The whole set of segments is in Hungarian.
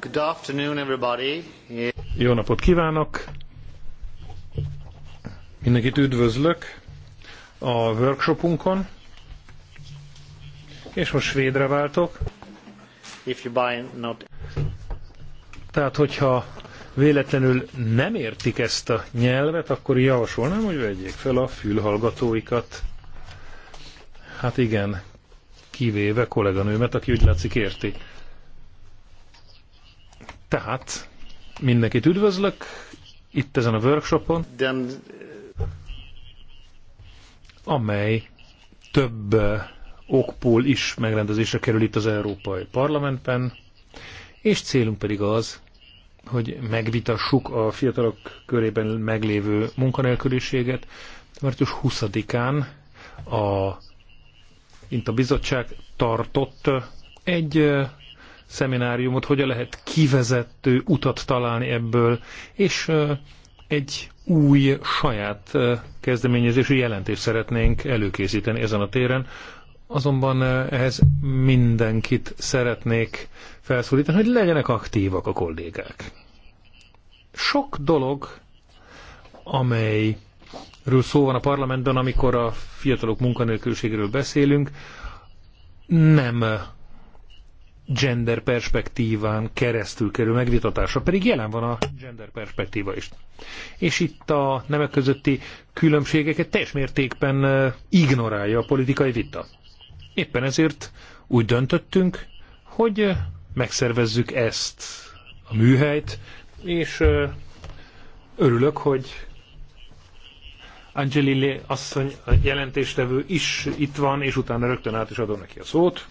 Good afternoon everybody. Jó napot kívánok! Mindenkit üdvözlök a workshopunkon, és most svédre váltok. If you buy not... Tehát, hogyha véletlenül nem értik ezt a nyelvet, akkor javasolnám, hogy vegyék fel a fülhallgatóikat. Hát igen, kivéve kolléganőmet, aki úgy látszik érti. Tehát mindenkit üdvözlök itt ezen a workshopon, amely több eh, okpól is megrendezésre kerül itt az Európai Parlamentben, és célunk pedig az, hogy megvitassuk a fiatalok körében meglévő munkanélküliséget. Március 20-án a, mint a bizottság tartott egy eh, szemináriumot, hogyan lehet kivezető utat találni ebből, és egy új saját kezdeményezésű jelentést szeretnénk előkészíteni ezen a téren, azonban ehhez mindenkit szeretnék felszólítani, hogy legyenek aktívak a kollégák. Sok dolog, amelyről szó van a parlamentben, amikor a fiatalok munkanélküliségéről beszélünk, nem gender perspektíván keresztül kerül megvitatásra, pedig jelen van a gender perspektíva is. És itt a nemek közötti különbségeket teljes mértékben ignorálja a politikai vita. Éppen ezért úgy döntöttünk, hogy megszervezzük ezt a műhelyt, és örülök, hogy Angelili asszony a jelentéstevő is itt van, és utána rögtön át is adom neki a szót.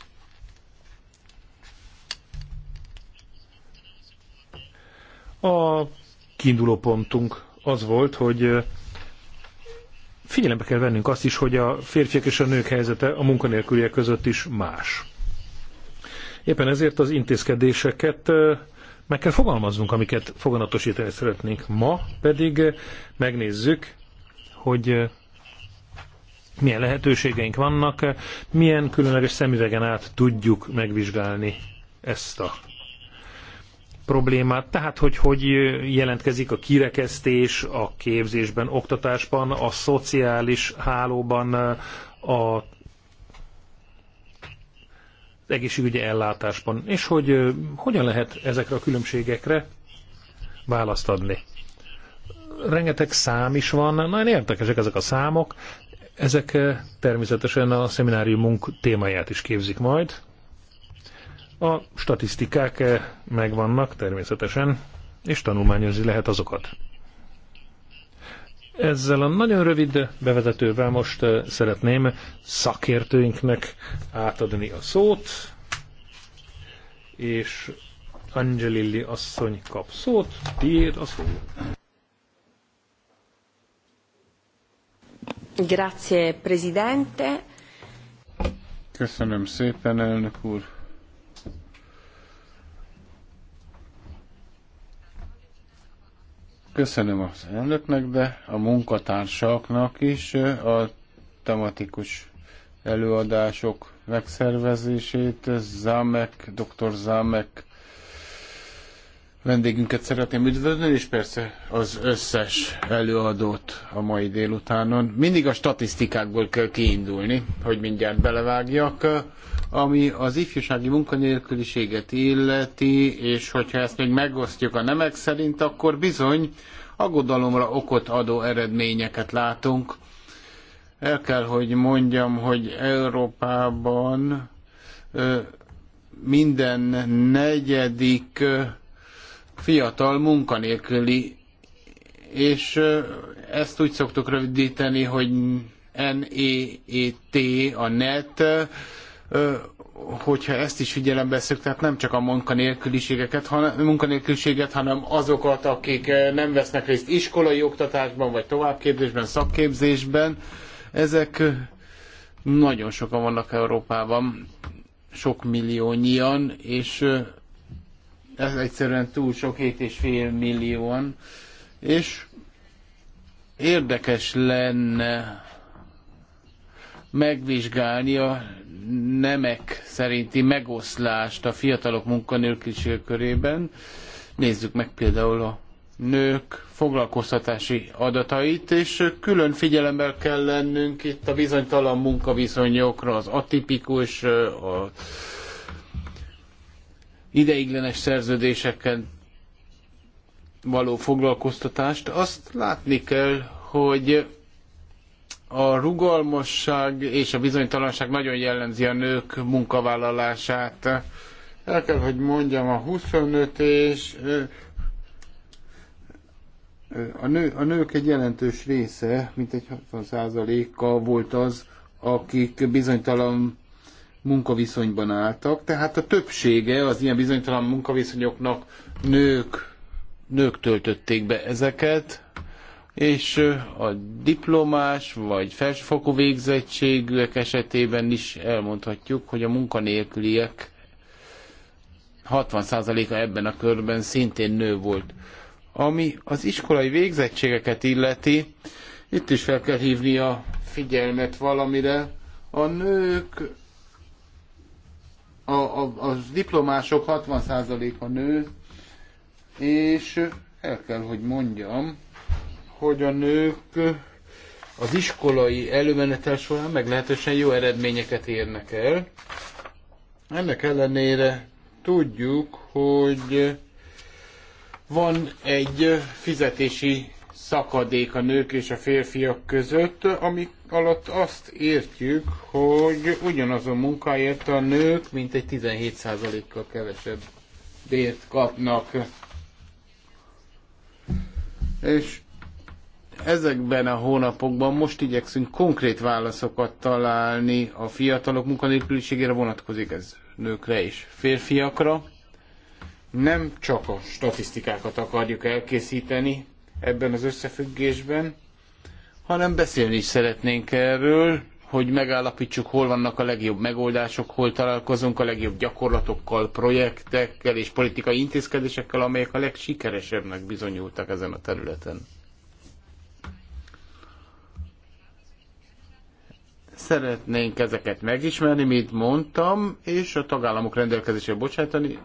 A kiinduló pontunk az volt, hogy figyelembe kell vennünk azt is, hogy a férfiak és a nők helyzete a munkanélküliek között is más. Éppen ezért az intézkedéseket meg kell fogalmaznunk, amiket foganatosítani szeretnénk. Ma pedig megnézzük, hogy milyen lehetőségeink vannak, milyen különleges szemüvegen át tudjuk megvizsgálni ezt a problémát, tehát hogy hogy jelentkezik a kirekesztés a képzésben, oktatásban, a szociális hálóban, a egészségügyi ellátásban, és hogy hogyan lehet ezekre a különbségekre választ adni. Rengeteg szám is van, nagyon érdekesek ezek a számok, ezek természetesen a szemináriumunk témáját is képzik majd, a statisztikák eh, megvannak természetesen, és tanulmányozni lehet azokat. Ezzel a nagyon rövid bevezetővel most eh, szeretném szakértőinknek átadni a szót, és Angelilli asszony kap szót, tiéd a szó. Grazie, Presidente. Köszönöm szépen, elnök úr. Köszönöm az elnöknek, de a munkatársaknak is a tematikus előadások megszervezését. Zámek, dr. Zámek vendégünket szeretném üdvözlni, és persze az összes előadót a mai délutánon. Mindig a statisztikákból kell kiindulni, hogy mindjárt belevágjak. Ami az ifjúsági munkanélküliséget illeti, és hogyha ezt még megosztjuk a nemek szerint, akkor bizony aggodalomra okot adó eredményeket látunk. El kell, hogy mondjam, hogy Európában minden negyedik fiatal munkanélküli, és ezt úgy szoktuk rövidíteni, hogy NEET, a NET, hogyha ezt is figyelembe veszük, tehát nem csak a munkanélküliségeket, hanem, munkanélküliséget, hanem azokat, akik nem vesznek részt iskolai oktatásban, vagy továbbképzésben, szakképzésben, ezek nagyon sokan vannak Európában, sok milliónyian, és ez egyszerűen túl sok, 7,5 millióan, és érdekes lenne, megvizsgálni a nemek szerinti megoszlást a fiatalok munkanélküliség körében. Nézzük meg például a nők foglalkoztatási adatait, és külön figyelemmel kell lennünk itt a bizonytalan munkaviszonyokra, az atipikus, a ideiglenes szerződéseken való foglalkoztatást. Azt látni kell, hogy a rugalmasság és a bizonytalanság nagyon jellemzi a nők munkavállalását. El kell, hogy mondjam, a 25 és a, nő, a nők egy jelentős része, mint egy 60%-a volt az, akik bizonytalan munkaviszonyban álltak, tehát a többsége az ilyen bizonytalan munkaviszonyoknak nők, nők töltötték be ezeket, és a diplomás vagy felsőfokú végzettségűek esetében is elmondhatjuk, hogy a munkanélküliek 60%-a ebben a körben szintén nő volt. Ami az iskolai végzettségeket illeti, itt is fel kell hívni a figyelmet valamire. A nők, a, a, a diplomások 60%-a nő, és el kell, hogy mondjam, hogy a nők az iskolai előmenetel során meglehetősen jó eredményeket érnek el. Ennek ellenére tudjuk, hogy van egy fizetési szakadék a nők és a férfiak között, ami alatt azt értjük, hogy ugyanazon munkáért a nők mintegy 17%-kal kevesebb bért kapnak. És Ezekben a hónapokban most igyekszünk konkrét válaszokat találni a fiatalok munkanélküliségére vonatkozik ez nőkre és férfiakra. Nem csak a statisztikákat akarjuk elkészíteni ebben az összefüggésben, hanem beszélni is szeretnénk erről, hogy megállapítsuk, hol vannak a legjobb megoldások, hol találkozunk a legjobb gyakorlatokkal, projektekkel és politikai intézkedésekkel, amelyek a legsikeresebbnek bizonyultak ezen a területen. Szeretnénk ezeket megismerni, mint mondtam, és a tagállamok rendelkezésre bocsátani,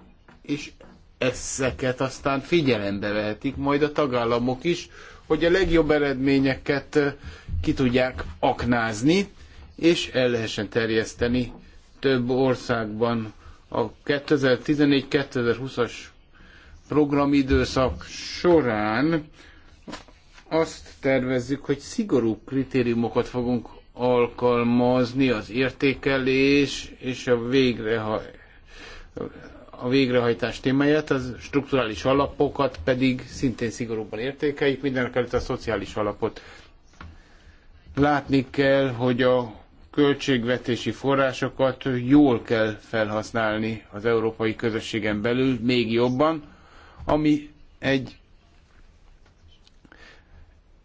és ezeket aztán figyelembe vehetik majd a tagállamok is, hogy a legjobb eredményeket eh, ki tudják aknázni, és el lehessen terjeszteni több országban a 2014-2020-as programidőszak során azt tervezzük, hogy szigorú kritériumokat fogunk alkalmazni az értékelés és a, végreha, a végrehajtás témáját, az strukturális alapokat pedig szintén szigorúban értékeljük, mindenek előtt a szociális alapot. Látni kell, hogy a költségvetési forrásokat jól kell felhasználni az európai közösségen belül, még jobban, ami egy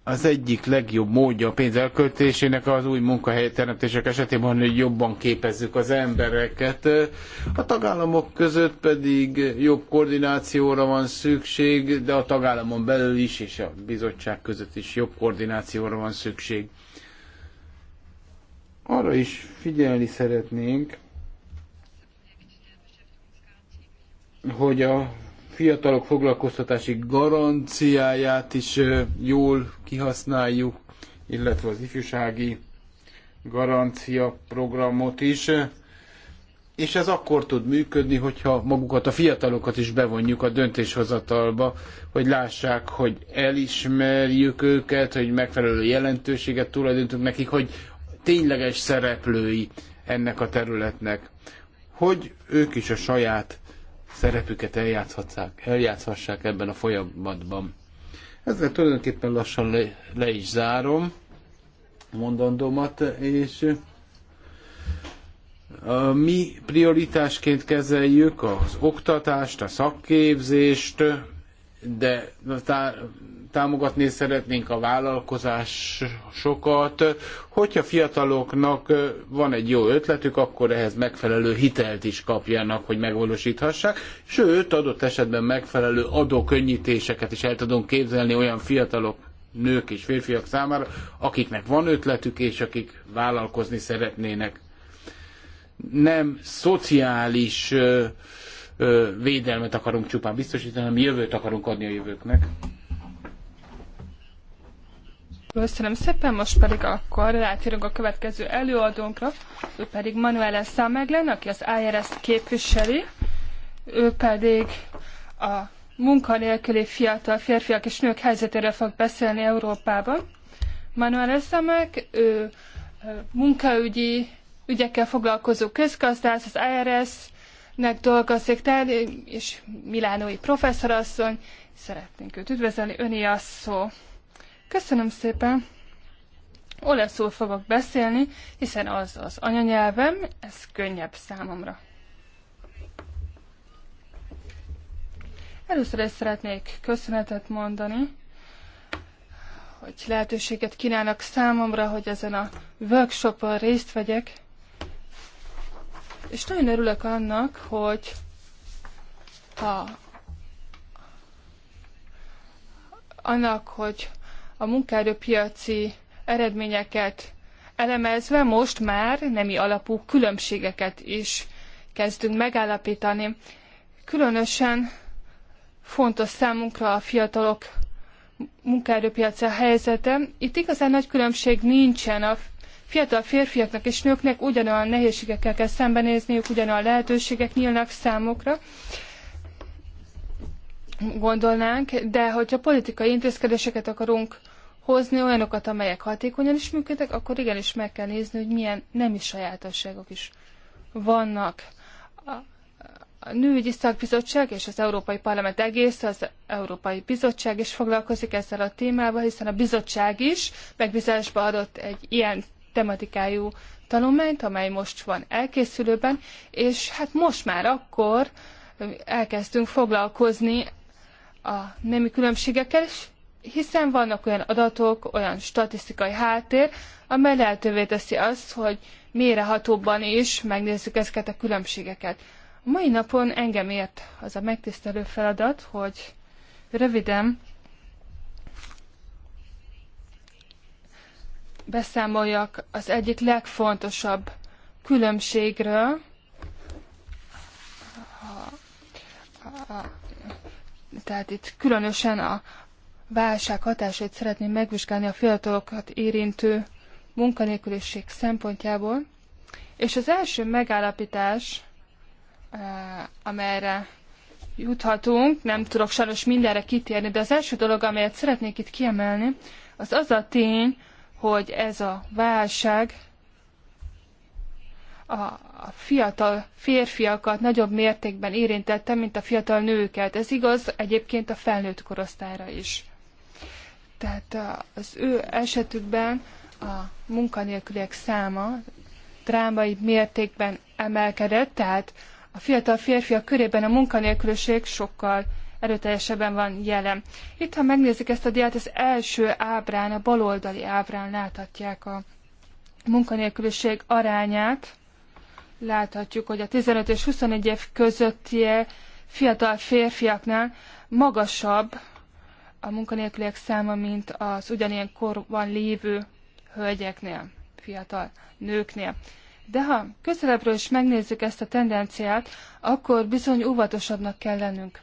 az egyik legjobb módja a pénz elköltésének az új munkahelyteremtések esetében, hogy jobban képezzük az embereket. A tagállamok között pedig jobb koordinációra van szükség, de a tagállamon belül is és a bizottság között is jobb koordinációra van szükség. Arra is figyelni szeretnénk, hogy a fiatalok foglalkoztatási garanciáját is jól kihasználjuk, illetve az ifjúsági garancia programot is. És ez akkor tud működni, hogyha magukat a fiatalokat is bevonjuk a döntéshozatalba, hogy lássák, hogy elismerjük őket, hogy megfelelő jelentőséget tulajdonítunk nekik, hogy tényleges szereplői ennek a területnek. Hogy ők is a saját szerepüket eljátszhatják, eljátszhassák ebben a folyamatban. Ezzel tulajdonképpen lassan le, le is zárom mondandómat, és mi prioritásként kezeljük az oktatást, a szakképzést, de támogatni szeretnénk a vállalkozásokat. Hogyha fiataloknak van egy jó ötletük, akkor ehhez megfelelő hitelt is kapjanak, hogy megvalósíthassák, sőt, adott esetben megfelelő adókönnyítéseket is el tudunk képzelni olyan fiatalok, nők és férfiak számára, akiknek van ötletük, és akik vállalkozni szeretnének. Nem szociális védelmet akarunk csupán biztosítani, hanem jövőt akarunk adni a jövőknek. Köszönöm szépen, most pedig akkor rátérünk a következő előadónkra, ő pedig Manuel Számeglen, aki az irs képviseli, ő pedig a munkanélküli fiatal férfiak és nők helyzetéről fog beszélni Európában. Manuel Számek, ő munkaügyi ügyekkel foglalkozó közgazdász, az IRS-nek dolgozik, és milánói professzorasszony. Szeretnénk őt üdvözölni, öné a szó. Köszönöm szépen! Olaszul fogok beszélni, hiszen az az anyanyelvem, ez könnyebb számomra. Először is szeretnék köszönetet mondani, hogy lehetőséget kínálnak számomra, hogy ezen a workshopon részt vegyek. És nagyon örülök annak, hogy ha annak, hogy a munkaerőpiaci eredményeket elemezve most már nemi alapú különbségeket is kezdünk megállapítani. Különösen fontos számunkra a fiatalok munkaerőpiaci helyzete. Itt igazán nagy különbség nincsen. A fiatal férfiaknak és nőknek ugyanolyan nehézségekkel kell szembenézniük, ugyanolyan lehetőségek nyílnak számukra gondolnánk, de hogyha politikai intézkedéseket akarunk hozni olyanokat, amelyek hatékonyan is működnek, akkor igenis meg kell nézni, hogy milyen nemi sajátosságok is vannak. A, a Nőügyi Szakbizottság és az Európai Parlament egész, az Európai Bizottság is foglalkozik ezzel a témával, hiszen a bizottság is megbízásba adott egy ilyen tematikájú tanulmányt, amely most van elkészülőben, és hát most már akkor elkezdtünk foglalkozni a nemi különbségekkel, és hiszen vannak olyan adatok, olyan statisztikai háttér, amely lehetővé teszi azt, hogy mérehatóbban is megnézzük ezeket a különbségeket. A mai napon engem ért az a megtisztelő feladat, hogy röviden beszámoljak az egyik legfontosabb különbségről, tehát itt különösen a, válság hatásait szeretném megvizsgálni a fiatalokat érintő munkanélküliség szempontjából. És az első megállapítás, eh, amelyre juthatunk, nem tudok sajnos mindenre kitérni, de az első dolog, amelyet szeretnék itt kiemelni, az az a tény, hogy ez a válság a fiatal férfiakat nagyobb mértékben érintette, mint a fiatal nőket. Ez igaz egyébként a felnőtt korosztályra is. Tehát az ő esetükben a munkanélküliek száma drámai mértékben emelkedett, tehát a fiatal férfiak körében a munkanélküliség sokkal erőteljesebben van jelen. Itt, ha megnézik ezt a diát, az első ábrán, a baloldali ábrán láthatják a munkanélküliség arányát. Láthatjuk, hogy a 15 és 21 év közötti fiatal férfiaknál magasabb a munkanélküliek száma, mint az ugyanilyen korban lévő hölgyeknél, fiatal nőknél. De ha közelebbről is megnézzük ezt a tendenciát, akkor bizony óvatosabbnak kell lennünk.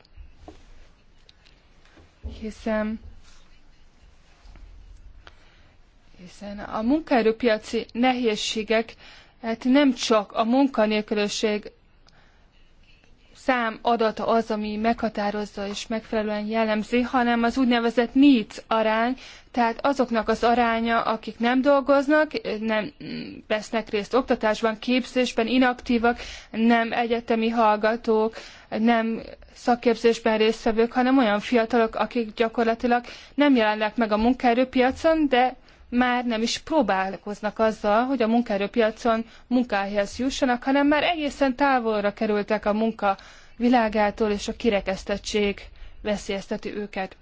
Hiszen, hiszen a munkaerőpiaci nehézségek hát nem csak a munkanélküliség szám adata az, ami meghatározza és megfelelően jellemzi, hanem az úgynevezett needs arány, tehát azoknak az aránya, akik nem dolgoznak, nem vesznek részt oktatásban, képzésben, inaktívak, nem egyetemi hallgatók, nem szakképzésben résztvevők, hanem olyan fiatalok, akik gyakorlatilag nem jelennek meg a munkaerőpiacon, de már nem is próbálkoznak azzal, hogy a munkaerőpiacon munkahelyhez jussanak, hanem már egészen távolra kerültek a munka világától, és a kirekesztettség veszélyezteti őket.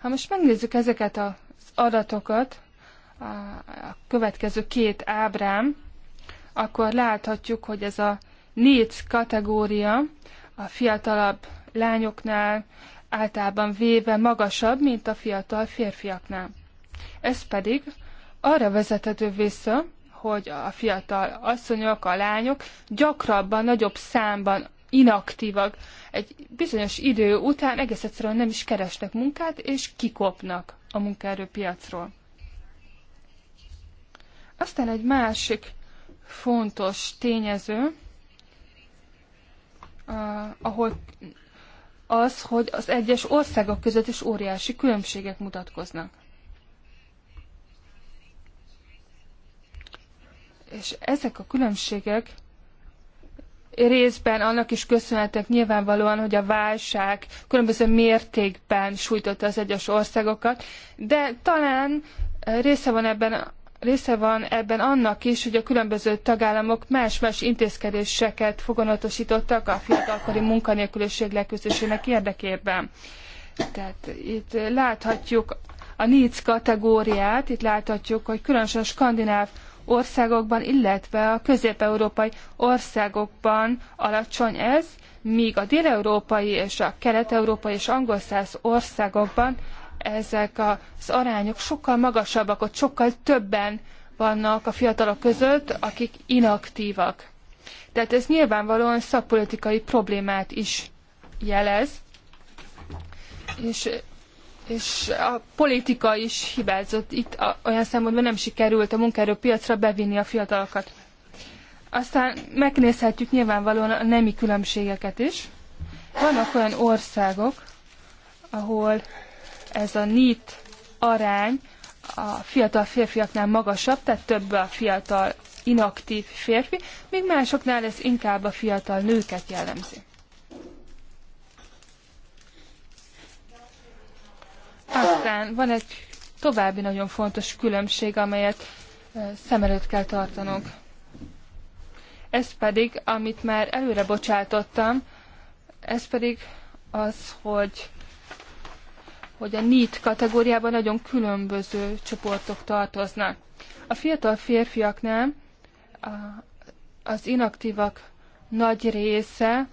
Ha most megnézzük ezeket az adatokat, a következő két ábrám, akkor láthatjuk, hogy ez a négy kategória a fiatalabb lányoknál általában véve magasabb, mint a fiatal férfiaknál. Ez pedig arra vezethető vissza, hogy a fiatal asszonyok, a lányok gyakrabban, nagyobb számban inaktívak. Egy bizonyos idő után egész egyszerűen nem is keresnek munkát, és kikopnak a munkaerőpiacról. Aztán egy másik fontos tényező, ahol az, hogy az egyes országok között is óriási különbségek mutatkoznak. És ezek a különbségek részben annak is köszönhetek nyilvánvalóan, hogy a válság különböző mértékben sújtotta az egyes országokat, de talán eh, része van ebben része van ebben annak is, hogy a különböző tagállamok más-más intézkedéseket foganatosítottak a fiatalkori munkanélküliség leküzdésének érdekében. Tehát itt láthatjuk a NEEDS kategóriát, itt láthatjuk, hogy különösen a skandináv országokban, illetve a közép-európai országokban alacsony ez, míg a dél-európai és a kelet-európai és angol száz országokban ezek az arányok sokkal magasabbak, ott sokkal többen vannak a fiatalok között, akik inaktívak. Tehát ez nyilvánvalóan szakpolitikai problémát is jelez, és és a politika is hibázott itt olyan szempontból nem sikerült a munkaerőpiacra bevinni a fiatalokat. Aztán megnézhetjük nyilvánvalóan a nemi különbségeket is. Vannak olyan országok, ahol ez a NIT arány a fiatal férfiaknál magasabb, tehát több a fiatal inaktív férfi, míg másoknál ez inkább a fiatal nőket jellemzi. Aztán van egy további nagyon fontos különbség, amelyet szem előtt kell tartanunk. Ez pedig, amit már előre bocsátottam, ez pedig az, hogy, hogy a NEET kategóriában nagyon különböző csoportok tartoznak. A fiatal férfiaknál az inaktívak nagy része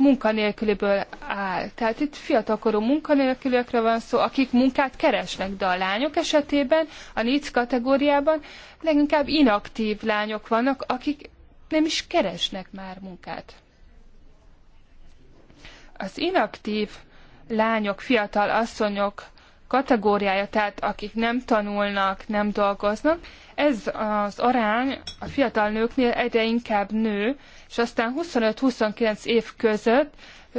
munkanélküliből áll. Tehát itt fiatalkorú munkanélküliekről van szó, akik munkát keresnek, de a lányok esetében, a NIC kategóriában leginkább inaktív lányok vannak, akik nem is keresnek már munkát. Az inaktív lányok, fiatal asszonyok kategóriája, tehát akik nem tanulnak, nem dolgoznak, ez az arány a fiatal nőknél egyre inkább nő, és aztán 25-29 év között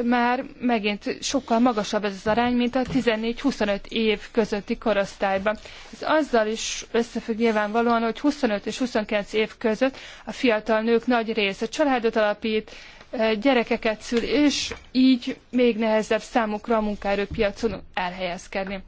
már megint sokkal magasabb ez az arány, mint a 14-25 év közötti korosztályban. Ez azzal is összefügg nyilvánvalóan, hogy 25 és 29 év között a fiatal nők nagy része családot alapít, eh, gyerekeket szül, és így még nehezebb számukra a munkaerőpiacon elhelyezkedni.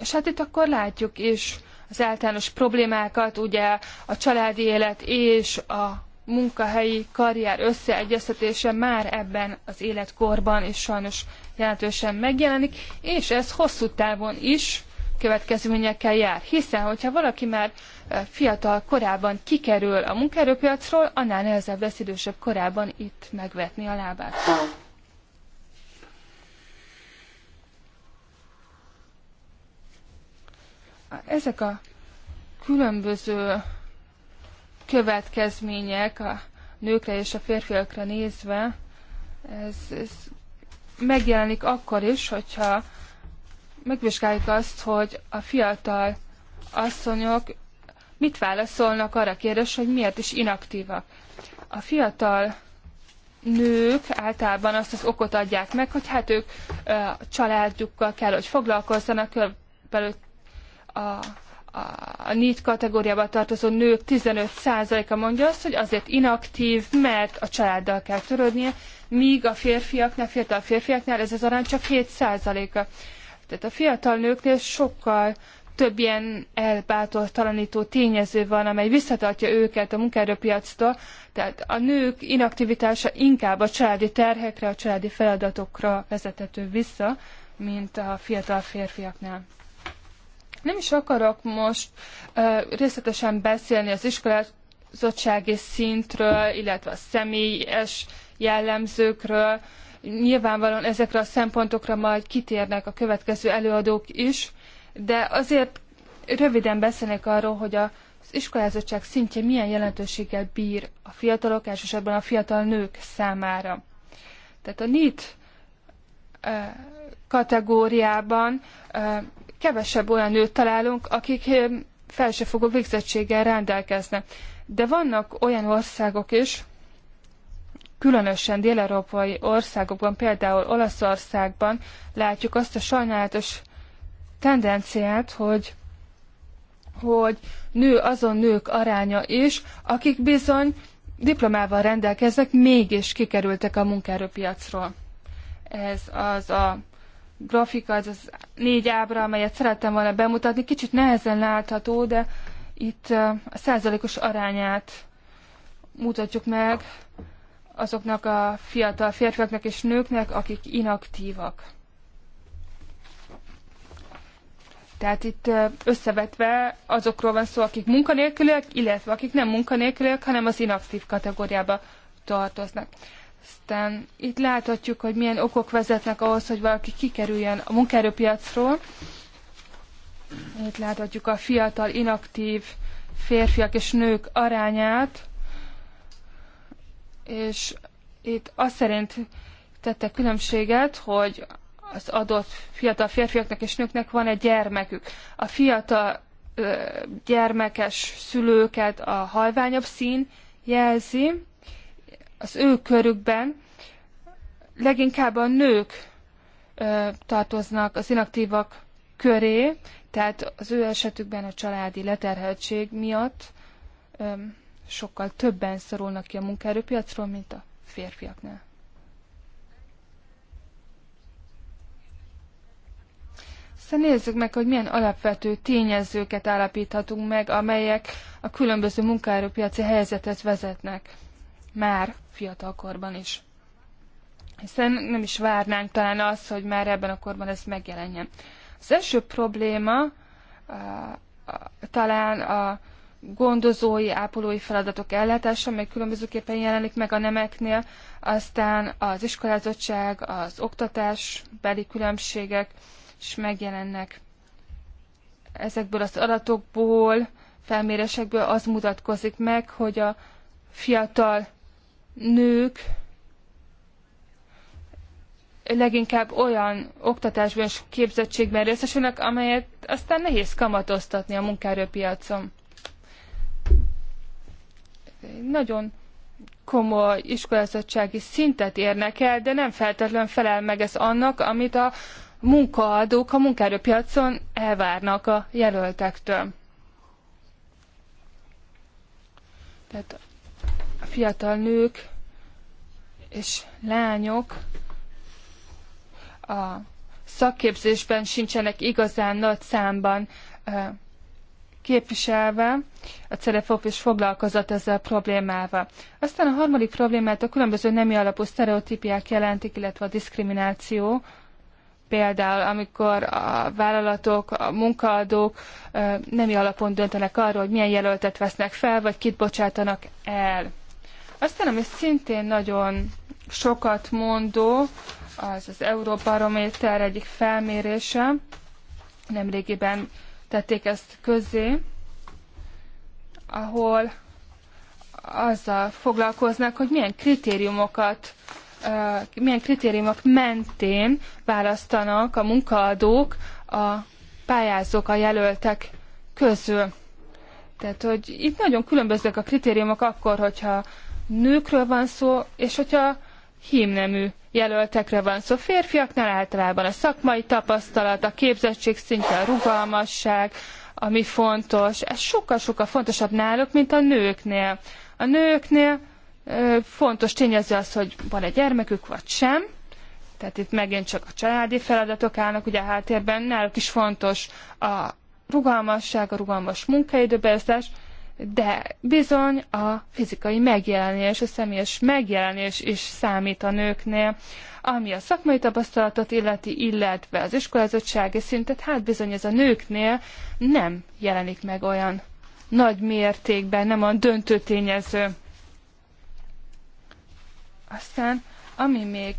És hát itt akkor látjuk is, az általános problémákat, ugye a családi élet és a munkahelyi karrier összeegyeztetése már ebben az életkorban is sajnos jelentősen megjelenik, és ez hosszú távon is következményekkel jár. Hiszen, hogyha valaki már e, fiatal korában kikerül a munkaerőpiacról, annál nehezebb lesz idősebb korában itt megvetni a lábát. ezek a különböző következmények a nőkre és a férfiakra nézve, ez, ez megjelenik akkor is, hogyha megvizsgáljuk azt, hogy a fiatal asszonyok mit válaszolnak arra kérdés, hogy miért is inaktívak. A fiatal nők általában azt az okot adják meg, hogy hát ők a családjukkal kell, hogy foglalkozzanak, körülbelül a a NEET kategóriába tartozó nők 15%-a mondja azt, hogy azért inaktív, mert a családdal kell törődnie, míg a férfiaknál, fiatal férfiaknál ez az arány csak 7%-a. Tehát a fiatal nőknél sokkal több ilyen elbátortalanító tényező van, amely visszatartja őket a munkaerőpiactól, tehát a nők inaktivitása inkább a családi terhekre, a családi feladatokra vezethető vissza, mint a fiatal férfiaknál. Nem is akarok most részletesen beszélni az iskolázottsági szintről, illetve a személyes jellemzőkről. Nyilvánvalóan ezekre a szempontokra majd kitérnek a következő előadók is, de azért röviden beszélnek arról, hogy az iskolázottság szintje milyen jelentőséggel bír a fiatalok, elsősorban a fiatal nők számára. Tehát a NEET kategóriában kevesebb olyan nőt találunk, akik felsőfogó végzettséggel rendelkeznek. De vannak olyan országok is, különösen dél-európai országokban, például Olaszországban látjuk azt a sajnálatos tendenciát, hogy hogy nő azon nők aránya is, akik bizony diplomával rendelkeznek, mégis kikerültek a munkaerőpiacról. Ez az a grafika, ez az négy ábra, amelyet szerettem volna bemutatni, kicsit nehezen látható, de itt a százalékos arányát mutatjuk meg azoknak a fiatal férfiaknak és nőknek, akik inaktívak. Tehát itt összevetve azokról van szó, akik munkanélküliek, illetve akik nem munkanélküliek, hanem az inaktív kategóriába tartoznak. Aztán itt láthatjuk, hogy milyen okok vezetnek ahhoz, hogy valaki kikerüljen a munkaerőpiacról. Itt láthatjuk a fiatal, inaktív férfiak és nők arányát, és itt azt szerint tette különbséget, hogy az adott fiatal férfiaknak és nőknek van egy gyermekük. A fiatal gyermekes szülőket a halványabb szín jelzi, az ő körükben leginkább a nők ö, tartoznak az inaktívak köré, tehát az ő esetükben a családi leterheltség miatt ö, sokkal többen szorulnak ki a munkaerőpiacról, mint a férfiaknál. Szóval nézzük meg, hogy milyen alapvető tényezőket állapíthatunk meg, amelyek a különböző munkaerőpiaci helyzetet vezetnek már fiatalkorban is. Hiszen nem is várnánk talán azt, hogy már ebben a korban ez megjelenjen. Az első probléma a, a, talán a gondozói, ápolói feladatok ellátása, amely különbözőképpen jelenik meg a nemeknél, aztán az iskolázottság, az oktatás beli különbségek is megjelennek. Ezekből az adatokból, felmérésekből az mutatkozik meg, hogy a fiatal nők leginkább olyan oktatásban és képzettségben részesülnek, amelyet aztán nehéz kamatoztatni a munkaerőpiacon. Nagyon komoly iskolázottsági szintet érnek el, de nem feltétlenül felel meg ez annak, amit a munkaadók a munkaerőpiacon elvárnak a jelöltektől. Tehát a fiatal nők és lányok a szakképzésben sincsenek igazán nagy számban képviselve, a Cerefop is foglalkozott ezzel a problémával. Aztán a harmadik problémát a különböző nemi alapú sztereotípiák jelentik, illetve a diszkrimináció, például amikor a vállalatok, a munkaadók nemi alapon döntenek arról, hogy milyen jelöltet vesznek fel, vagy kit bocsátanak el. Aztán, ami szintén nagyon sokat mondó, az az Euróbarométer egyik felmérése, nemrégiben tették ezt közé, ahol azzal foglalkoznak, hogy milyen kritériumokat milyen kritériumok mentén választanak a munkaadók a pályázók, a jelöltek közül. Tehát, hogy itt nagyon különbözők a kritériumok akkor, hogyha nőkről van szó, és hogyha hímnemű jelöltekre van szó. Férfiaknál általában a szakmai tapasztalat, a képzettség szintje, a rugalmasság, ami fontos. Ez sokkal-sokkal fontosabb náluk, mint a nőknél. A nőknél ö, fontos tényező az, hogy van-e gyermekük, vagy sem. Tehát itt megint csak a családi feladatok állnak ugye a háttérben. Náluk is fontos a rugalmasság, a rugalmas munkaidőbeosztás de bizony a fizikai megjelenés, a személyes megjelenés is számít a nőknél, ami a szakmai tapasztalatot illeti, illetve az iskolázottsági szintet, hát bizony ez a nőknél nem jelenik meg olyan nagy mértékben, nem a döntő tényező. Aztán, ami még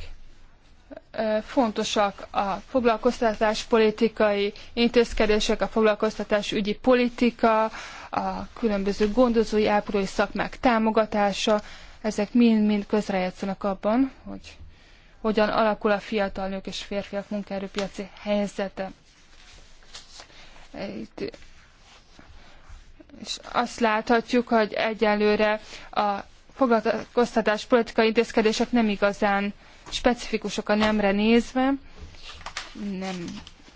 fontosak a foglalkoztatás politikai intézkedések, a foglalkoztatás ügyi politika, a különböző gondozói ápolói szakmák támogatása, ezek mind-mind közrejátszanak abban, hogy hogyan alakul a fiatal nők és férfiak munkaerőpiaci helyzete. Itt, és azt láthatjuk, hogy egyelőre a foglalkoztatás politikai intézkedések nem igazán uh, specifikusok a nemre nézve, nem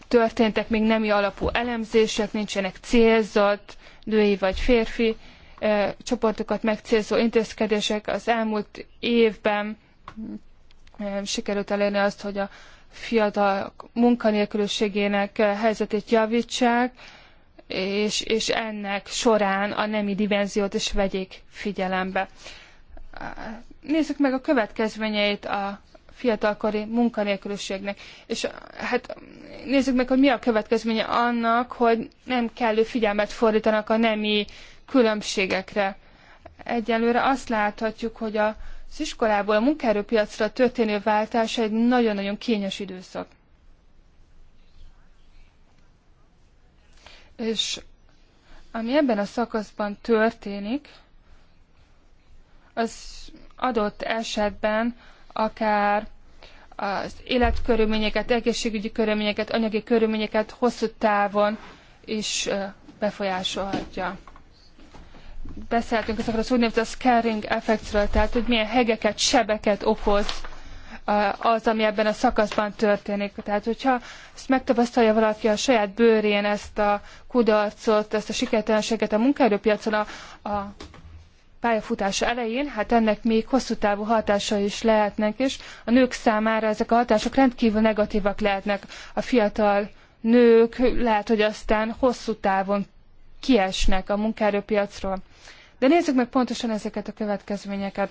történtek még nemi alapú elemzések, nincsenek célzott női vagy férfi e, csoportokat megcélzó intézkedések. Az elmúlt évben e, sikerült elérni azt, hogy a fiatal munkanélküliségének helyzetét javítsák, és, és ennek során a nemi dimenziót is vegyék figyelembe. Nézzük meg a következményeit a fiatalkori munkanélküliségnek. És hát nézzük meg, hogy mi a következménye annak, hogy nem kellő figyelmet fordítanak a nemi különbségekre. Egyelőre azt láthatjuk, hogy a az iskolából a munkaerőpiacra történő váltás egy nagyon-nagyon kényes időszak. És ami ebben a szakaszban történik, az adott esetben akár az életkörülményeket, egészségügyi körülményeket, anyagi körülményeket hosszú távon is befolyásolhatja. Beszéltünk ezekről az úgynevezett scaring effektről, tehát hogy milyen hegeket, sebeket okoz az, ami ebben a szakaszban történik. Tehát, hogyha ezt megtapasztalja valaki a saját bőrén ezt a kudarcot, ezt a sikertelenséget a munkaerőpiacon, a, a pályafutása elején, hát ennek még hosszú távú hatásai is lehetnek, és a nők számára ezek a hatások rendkívül negatívak lehetnek. A fiatal nők lehet, hogy aztán hosszú távon kiesnek a munkaerőpiacról. De nézzük meg pontosan ezeket a következményeket.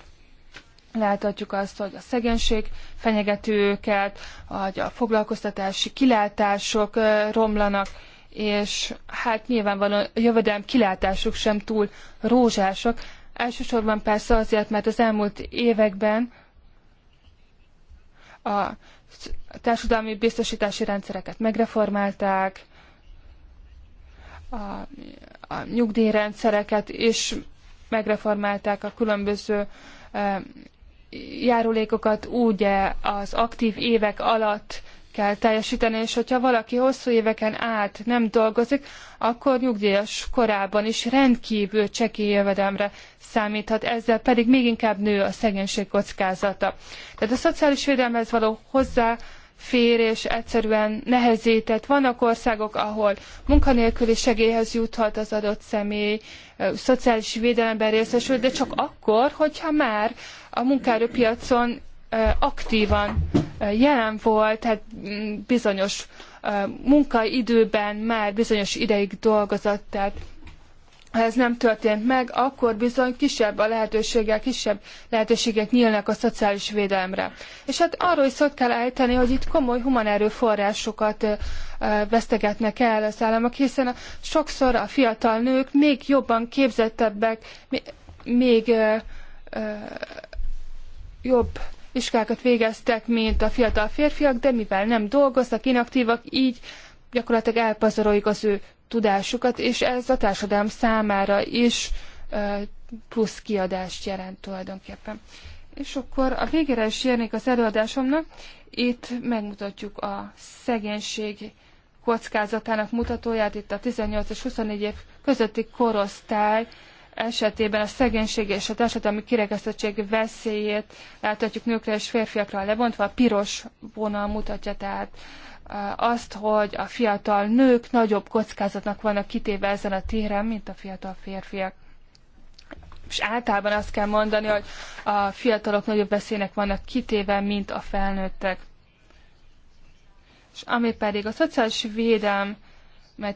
Láthatjuk azt, hogy a szegénység fenyegeti őket, hogy a foglalkoztatási kilátások romlanak, és hát nyilvánvalóan a jövedelem kilátások sem túl rózsásak, Elsősorban persze azért, mert az elmúlt években a társadalmi biztosítási rendszereket megreformálták, a, a nyugdíjrendszereket is megreformálták a különböző e, járulékokat úgy az aktív évek alatt kell teljesíteni, és hogyha valaki hosszú éveken át nem dolgozik, akkor nyugdíjas korában is rendkívül csekély jövedelemre számíthat, ezzel pedig még inkább nő a szegénység kockázata. Tehát a szociális védelmez való hozzá férés egyszerűen nehezített. Vannak országok, ahol munkanélküli segélyhez juthat az adott személy, szociális védelemben részesül, de csak akkor, hogyha már a munkaerőpiacon aktívan jelen volt, tehát mm, bizonyos munkaidőben már bizonyos ideig dolgozott, tehát ha ez nem történt meg, akkor bizony kisebb a lehetőségek, kisebb lehetőségek nyílnak a szociális védelemre. És hát arról is szót kell ejteni, hogy itt komoly human erőforrásokat vesztegetnek el az államok, hiszen a, sokszor a fiatal nők még jobban képzettebbek, még, még ö, ö, jobb vizsgákat végeztek, mint a fiatal férfiak, de mivel nem dolgoztak, inaktívak, így gyakorlatilag elpazaroljuk az ő tudásukat, és ez a társadalom számára is plusz kiadást jelent tulajdonképpen. És akkor a végére is érnék az előadásomnak. Itt megmutatjuk a szegénység kockázatának mutatóját, itt a 18 és 24 év közötti korosztály esetében a szegénység és a társadalmi kirekesztettség veszélyét láthatjuk nőkre és férfiakra lebontva. A piros vonal mutatja tehát eh, azt, hogy a fiatal nők nagyobb kockázatnak vannak kitéve ezen a téren, mint a fiatal férfiak. És általában azt kell mondani, hogy a fiatalok nagyobb veszélynek vannak kitéve, mint a felnőttek. És ami pedig a szociális védelmet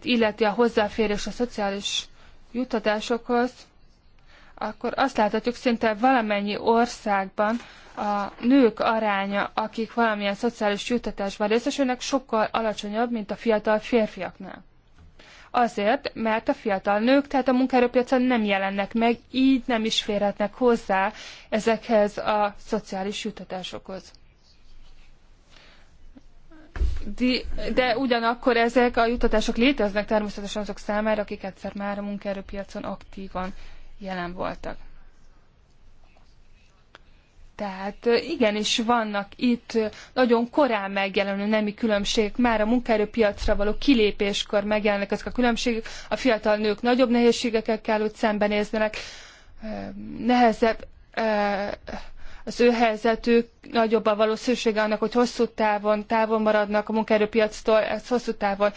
illeti a hozzáférés a szociális juttatásokhoz, akkor azt láthatjuk, szinte valamennyi országban a nők aránya, akik valamilyen szociális juttatásban részesülnek, sokkal alacsonyabb, mint a fiatal férfiaknál. Azért, mert a fiatal nők, tehát a munkaerőpiacon nem jelennek meg, így nem is férhetnek hozzá ezekhez a szociális juttatásokhoz. De, de ugyanakkor ezek a juttatások léteznek természetesen azok számára, akik egyszer már a munkaerőpiacon aktívan jelen voltak. Tehát igenis vannak itt nagyon korán megjelenő nemi különbségek, már a munkaerőpiacra való kilépéskor megjelennek ezek a különbségek, a fiatal nők nagyobb nehézségekkel kell, hogy szembenéznek, nehezebb az ő helyzetük, nagyobb a valószínűsége annak, hogy hosszú távon távol maradnak a munkaerőpiactól, ez hosszú távon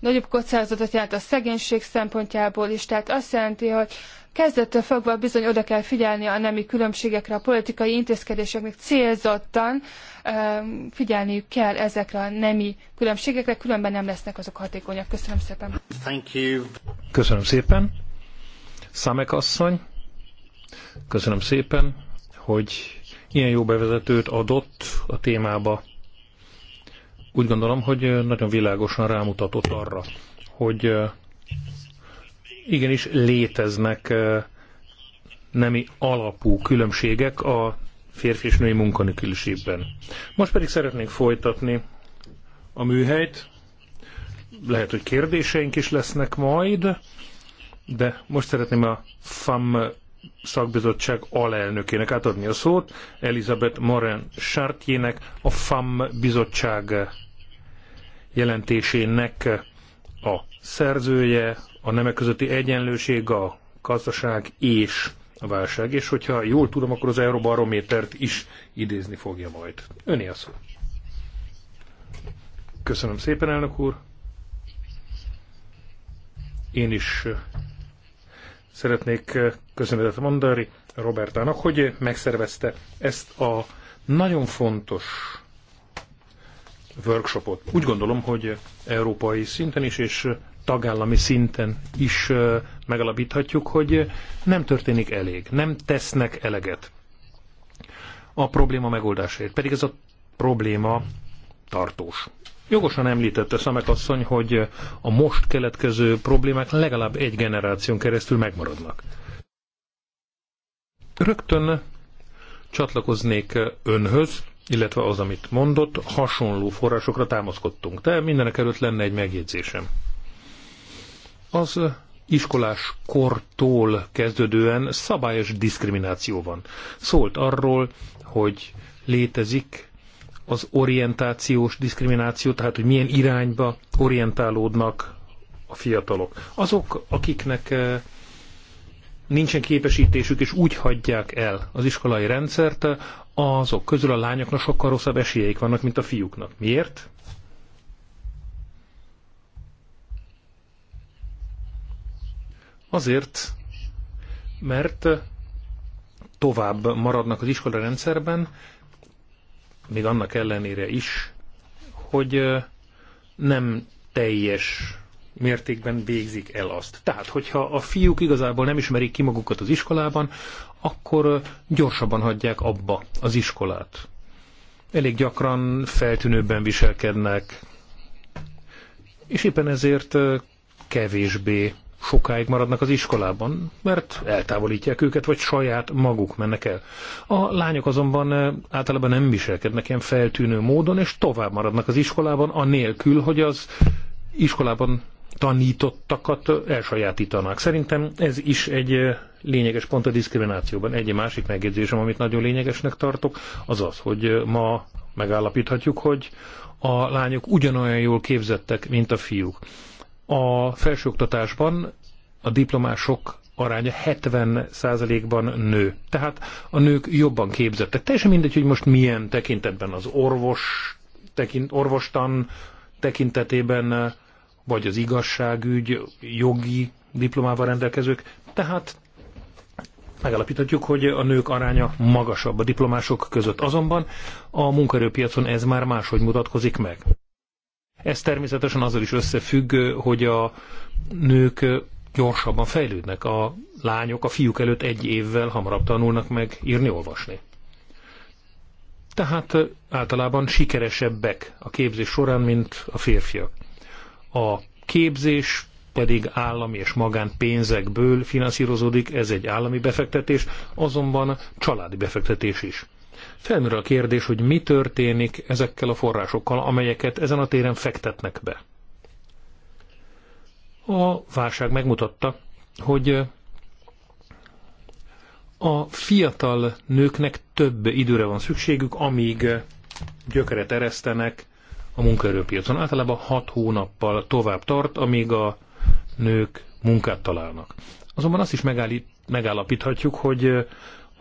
nagyobb kockázatot jelent a szegénység szempontjából is, tehát azt jelenti, hogy kezdettől fogva bizony oda kell figyelni a nemi különbségekre, a politikai intézkedéseknek célzottan figyelniük kell ezekre a nemi különbségekre, különben nem lesznek azok hatékonyak. Köszönöm szépen. Thank you. Köszönöm szépen. Szamek asszony, köszönöm szépen, hogy ilyen jó bevezetőt adott a témába. Úgy gondolom, hogy nagyon világosan rámutatott arra, hogy igenis léteznek nemi alapú különbségek a férfi és női munkanikülségben. Most pedig szeretnénk folytatni a műhelyt. Lehet, hogy kérdéseink is lesznek majd, de most szeretném a FAM szakbizottság alelnökének átadni a szót, Elizabeth Moren Sartjének, a FAM bizottság jelentésének a szerzője, a nemek közötti egyenlőség, a gazdaság és a válság, és hogyha jól tudom, akkor az Eurobarométert is idézni fogja majd. Öné a szó. Köszönöm szépen, elnök úr. Én is szeretnék köszönetet mondani Robertának, hogy megszervezte ezt a nagyon fontos workshopot. Úgy gondolom, hogy európai szinten is, és tagállami szinten is megalapíthatjuk, hogy nem történik elég, nem tesznek eleget a probléma megoldásáért. Pedig ez a probléma tartós. Jogosan említette Szamek asszony, hogy a most keletkező problémák legalább egy generáción keresztül megmaradnak. Rögtön csatlakoznék önhöz, illetve az, amit mondott, hasonló forrásokra támaszkodtunk, de mindenek előtt lenne egy megjegyzésem. Az iskolás kortól kezdődően szabályos diszkrimináció van. Szólt arról, hogy létezik az orientációs diszkrimináció, tehát hogy milyen irányba orientálódnak a fiatalok. Azok, akiknek eh, nincsen képesítésük, és úgy hagyják el az iskolai rendszert, eh, azok közül a lányoknak sokkal rosszabb esélyeik vannak, mint a fiúknak. Miért? Azért, mert tovább maradnak az iskola rendszerben, még annak ellenére is, hogy nem teljes mértékben végzik el azt. Tehát, hogyha a fiúk igazából nem ismerik ki magukat az iskolában, akkor gyorsabban hagyják abba az iskolát. Elég gyakran feltűnőbben viselkednek, és éppen ezért kevésbé sokáig maradnak az iskolában, mert eltávolítják őket, vagy saját maguk mennek el. A lányok azonban általában nem viselkednek ilyen feltűnő módon, és tovább maradnak az iskolában, anélkül, hogy az iskolában tanítottakat elsajátítanák. Szerintem ez is egy lényeges pont a diszkriminációban. Egy másik megjegyzésem, amit nagyon lényegesnek tartok, az az, hogy ma megállapíthatjuk, hogy a lányok ugyanolyan jól képzettek, mint a fiúk. A felsőoktatásban a diplomások aránya 70%-ban nő. Tehát a nők jobban képzettek. Teljesen mindegy, hogy most milyen tekintetben az orvos, tekint, orvostan tekintetében, vagy az igazságügy, jogi diplomával rendelkezők. Tehát megállapíthatjuk, hogy a nők aránya magasabb a diplomások között. Azonban a munkaerőpiacon ez már máshogy mutatkozik meg. Ez természetesen azzal is összefügg, hogy a nők gyorsabban fejlődnek. A lányok a fiúk előtt egy évvel hamarabb tanulnak meg írni, olvasni. Tehát általában sikeresebbek a képzés során, mint a férfiak. A képzés pedig állami és magán pénzekből finanszírozódik, ez egy állami befektetés, azonban családi befektetés is. Felmerül a kérdés, hogy mi történik ezekkel a forrásokkal, amelyeket ezen a téren fektetnek be. A válság megmutatta, hogy a fiatal nőknek több időre van szükségük, amíg gyökeret eresztenek a munkaerőpiacon. Általában 6 hónappal tovább tart, amíg a nők munkát találnak. Azonban azt is megállít, megállapíthatjuk, hogy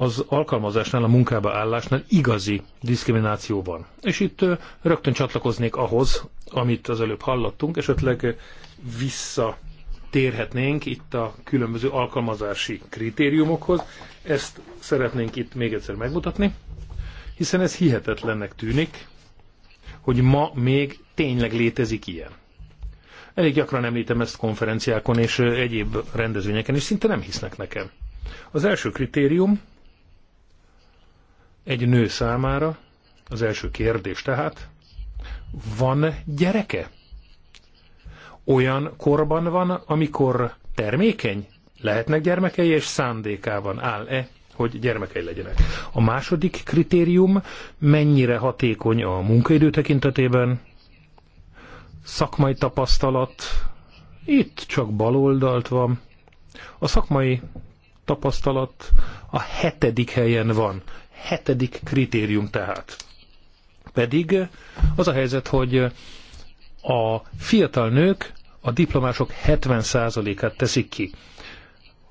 az alkalmazásnál, a munkába állásnál igazi diszkrimináció van. És itt rögtön csatlakoznék ahhoz, amit az előbb hallottunk, esetleg vissza térhetnénk itt a különböző alkalmazási kritériumokhoz. Ezt szeretnénk itt még egyszer megmutatni, hiszen ez hihetetlennek tűnik, hogy ma még tényleg létezik ilyen. Elég gyakran említem ezt konferenciákon és egyéb rendezvényeken, és szinte nem hisznek nekem. Az első kritérium egy nő számára, az első kérdés tehát, van gyereke? Olyan korban van, amikor termékeny, lehetnek gyermekei, és szándékában áll-e, hogy gyermekei legyenek. A második kritérium, mennyire hatékony a munkaidő tekintetében, szakmai tapasztalat, itt csak baloldalt van. A szakmai tapasztalat a hetedik helyen van. Hetedik kritérium tehát. Pedig az a helyzet, hogy a fiatal nők a diplomások 70%-át teszik ki.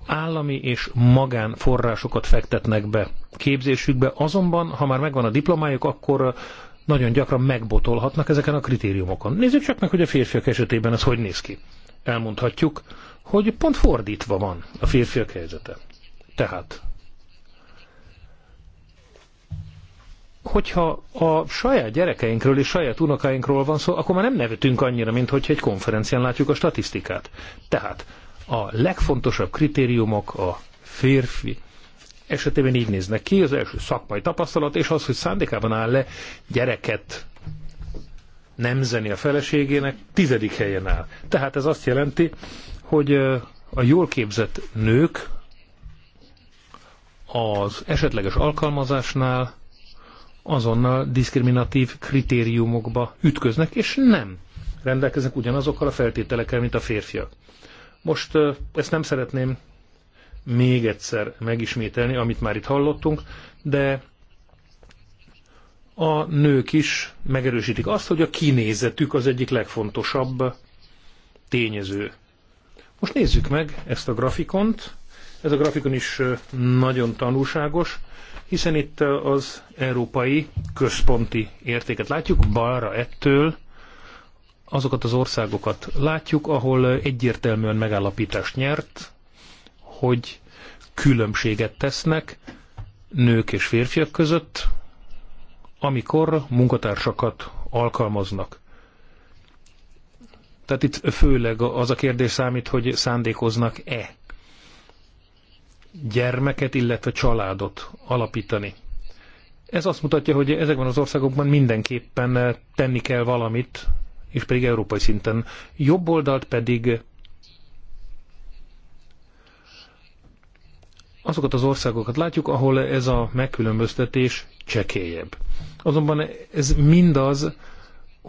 Állami és magán forrásokat fektetnek be képzésükbe, azonban, ha már megvan a diplomájuk, akkor nagyon gyakran megbotolhatnak ezeken a kritériumokon. Nézzük csak meg, hogy a férfiak esetében ez hogy néz ki. Elmondhatjuk, hogy pont fordítva van a férfiak helyzete. Tehát, hogyha a saját gyerekeinkről és saját unokáinkról van szó, akkor már nem nevetünk annyira, mint hogyha egy konferencián látjuk a statisztikát. Tehát a legfontosabb kritériumok a férfi esetében így néznek ki, az első szakmai tapasztalat, és az, hogy szándékában áll le gyereket nemzeni a feleségének, tizedik helyen áll. Tehát ez azt jelenti, hogy a jól képzett nők az esetleges alkalmazásnál azonnal diszkriminatív kritériumokba ütköznek, és nem rendelkeznek ugyanazokkal a feltételekkel, mint a férfiak. Most ezt nem szeretném még egyszer megismételni, amit már itt hallottunk, de a nők is megerősítik azt, hogy a kinézetük az egyik legfontosabb tényező. Most nézzük meg ezt a grafikont. Ez a grafikon is nagyon tanulságos, hiszen itt az európai központi értéket látjuk, balra ettől azokat az országokat látjuk, ahol egyértelműen megállapítást nyert, hogy különbséget tesznek nők és férfiak között, amikor munkatársakat alkalmaznak. Tehát itt főleg az a kérdés számít, hogy szándékoznak-e gyermeket, illetve családot alapítani. Ez azt mutatja, hogy ezekben az országokban mindenképpen tenni kell valamit, és pedig európai szinten. Jobb oldalt pedig azokat az országokat látjuk, ahol ez a megkülönböztetés csekélyebb. Azonban ez mindaz,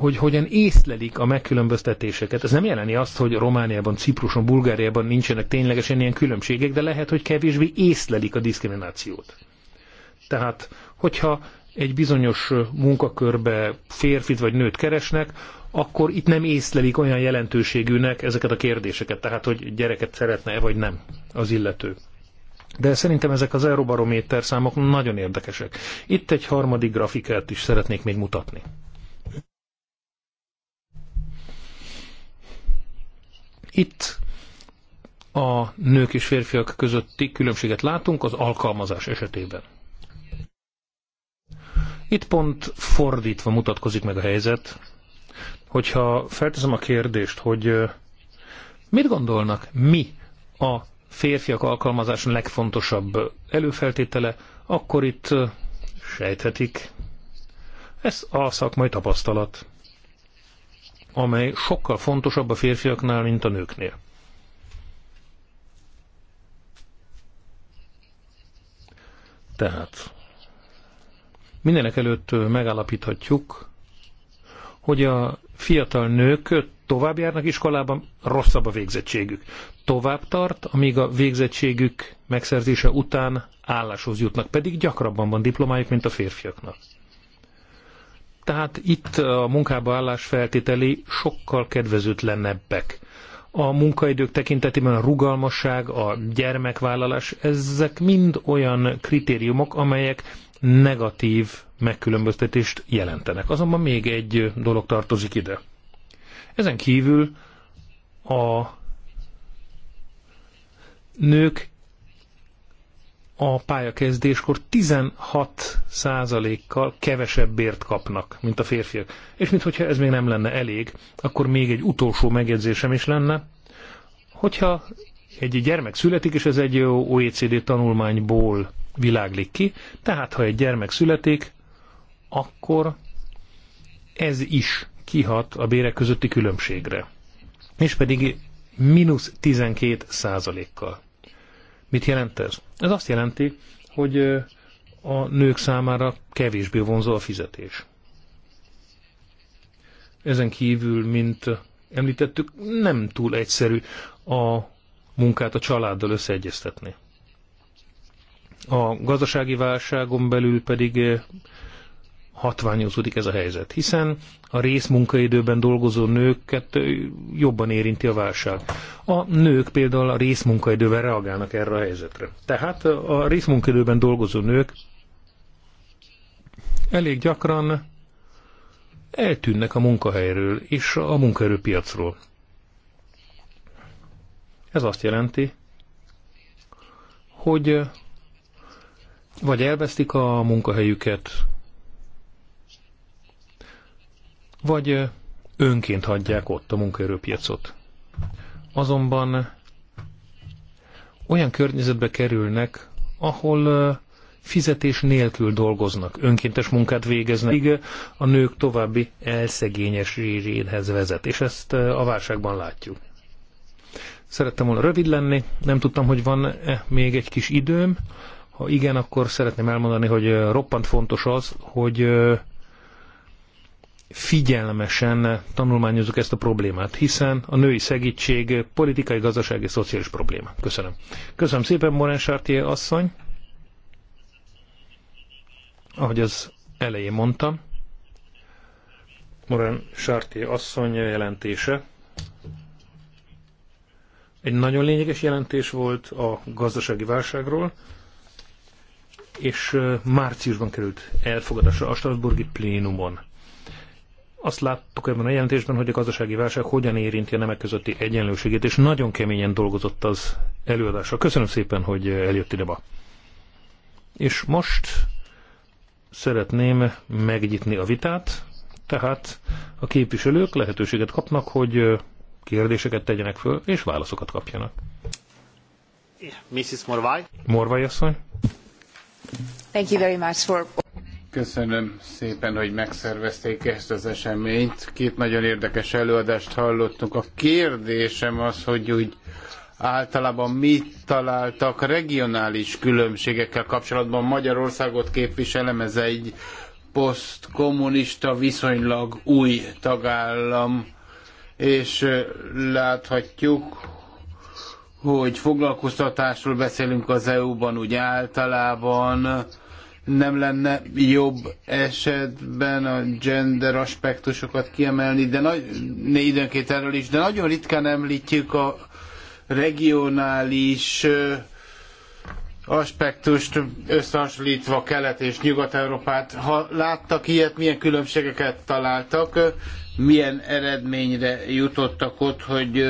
hogy hogyan észlelik a megkülönböztetéseket. Ez nem jelenti azt, hogy Romániában, Cipruson, Bulgáriában nincsenek ténylegesen ilyen különbségek, de lehet, hogy kevésbé észlelik a diszkriminációt. Tehát, hogyha egy bizonyos munkakörbe férfit vagy nőt keresnek, akkor itt nem észlelik olyan jelentőségűnek ezeket a kérdéseket, tehát hogy gyereket szeretne-e vagy nem az illető. De szerintem ezek az Eurobarométer számok nagyon érdekesek. Itt egy harmadik grafikát is szeretnék még mutatni. Itt a nők és férfiak közötti különbséget látunk az alkalmazás esetében. Itt pont fordítva mutatkozik meg a helyzet, hogyha felteszem a kérdést, hogy mit gondolnak mi a férfiak alkalmazás legfontosabb előfeltétele, akkor itt sejthetik. Ez a szakmai tapasztalat amely sokkal fontosabb a férfiaknál, mint a nőknél. Tehát mindenek előtt megállapíthatjuk, hogy a fiatal nők tovább járnak iskolában, rosszabb a végzettségük. Tovább tart, amíg a végzettségük megszerzése után álláshoz jutnak, pedig gyakrabban van diplomájuk, mint a férfiaknak. Tehát itt a munkába állás feltételi sokkal kedvezőtlenebbek. A munkaidők tekintetében a rugalmasság, a gyermekvállalás, ezek mind olyan kritériumok, amelyek negatív megkülönböztetést jelentenek. Azonban még egy dolog tartozik ide. Ezen kívül a nők a pályakezdéskor 16 százalékkal kevesebb bért kapnak, mint a férfiak. És mintha ez még nem lenne elég, akkor még egy utolsó megjegyzésem is lenne, hogyha egy gyermek születik, és ez egy OECD tanulmányból világlik ki, tehát ha egy gyermek születik, akkor ez is kihat a bérek közötti különbségre. És pedig mínusz 12 százalékkal. Mit jelent ez? Ez azt jelenti, hogy a nők számára kevésbé vonzó a fizetés. Ezen kívül, mint említettük, nem túl egyszerű a munkát a családdal összeegyeztetni. A gazdasági válságon belül pedig hatványozódik ez a helyzet, hiszen a részmunkaidőben dolgozó nőket jobban érinti a válság. A nők például a részmunkaidővel reagálnak erre a helyzetre. Tehát a részmunkaidőben dolgozó nők elég gyakran eltűnnek a munkahelyről és a munkaerőpiacról. Ez azt jelenti, hogy vagy elvesztik a munkahelyüket, vagy önként hagyják ott a munkaerőpiacot. Azonban olyan környezetbe kerülnek, ahol fizetés nélkül dolgoznak, önkéntes munkát végeznek, míg a nők további elszegényeséséhez vezet, és ezt a válságban látjuk. Szerettem volna rövid lenni, nem tudtam, hogy van-e még egy kis időm. Ha igen, akkor szeretném elmondani, hogy roppant fontos az, hogy figyelmesen tanulmányozzuk ezt a problémát, hiszen a női segítség politikai, gazdasági, szociális probléma. Köszönöm. Köszönöm szépen, Morán Sartier asszony. Ahogy az elején mondtam, Morán Sartier asszony jelentése egy nagyon lényeges jelentés volt a gazdasági válságról, és márciusban került elfogadásra a Strasburgi plénumon azt láttuk ebben a jelentésben, hogy a gazdasági válság hogyan érinti a nemek közötti egyenlőségét, és nagyon keményen dolgozott az előadásra. Köszönöm szépen, hogy eljött ideba. És most szeretném megnyitni a vitát, tehát a képviselők lehetőséget kapnak, hogy kérdéseket tegyenek föl, és válaszokat kapjanak. Mrs. Morvai. Morvai asszony. Thank you very much for Köszönöm szépen, hogy megszervezték ezt az eseményt. Két nagyon érdekes előadást hallottunk. A kérdésem az, hogy úgy általában mit találtak regionális különbségekkel kapcsolatban. Magyarországot képviselem, ez egy posztkommunista, viszonylag új tagállam, és láthatjuk, hogy foglalkoztatásról beszélünk az EU-ban úgy általában, nem lenne jobb esetben a gender aspektusokat kiemelni, de nagy, időnként erről is, de nagyon ritkán említjük a regionális aspektust összehasonlítva Kelet és Nyugat-Európát. Ha láttak ilyet, milyen különbségeket találtak, milyen eredményre jutottak ott, hogy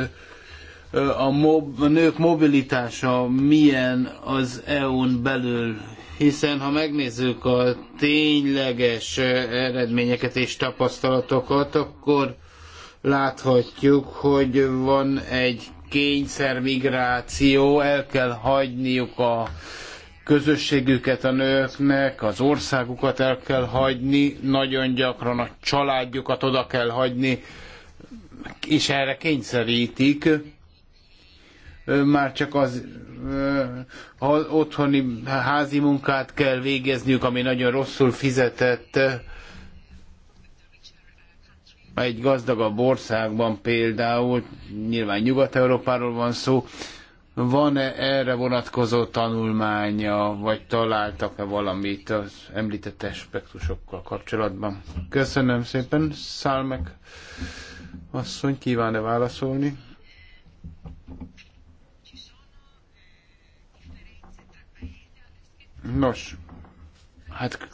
a, mob, a nők mobilitása milyen az EU-n belül, hiszen ha megnézzük a tényleges eh, eredményeket és tapasztalatokat, akkor láthatjuk, hogy van egy kényszermigráció, el kell hagyniuk a közösségüket a nőknek, az országukat el kell hagyni, nagyon gyakran a családjukat oda kell hagyni, és erre kényszerítik már csak az ha otthoni házi munkát kell végezniük, ami nagyon rosszul fizetett egy gazdagabb országban például, nyilván Nyugat-Európáról van szó, van-e erre vonatkozó tanulmánya, vagy találtak-e valamit az említett aspektusokkal kapcsolatban? Köszönöm szépen, Szálmek asszony, kíván-e válaszolni? Nos, hát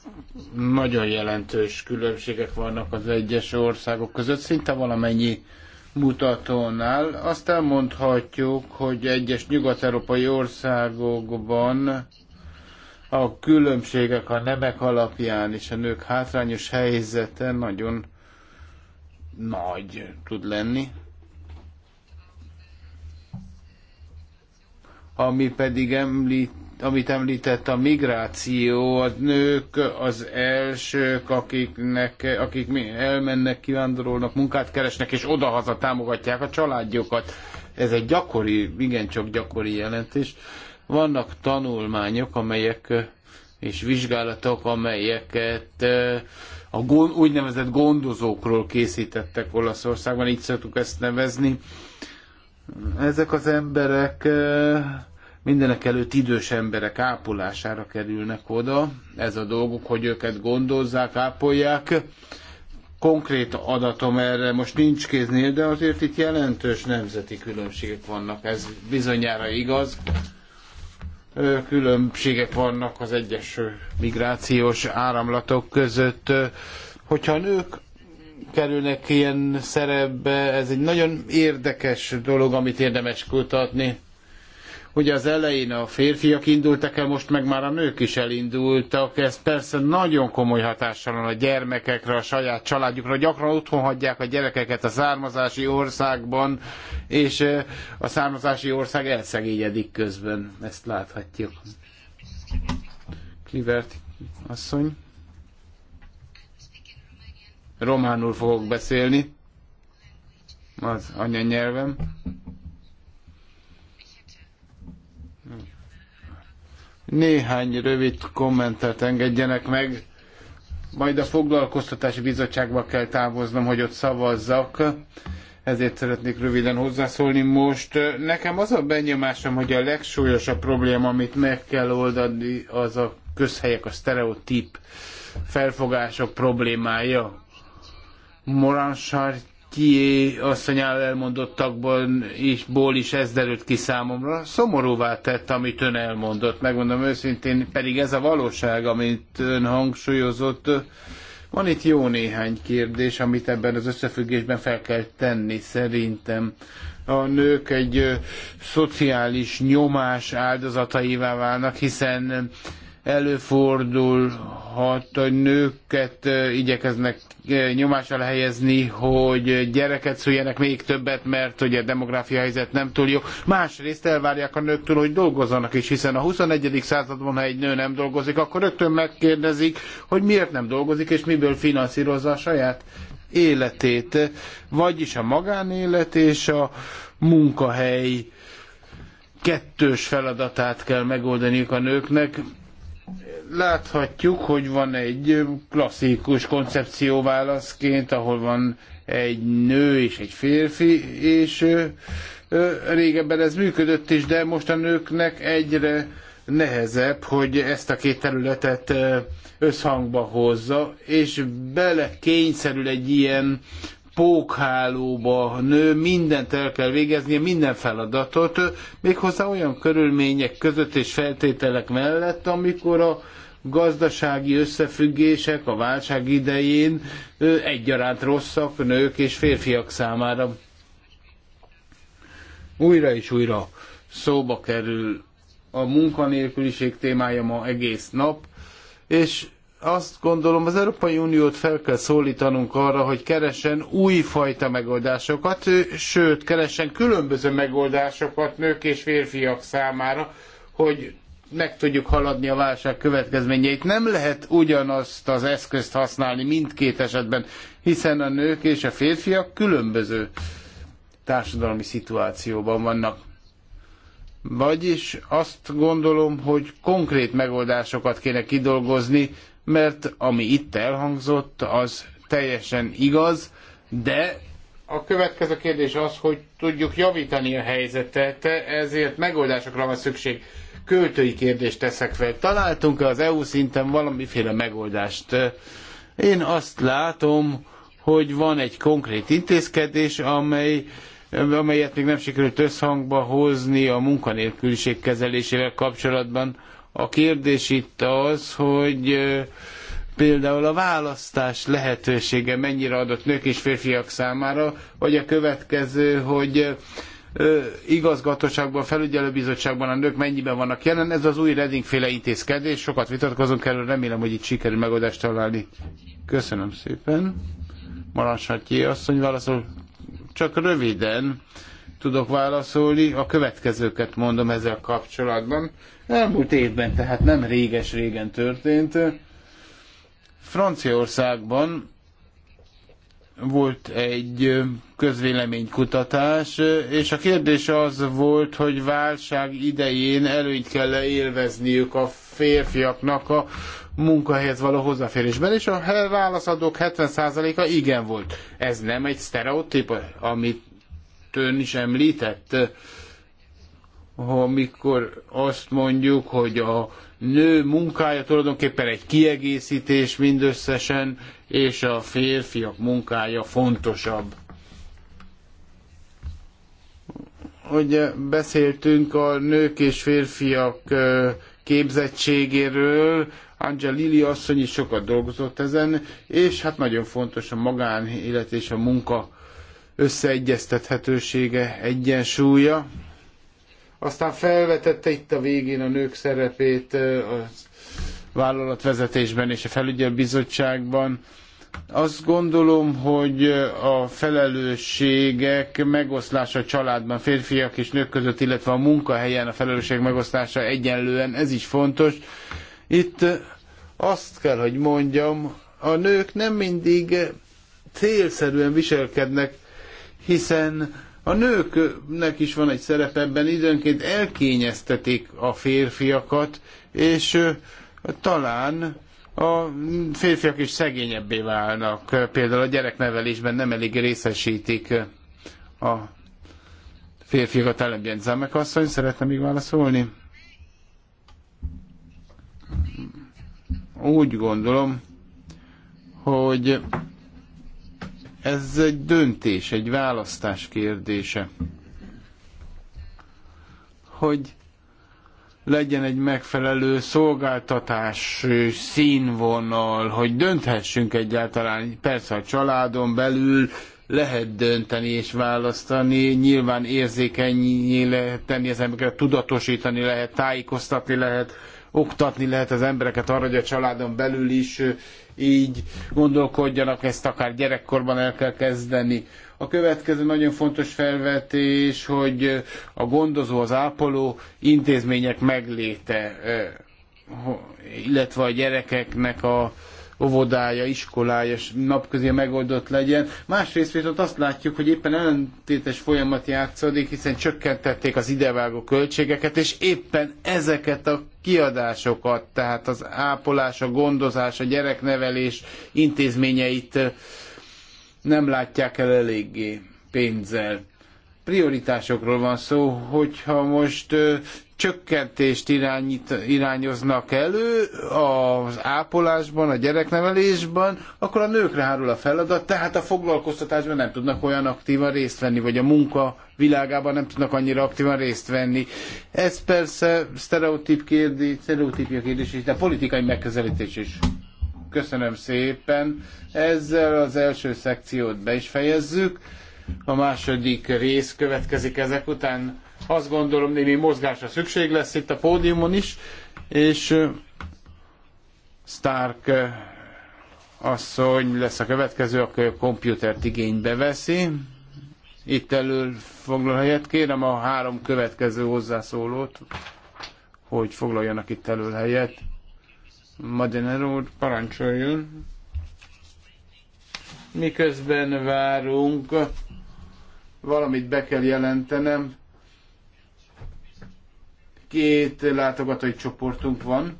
nagyon jelentős különbségek vannak az egyes országok között, szinte valamennyi mutatónál. Azt elmondhatjuk, hogy egyes nyugat-európai országokban a különbségek a nemek alapján és a nők hátrányos helyzete nagyon nagy tud lenni. Ami pedig említ amit említett, a migráció, a nők az elsők, akiknek, akik elmennek, kivándorolnak, munkát keresnek, és odahaza támogatják a családjukat. Ez egy gyakori, igencsak gyakori jelentés. Vannak tanulmányok, amelyek és vizsgálatok, amelyeket a gond, úgynevezett gondozókról készítettek Olaszországban, így szoktuk ezt nevezni. Ezek az emberek mindenek előtt idős emberek ápolására kerülnek oda. Ez a dolguk, hogy őket gondozzák, ápolják. Konkrét adatom erre most nincs kéznél, de azért itt jelentős nemzeti különbségek vannak. Ez bizonyára igaz. Különbségek vannak az egyes migrációs áramlatok között. Hogyha a nők kerülnek ilyen szerepbe, ez egy nagyon érdekes dolog, amit érdemes kutatni hogy az elején a férfiak indultak el, most meg már a nők is elindultak. Ez persze nagyon komoly hatással van a gyermekekre, a saját családjukra. Gyakran otthon hagyják a gyerekeket a származási országban, és a származási ország elszegényedik közben. Ezt láthatjuk. Klivert asszony. Románul fogok beszélni. Az anyanyelvem. Néhány rövid kommentet engedjenek meg, majd a foglalkoztatási bizottságba kell távoznom, hogy ott szavazzak, ezért szeretnék röviden hozzászólni most. Nekem az a benyomásom, hogy a legsúlyosabb probléma, amit meg kell oldani, az a közhelyek, a sztereotíp felfogások problémája. Morán ki asszony elmondottakban is, ból is ez derült ki számomra. Szomorúvá tett, amit ön elmondott, megmondom őszintén, pedig ez a valóság, amit ön hangsúlyozott. Van itt jó néhány kérdés, amit ebben az összefüggésben fel kell tenni szerintem. A nők egy ö, szociális nyomás áldozataivá válnak, hiszen ö, előfordulhat, hogy nőket eh, igyekeznek eh, nyomás alá helyezni, hogy gyereket szüljenek még többet, mert hogy a demográfia helyzet nem túl jó. Másrészt elvárják a nőktől, hogy dolgozzanak is, hiszen a 21. században, ha egy nő nem dolgozik, akkor rögtön megkérdezik, hogy miért nem dolgozik, és miből finanszírozza a saját életét, vagyis a magánélet és a munkahely kettős feladatát kell megoldaniuk a nőknek láthatjuk, hogy van egy klasszikus koncepció válaszként, ahol van egy nő és egy férfi, és régebben ez működött is, de most a nőknek egyre nehezebb, hogy ezt a két területet összhangba hozza, és bele kényszerül egy ilyen pókhálóba nő, mindent el kell végeznie, minden feladatot, méghozzá olyan körülmények között és feltételek mellett, amikor a gazdasági összefüggések a válság idején egyaránt rosszak nők és férfiak számára. Újra és újra szóba kerül a munkanélküliség témája ma egész nap, és azt gondolom, az Európai Uniót fel kell szólítanunk arra, hogy keressen újfajta megoldásokat, sőt, keressen különböző megoldásokat nők és férfiak számára, hogy meg tudjuk haladni a válság következményeit. Nem lehet ugyanazt az eszközt használni mindkét esetben, hiszen a nők és a férfiak különböző társadalmi szituációban vannak. Vagyis azt gondolom, hogy konkrét megoldásokat kéne kidolgozni, mert ami itt elhangzott, az teljesen igaz, de a következő kérdés az, hogy tudjuk javítani a helyzetet, ezért megoldásokra van szükség. Költői kérdést teszek fel. Találtunk-e az EU szinten valamiféle megoldást? Én azt látom, hogy van egy konkrét intézkedés, amely amelyet még nem sikerült összhangba hozni a munkanélküliség kezelésével kapcsolatban a kérdés itt az, hogy például a választás lehetősége mennyire adott nők és férfiak számára, vagy a következő, hogy igazgatóságban, felügyelőbizottságban a nők mennyiben vannak jelen. Ez az új Reding-féle intézkedés, sokat vitatkozunk erről, remélem, hogy itt sikerül megoldást találni. Köszönöm szépen. Marasatyi asszony válaszol. Csak röviden tudok válaszolni. A következőket mondom ezzel kapcsolatban. Elmúlt évben, tehát nem réges-régen történt. Franciaországban volt egy közvéleménykutatás, és a kérdés az volt, hogy válság idején előnyt kell -e élvezniük a férfiaknak a munkahelyhez való hozzáférésben, és a válaszadók 70%-a igen volt. Ez nem egy sztereotíp, amit ön is említett, amikor azt mondjuk, hogy a nő munkája tulajdonképpen egy kiegészítés mindösszesen, és a férfiak munkája fontosabb. Hogy beszéltünk a nők és férfiak képzettségéről, Lili asszony is sokat dolgozott ezen, és hát nagyon fontos a magánélet és a munka összeegyeztethetősége, egyensúlya. Aztán felvetette itt a végén a nők szerepét a vállalatvezetésben és a felügyelbizottságban. Azt gondolom, hogy a felelősségek megoszlása a családban, férfiak és nők között, illetve a munkahelyen a felelősség megosztása egyenlően, ez is fontos. Itt azt kell, hogy mondjam, a nők nem mindig célszerűen viselkednek, hiszen a nőknek is van egy szerep ebben, időnként elkényeztetik a férfiakat, és talán a férfiak is szegényebbé válnak. Például a gyereknevelésben nem elég részesítik a férfiakat. Ellen Bienzámek asszony, szeretne még válaszolni? Úgy gondolom, hogy ez egy döntés, egy választás kérdése. Hogy legyen egy megfelelő szolgáltatás színvonal, hogy dönthessünk egyáltalán. Persze a családon belül lehet dönteni és választani, nyilván érzékenyé lehet tenni az embereket, tudatosítani lehet, tájékoztatni lehet, oktatni lehet az embereket arra, hogy a családon belül is így gondolkodjanak, ezt akár gyerekkorban el kell kezdeni. A következő nagyon fontos felvetés, hogy a gondozó, az ápoló intézmények megléte, illetve a gyerekeknek a óvodája, iskolája és napközi megoldott legyen. Másrészt viszont azt látjuk, hogy éppen ellentétes folyamat játszódik, hiszen csökkentették az idevágó költségeket, és éppen ezeket a kiadásokat, tehát az ápolás, a gondozás, a gyereknevelés intézményeit nem látják el eléggé pénzzel prioritásokról van szó, hogyha most csökkentést irányít, irányoznak elő az ápolásban, a gyereknevelésben, akkor a nőkre hárul a feladat, tehát a foglalkoztatásban nem tudnak olyan aktívan részt venni, vagy a munka világában nem tudnak annyira aktívan részt venni. Ez persze sztereotíp kérdés, sztereotípia kérdés is, de politikai megközelítés is. Köszönöm szépen. Ezzel az első szekciót be is fejezzük. A második rész következik ezek után azt gondolom, némi mozgásra szükség lesz itt a pódiumon is, és Stark asszony lesz a következő, aki a komputert igénybe veszi. Itt elől foglal helyet. Kérem a három következő hozzászólót, hogy foglaljanak itt elől helyet. Madener úr, parancsoljon. Miközben várunk, valamit be kell jelentenem. Két látogatói csoportunk van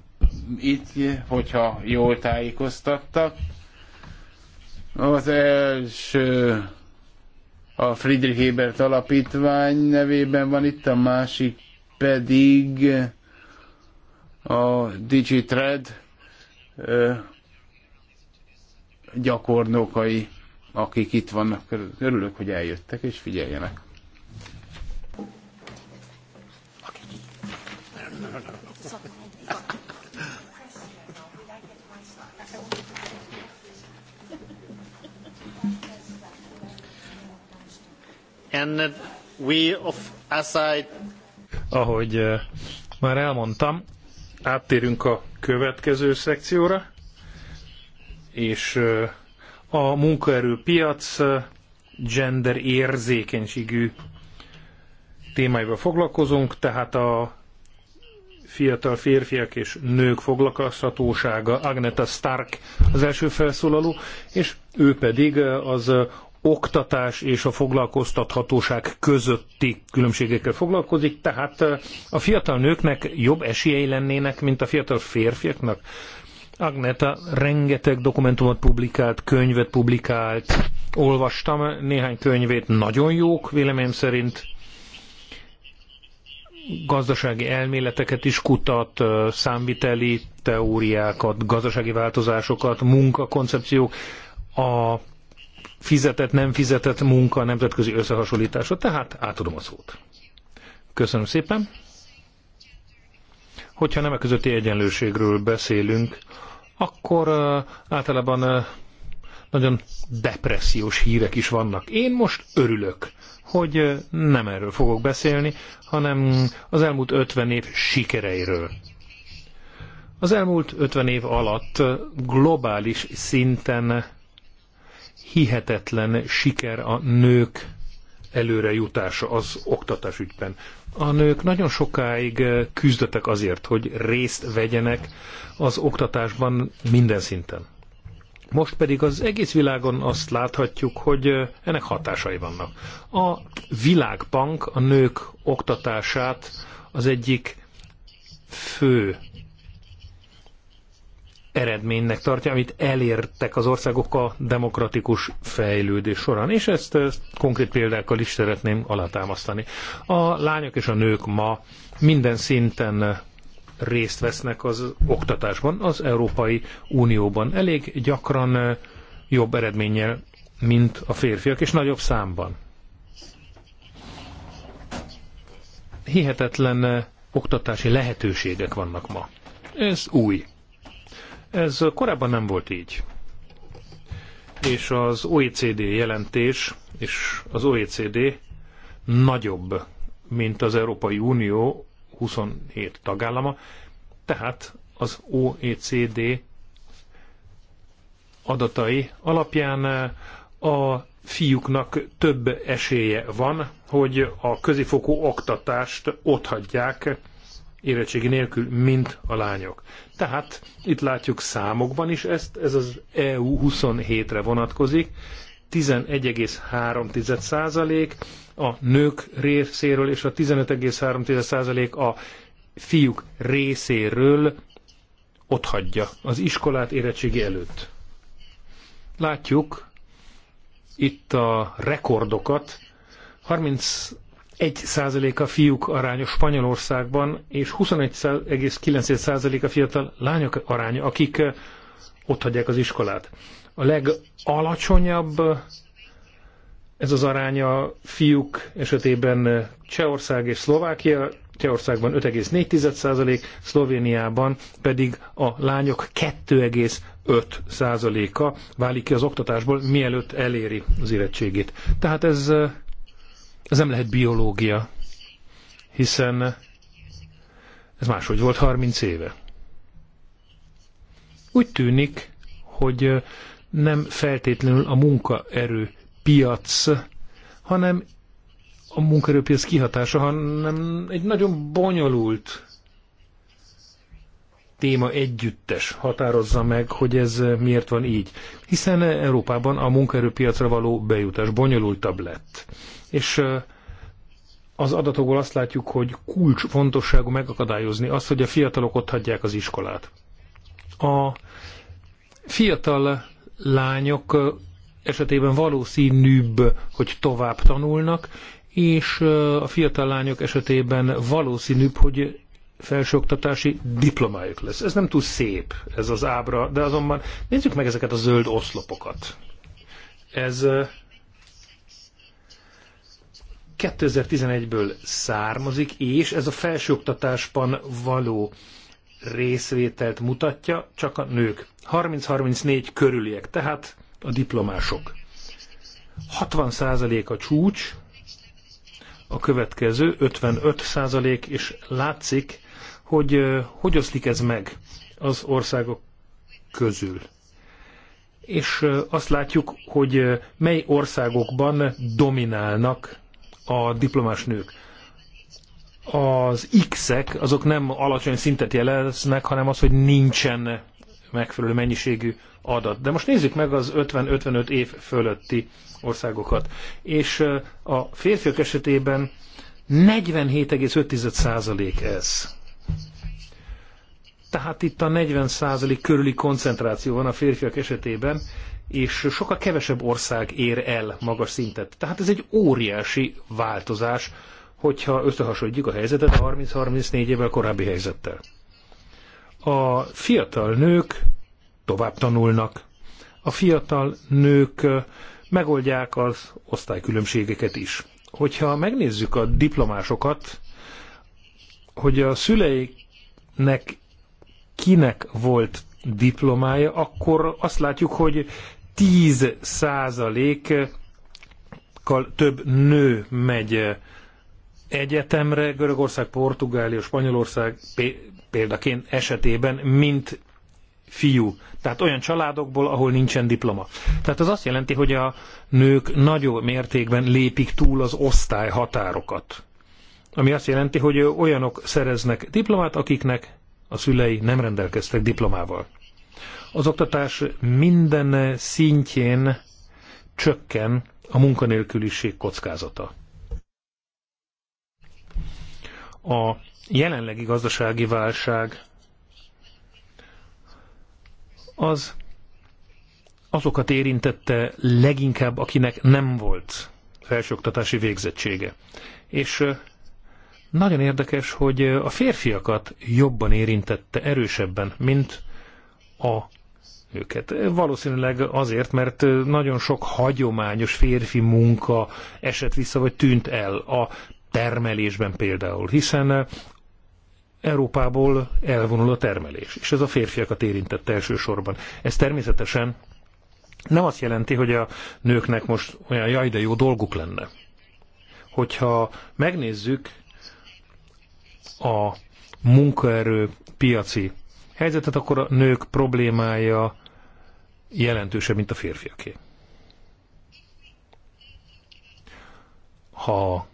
itt, hogyha jól tájékoztattak. Az első a Friedrich Ebert alapítvány nevében van itt, a másik pedig a Digitred gyakornokai, akik itt vannak. Örülök, hogy eljöttek és figyeljenek. And we of, as I... Ahogy eh, már elmondtam, áttérünk a következő szekcióra, és eh, a munkaerőpiac eh, gender érzékenységű témáival foglalkozunk, tehát a fiatal férfiak és nők foglalkoztatósága, Agneta Stark az első felszólaló, és ő pedig az oktatás és a foglalkoztathatóság közötti különbségekkel foglalkozik, tehát eh, a fiatal nőknek jobb esélyei lennének, mint a fiatal férfiaknak. Agneta rengeteg dokumentumot publikált, könyvet publikált, olvastam néhány könyvét, nagyon jók véleményem szerint. Gazdasági elméleteket is kutat, eh, számviteli teóriákat, gazdasági változásokat, munkakoncepciók. A fizetett, nem fizetett munka nemzetközi összehasonlítása, tehát átadom a szót. Köszönöm szépen. Hogyha nemek közötti egyenlőségről beszélünk, akkor eh, általában eh, nagyon depressziós hírek is vannak. Én most örülök, hogy eh, nem erről fogok beszélni, hanem az elmúlt 50 év sikereiről. Az elmúlt 50 év alatt globális szinten hihetetlen siker a nők előrejutása az oktatás ügyben. A nők nagyon sokáig küzdöttek azért, hogy részt vegyenek az oktatásban minden szinten. Most pedig az egész világon azt láthatjuk, hogy ennek hatásai vannak. A Világbank a nők oktatását az egyik fő eredménynek tartja, amit elértek az országok a demokratikus fejlődés során, és ezt, ezt konkrét példákkal is szeretném alátámasztani. A lányok és a nők ma minden szinten részt vesznek az oktatásban, az Európai Unióban. Elég gyakran jobb eredménnyel, mint a férfiak, és nagyobb számban. Hihetetlen oktatási lehetőségek vannak ma. Ez új ez korábban nem volt így. És az OECD jelentés, és az OECD nagyobb, mint az Európai Unió 27 tagállama, tehát az OECD adatai alapján eh, a fiúknak több esélye van, hogy a közifokú oktatást otthagyják érettségi nélkül, mint a lányok. Tehát itt látjuk számokban is ezt, ez az EU 27-re vonatkozik, 11,3% a nők részéről és a 15,3% a fiúk részéről otthagyja az iskolát érettségi előtt. Látjuk itt a rekordokat. 30 1% a fiúk aránya Spanyolországban, és 21,9% a fiatal lányok aránya, akik ott hagyják az iskolát. A legalacsonyabb ez az aránya fiúk esetében Csehország és Szlovákia, Csehországban 5,4%, Szlovéniában pedig a lányok 2,5%-a válik ki az oktatásból, mielőtt eléri az érettségét. Tehát ez ez nem lehet biológia, hiszen ez máshogy volt 30 éve. Úgy tűnik, hogy nem feltétlenül a munkaerő piac, hanem a munkaerőpiac kihatása, hanem egy nagyon bonyolult téma együttes határozza meg, hogy ez miért van így. Hiszen Európában a munkaerőpiacra való bejutás bonyolultabb lett és az adatokból azt látjuk, hogy kulcs fontosságú megakadályozni azt, hogy a fiatalok ott hagyják az iskolát. A fiatal lányok esetében valószínűbb, hogy tovább tanulnak, és a fiatal lányok esetében valószínűbb, hogy felsőoktatási diplomájuk lesz. Ez nem túl szép, ez az ábra, de azonban nézzük meg ezeket a zöld oszlopokat. Ez 2011-ből származik, és ez a felsőoktatásban való részvételt mutatja, csak a nők. 30-34 körüliek, tehát a diplomások. 60% a csúcs, a következő 55% és látszik, hogy hogy oszlik ez meg az országok közül. És azt látjuk, hogy mely országokban dominálnak a diplomás nők. Az X-ek azok nem alacsony szintet jeleznek, hanem az, hogy nincsen megfelelő mennyiségű adat. De most nézzük meg az 50-55 év fölötti országokat. És a férfiak esetében 47,5% ez. Tehát itt a 40% körüli koncentráció van a férfiak esetében, és sokkal kevesebb ország ér el magas szintet. Tehát ez egy óriási változás, hogyha összehasonlítjuk a helyzetet a 30-34 évvel korábbi helyzettel. A fiatal nők tovább tanulnak, a fiatal nők megoldják az osztálykülönbségeket is. Hogyha megnézzük a diplomásokat, hogy a szüleiknek kinek volt diplomája, akkor azt látjuk, hogy 10 százalékkal több nő megy egyetemre, Görögország, Portugália, Spanyolország példaként esetében, mint fiú. Tehát olyan családokból, ahol nincsen diploma. Tehát ez azt jelenti, hogy a nők nagyobb mértékben lépik túl az osztály határokat. Ami azt jelenti, hogy olyanok szereznek diplomát, akiknek a szülei nem rendelkeztek diplomával az oktatás minden szintjén csökken a munkanélküliség kockázata. A jelenlegi gazdasági válság az azokat érintette leginkább, akinek nem volt felsőoktatási végzettsége. És nagyon érdekes, hogy a férfiakat jobban érintette erősebben, mint a őket. Valószínűleg azért, mert nagyon sok hagyományos férfi munka esett vissza, vagy tűnt el a termelésben például, hiszen Európából elvonul a termelés, és ez a férfiakat érintett elsősorban. Ez természetesen nem azt jelenti, hogy a nőknek most olyan jaj, de jó dolguk lenne. Hogyha megnézzük a munkaerő piaci helyzetet, akkor a nők problémája jelentősebb, mint a férfiaké. Ha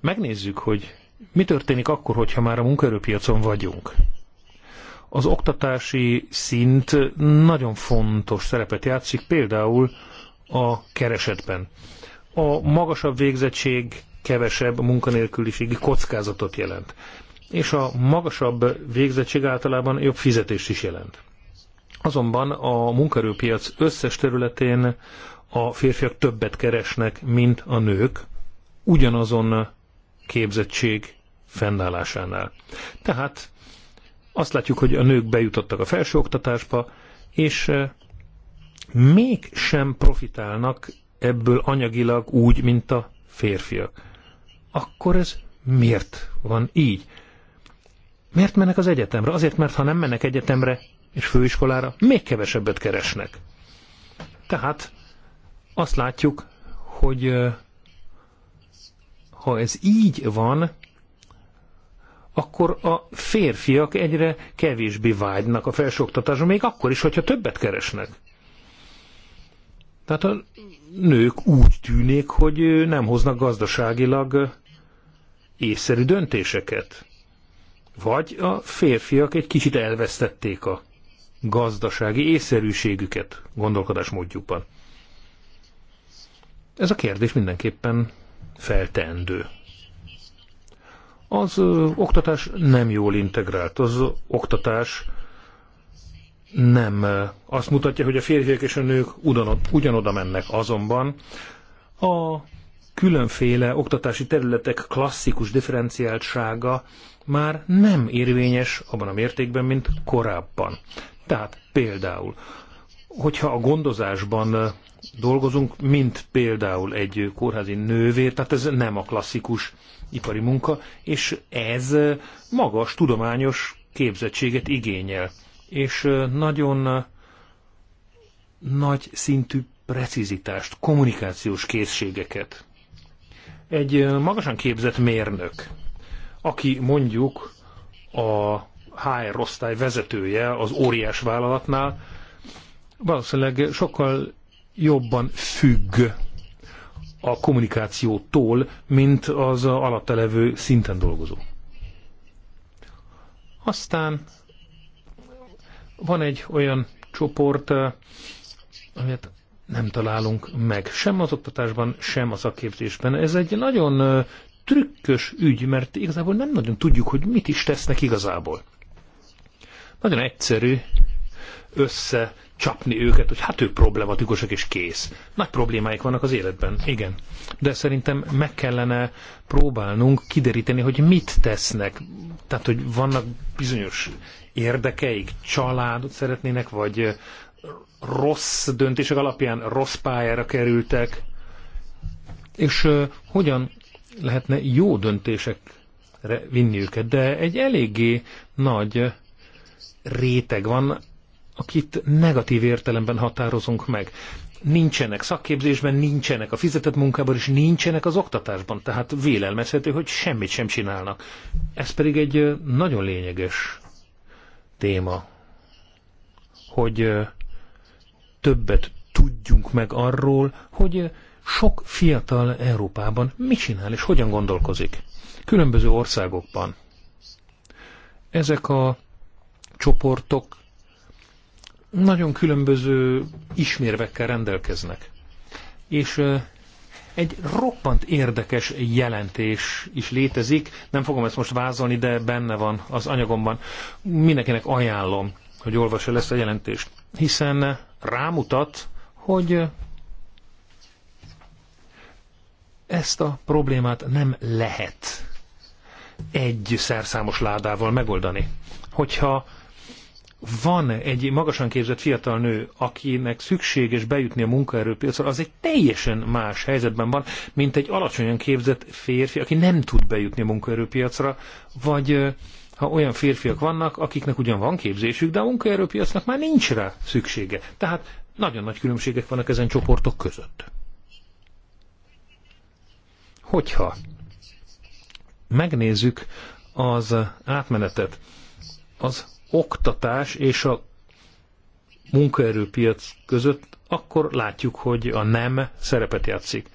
megnézzük, hogy mi történik akkor, hogyha már a munkaerőpiacon vagyunk, az oktatási szint nagyon fontos szerepet játszik, például a keresetben. A magasabb végzettség kevesebb munkanélküliségi kockázatot jelent és a magasabb végzettség általában jobb fizetést is jelent. Azonban a munkerőpiac összes területén a férfiak többet keresnek, mint a nők, ugyanazon képzettség fennállásánál. Tehát azt látjuk, hogy a nők bejutottak a felsőoktatásba, és eh, mégsem profitálnak ebből anyagilag úgy, mint a férfiak. Akkor ez miért van így? Miért mennek az egyetemre? Azért, mert ha nem mennek egyetemre és főiskolára, még kevesebbet keresnek. Tehát azt látjuk, hogy ha ez így van, akkor a férfiak egyre kevésbé vágynak a felsőoktatásra, még akkor is, hogyha többet keresnek. Tehát a nők úgy tűnik, hogy nem hoznak gazdaságilag észszerű döntéseket. Vagy a férfiak egy kicsit elvesztették a gazdasági észszerűségüket gondolkodásmódjukban. Ez a kérdés mindenképpen feltendő. Az ö, oktatás nem jól integrált. Az ö, oktatás nem ö, azt mutatja, hogy a férfiak és a nők ugyanoda mennek. Azonban a különféle oktatási területek klasszikus differenciáltsága már nem érvényes abban a mértékben, mint korábban. Tehát például, hogyha a gondozásban dolgozunk, mint például egy kórházi nővér, tehát ez nem a klasszikus ipari munka, és ez magas tudományos képzettséget igényel, és nagyon nagy szintű precizitást, kommunikációs készségeket egy magasan képzett mérnök, aki mondjuk a HR osztály vezetője az óriás vállalatnál, valószínűleg sokkal jobban függ a kommunikációtól, mint az alatta levő szinten dolgozó. Aztán van egy olyan csoport, amit nem találunk meg, sem az oktatásban, sem a szakképzésben. Ez egy nagyon trükkös ügy, mert igazából nem nagyon tudjuk, hogy mit is tesznek igazából. Nagyon egyszerű összecsapni őket, hogy hát ők problematikusak és kész. Nagy problémáik vannak az életben, igen. De szerintem meg kellene próbálnunk kideríteni, hogy mit tesznek. Tehát, hogy vannak bizonyos érdekeik, családot szeretnének, vagy rossz döntések alapján rossz pályára kerültek, és hogyan lehetne jó döntésekre vinni őket. De egy eléggé nagy réteg van, akit negatív értelemben határozunk meg. Nincsenek szakképzésben, nincsenek a fizetett munkában, és nincsenek az oktatásban. Tehát vélelmezhető, hogy semmit sem csinálnak. Ez pedig egy nagyon lényeges téma, hogy többet tudjunk meg arról, hogy sok fiatal Európában mit csinál és hogyan gondolkozik. Különböző országokban. Ezek a csoportok nagyon különböző ismérvekkel rendelkeznek. És egy roppant érdekes jelentés is létezik, nem fogom ezt most vázolni, de benne van az anyagomban. Mindenkinek ajánlom, hogy olvassa el ezt a jelentést, hiszen rámutat, hogy ezt a problémát nem lehet egy szerszámos ládával megoldani. Hogyha van egy magasan képzett fiatal nő, akinek szükséges bejutni a munkaerőpiacra, az egy teljesen más helyzetben van, mint egy alacsonyan képzett férfi, aki nem tud bejutni a munkaerőpiacra, vagy ha olyan férfiak vannak, akiknek ugyan van képzésük, de a munkaerőpiacnak már nincs rá szüksége. Tehát nagyon nagy különbségek vannak ezen csoportok között. Hogyha megnézzük az átmenetet, az oktatás és a munkaerőpiac között, akkor látjuk, hogy a nem szerepet játszik.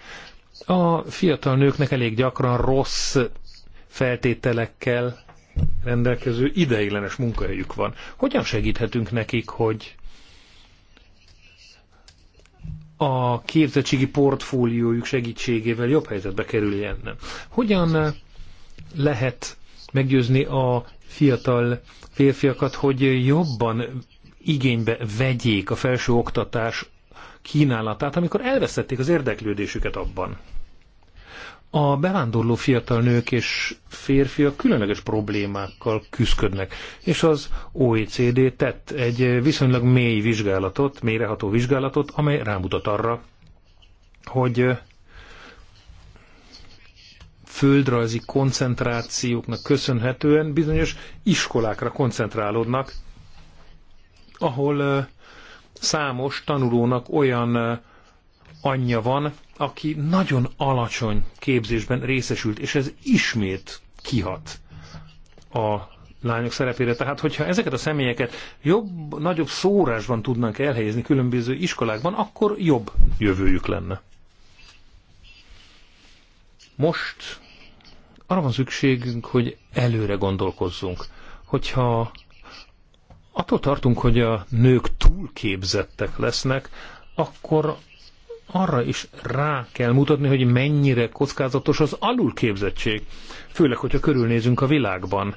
A fiatal nőknek elég gyakran rossz feltételekkel rendelkező ideiglenes munkahelyük van. Hogyan segíthetünk nekik, hogy a képzettségi portfóliójuk segítségével jobb helyzetbe kerüljen? Hogyan lehet meggyőzni a fiatal férfiakat, hogy jobban igénybe vegyék a felső oktatás kínálatát, amikor elveszették az érdeklődésüket abban. A bevándorló fiatal nők és férfiak különleges problémákkal küzdködnek, és az OECD tett egy viszonylag mély vizsgálatot, mélyreható vizsgálatot, amely rámutat arra, hogy földrajzi koncentrációknak köszönhetően bizonyos iskolákra koncentrálódnak, ahol számos tanulónak olyan anyja van, aki nagyon alacsony képzésben részesült, és ez ismét kihat a lányok szerepére. Tehát, hogyha ezeket a személyeket jobb, nagyobb szórásban tudnánk elhelyezni különböző iskolákban, akkor jobb jövőjük lenne. Most arra van szükségünk, hogy előre gondolkozzunk. Hogyha attól tartunk, hogy a nők túlképzettek lesznek, akkor arra is rá kell mutatni, hogy mennyire kockázatos az alulképzettség, főleg, hogyha körülnézünk a világban,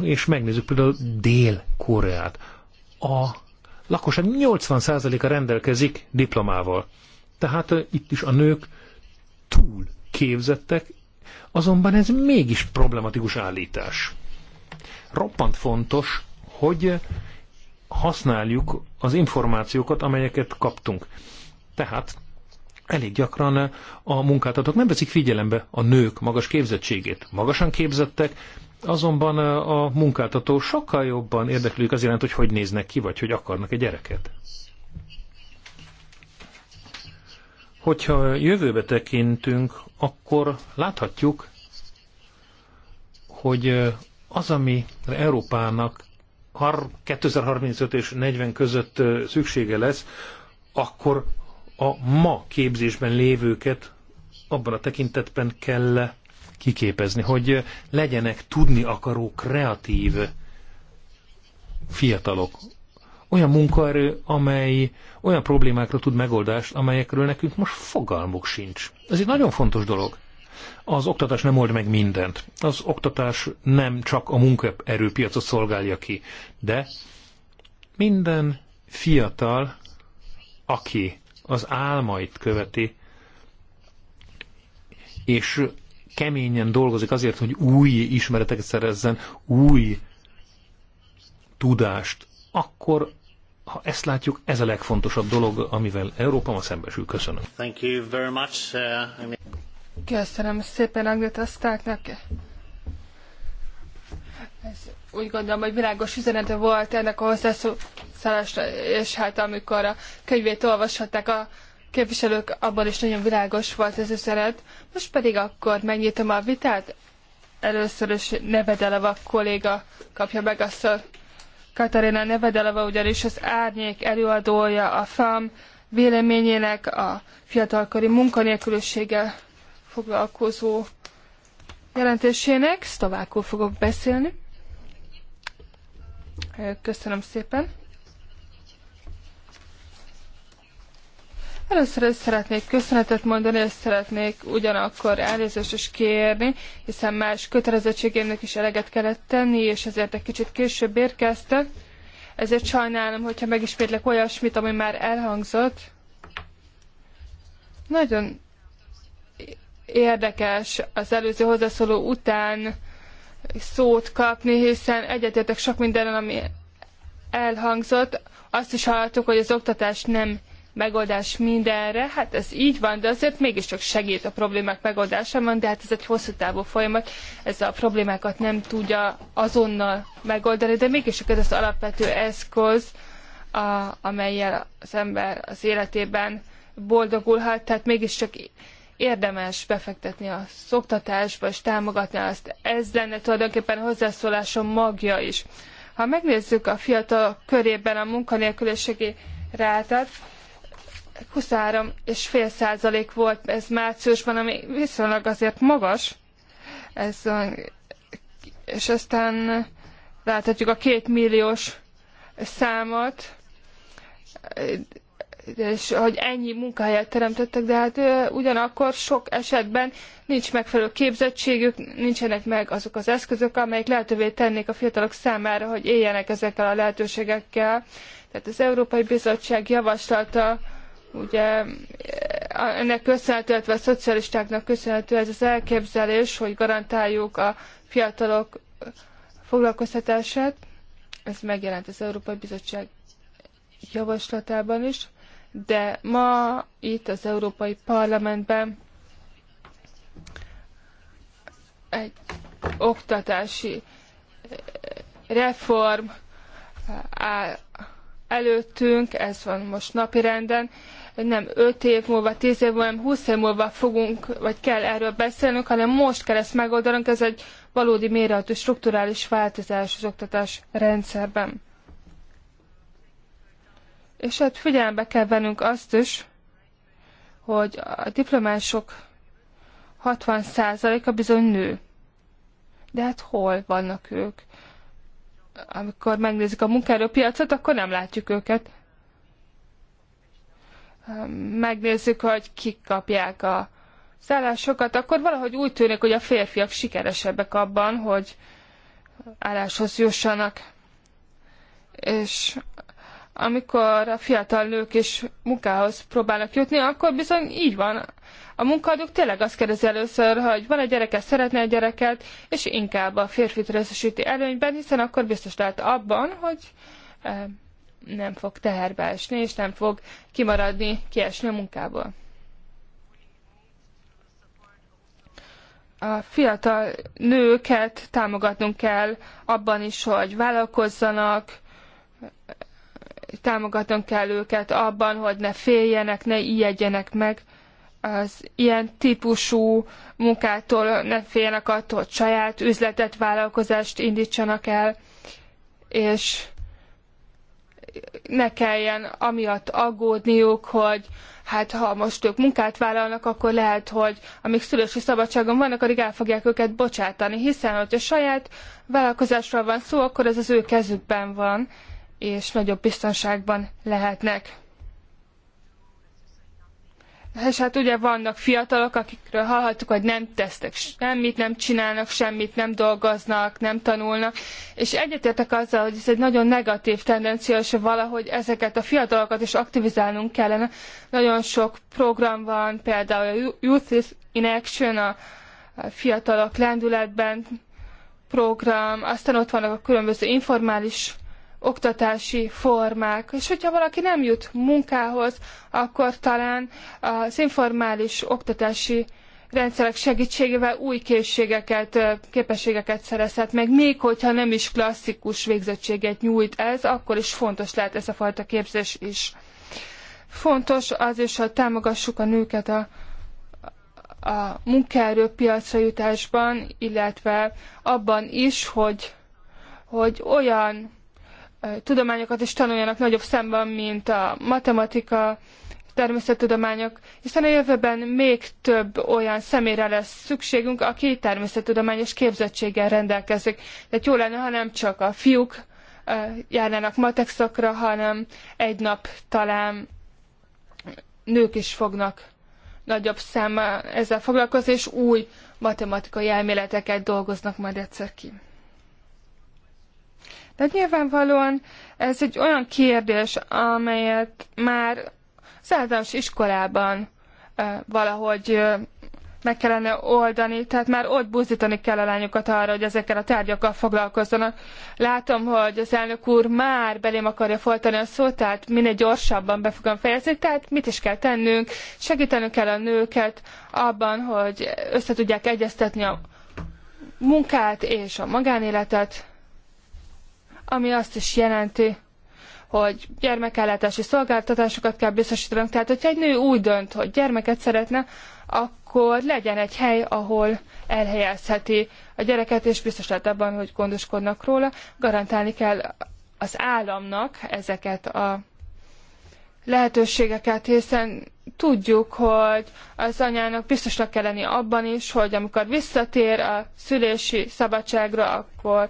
és megnézzük például Dél-Koreát. A lakosság 80%-a rendelkezik diplomával. Tehát itt is a nők túl képzettek, azonban ez mégis problematikus állítás. Roppant fontos, hogy használjuk az információkat, amelyeket kaptunk. Tehát elég gyakran a munkáltatók nem veszik figyelembe a nők magas képzettségét. Magasan képzettek, azonban a munkáltató sokkal jobban érdeklődik az iránt, hogy hogy néznek ki, vagy hogy akarnak egy gyereket. Hogyha jövőbe tekintünk, akkor láthatjuk, hogy az, ami Európának 2035 és 40 között szüksége lesz, akkor a ma képzésben lévőket abban a tekintetben kell kiképezni, hogy legyenek tudni akaró kreatív fiatalok. Olyan munkaerő, amely olyan problémákra tud megoldást, amelyekről nekünk most fogalmuk sincs. Ez egy nagyon fontos dolog. Az oktatás nem old meg mindent. Az oktatás nem csak a munkaerőpiacot szolgálja ki, de minden fiatal, aki az álmait követi, és keményen dolgozik azért, hogy új ismereteket szerezzen, új tudást, akkor ha ezt látjuk, ez a legfontosabb dolog, amivel Európa ma szembesül. Köszönöm. Thank you very much. Uh, Köszönöm szépen Agnetasztáknak. Ez úgy gondolom, hogy világos üzenete volt ennek a hozzászólásra, és hát amikor a könyvét olvashatták a képviselők, abban is nagyon világos volt ez üzenet. Most pedig akkor megnyitom a vitát. Először is Nevedeleva kolléga kapja meg a szót. Katarina Nevedeleva ugyanis az árnyék előadója a FAM véleményének a fiatalkori munkanélküliséggel foglalkozó jelentésének. Szlovákul fogok beszélni. Köszönöm szépen. Először is szeretnék köszönetet mondani, és szeretnék ugyanakkor elnézést is kérni, hiszen más kötelezettségének is eleget kellett tenni, és ezért egy kicsit később érkeztek. Ezért sajnálom, hogyha megismétlek olyasmit, ami már elhangzott. Nagyon érdekes az előző hozzászóló után szót kapni, hiszen egyetértek sok mindenen, ami elhangzott. Azt is hallottuk, hogy az oktatás nem megoldás mindenre, hát ez így van, de azért mégiscsak segít a problémák megoldásában, de hát ez egy hosszú távú folyamat, ez a problémákat nem tudja azonnal megoldani, de mégiscsak ez az alapvető eszköz, a, amelyel az ember az életében boldogulhat, tehát mégiscsak érdemes befektetni a szoktatásba és támogatni azt. Ez lenne tulajdonképpen a hozzászólásom magja is. Ha megnézzük a fiatal körében a munkanélküliségi rátát, 23,5 százalék volt ez márciusban, ami viszonylag azért magas. Ez, és aztán láthatjuk a két milliós számot, és hogy ennyi munkahelyet teremtettek, de hát ugyanakkor sok esetben nincs megfelelő képzettségük, nincsenek meg azok az eszközök, amelyek lehetővé tennék a fiatalok számára, hogy éljenek ezekkel a lehetőségekkel. Tehát az Európai Bizottság javaslata ugye ennek köszönhető, illetve a szocialistáknak köszönhető ez az elképzelés, hogy garantáljuk a fiatalok foglalkoztatását. Ez megjelent az Európai Bizottság javaslatában is de ma itt az Európai Parlamentben egy oktatási eh, reform eh, áll előttünk, ez van most napirenden, nem 5 év múlva, 10 év múlva, hanem 20 év múlva fogunk, vagy kell erről beszélnünk, hanem most kell ezt megoldanunk, ez egy valódi méreható strukturális változás az oktatás rendszerben. És hát figyelembe kell vennünk azt is, hogy a diplomások 60%-a bizony nő. De hát hol vannak ők? Amikor megnézik a munkaerőpiacot, akkor nem látjuk őket. Megnézzük, hogy kik kapják a szállásokat, akkor valahogy úgy tűnik, hogy a férfiak sikeresebbek abban, hogy álláshoz jussanak. És amikor a fiatal nők is munkához próbálnak jutni, akkor bizony így van. A munkaadók tényleg azt kérdezi először, hogy van egy gyereke, szeretne egy gyereket, és inkább a férfit részesíti előnyben, hiszen akkor biztos lehet abban, hogy eh, nem fog teherbe esni, és nem fog kimaradni, kiesni a munkából. a fiatal nőket támogatnunk kell abban is, hogy vállalkozzanak, támogatnunk kell őket abban, hogy ne féljenek, ne ijedjenek meg az ilyen típusú munkától, ne féljenek attól, hogy saját üzletet, vállalkozást indítsanak el, és ne kelljen amiatt aggódniuk, hogy hát ha most ők munkát vállalnak, akkor lehet, hogy amíg szülési szabadságon vannak, addig el fogják őket bocsátani, hiszen hogyha saját vállalkozásról van szó, akkor ez az ő kezükben van, és nagyobb biztonságban lehetnek. És hát ugye vannak fiatalok, akikről hallhattuk, hogy nem tesztek semmit, nem csinálnak semmit, nem dolgoznak, nem tanulnak, és egyetértek azzal, hogy ez egy nagyon negatív tendencia, és valahogy ezeket a fiatalokat is aktivizálnunk kellene. Nagyon sok program van, például a Youth in Action, a fiatalok lendületben program, aztán ott vannak a különböző informális oktatási formák. És hogyha valaki nem jut munkához, akkor talán az informális oktatási rendszerek segítségével új készségeket, képességeket szerezhet meg, még hogyha nem is klasszikus végzettséget nyújt ez, akkor is fontos lehet ez a fajta képzés is. Fontos az is, hogy támogassuk a nőket a, a munkaerőpiacra jutásban, illetve abban is, hogy, hogy olyan tudományokat is tanuljanak nagyobb szemben, mint a matematika, természettudományok, hiszen a jövőben még több olyan személyre lesz szükségünk, aki természettudományos képzettséggel rendelkezik. De jó lenne, ha nem csak a fiúk járnának matek szakra, hanem egy nap talán nők is fognak nagyobb száma ezzel foglalkozni, és új matematikai elméleteket dolgoznak majd egyszer ki. Tehát nyilvánvalóan ez egy olyan kérdés, amelyet már az általános iskolában valahogy meg kellene oldani, tehát már ott buzdítani kell a lányokat arra, hogy ezekkel a tárgyakkal foglalkozzanak. Látom, hogy az elnök úr már belém akarja folytani a szót, tehát minél gyorsabban be fogom fejezni, tehát mit is kell tennünk, segítenünk kell a nőket abban, hogy összetudják egyeztetni a munkát és a magánéletet ami azt is jelenti, hogy gyermekellátási szolgáltatásokat kell biztosítanunk. Tehát, hogyha egy nő úgy dönt, hogy gyermeket szeretne, akkor legyen egy hely, ahol elhelyezheti a gyereket, és biztos lehet abban, hogy gondoskodnak róla. Garantálni kell az államnak ezeket a lehetőségeket, hiszen tudjuk, hogy az anyának biztosnak kell lenni abban is, hogy amikor visszatér a szülési szabadságra, akkor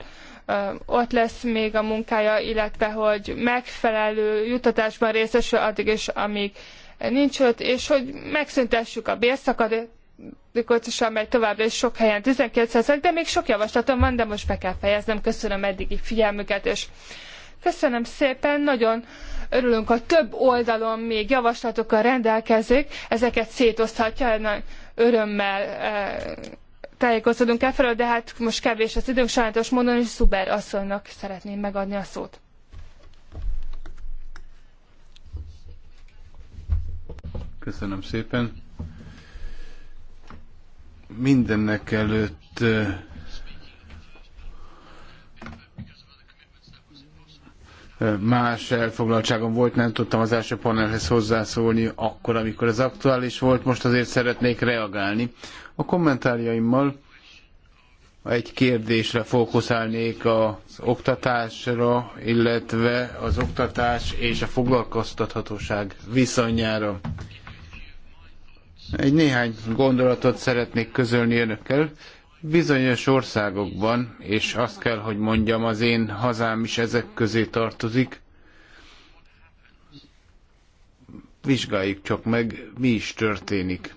ott lesz még a munkája, illetve hogy megfelelő juttatásban részesül addig is, amíg nincs ott, és hogy megszüntessük a bérszakadékot is, amely továbbra is sok helyen 12 de még sok javaslatom van, de most be kell fejeznem. Köszönöm eddigi figyelmüket, és Köszönöm szépen, nagyon örülünk, ha több oldalon még javaslatokkal rendelkezik, ezeket szétoszthatja, örömmel tájékozódunk e felől, de hát most kevés az időnk, sajnálatos módon, és Szuber asszonynak szeretném megadni a szót. Köszönöm szépen. Mindennek előtt eh, más elfoglaltságom volt, nem tudtam az első panelhez hozzászólni akkor, amikor ez aktuális volt, most azért szeretnék reagálni. A kommentárjaimmal egy kérdésre fókuszálnék az oktatásra, illetve az oktatás és a foglalkoztathatóság viszonyára. Egy néhány gondolatot szeretnék közölni önökkel. Bizonyos országokban, és azt kell, hogy mondjam, az én hazám is ezek közé tartozik, vizsgáljuk csak meg, mi is történik.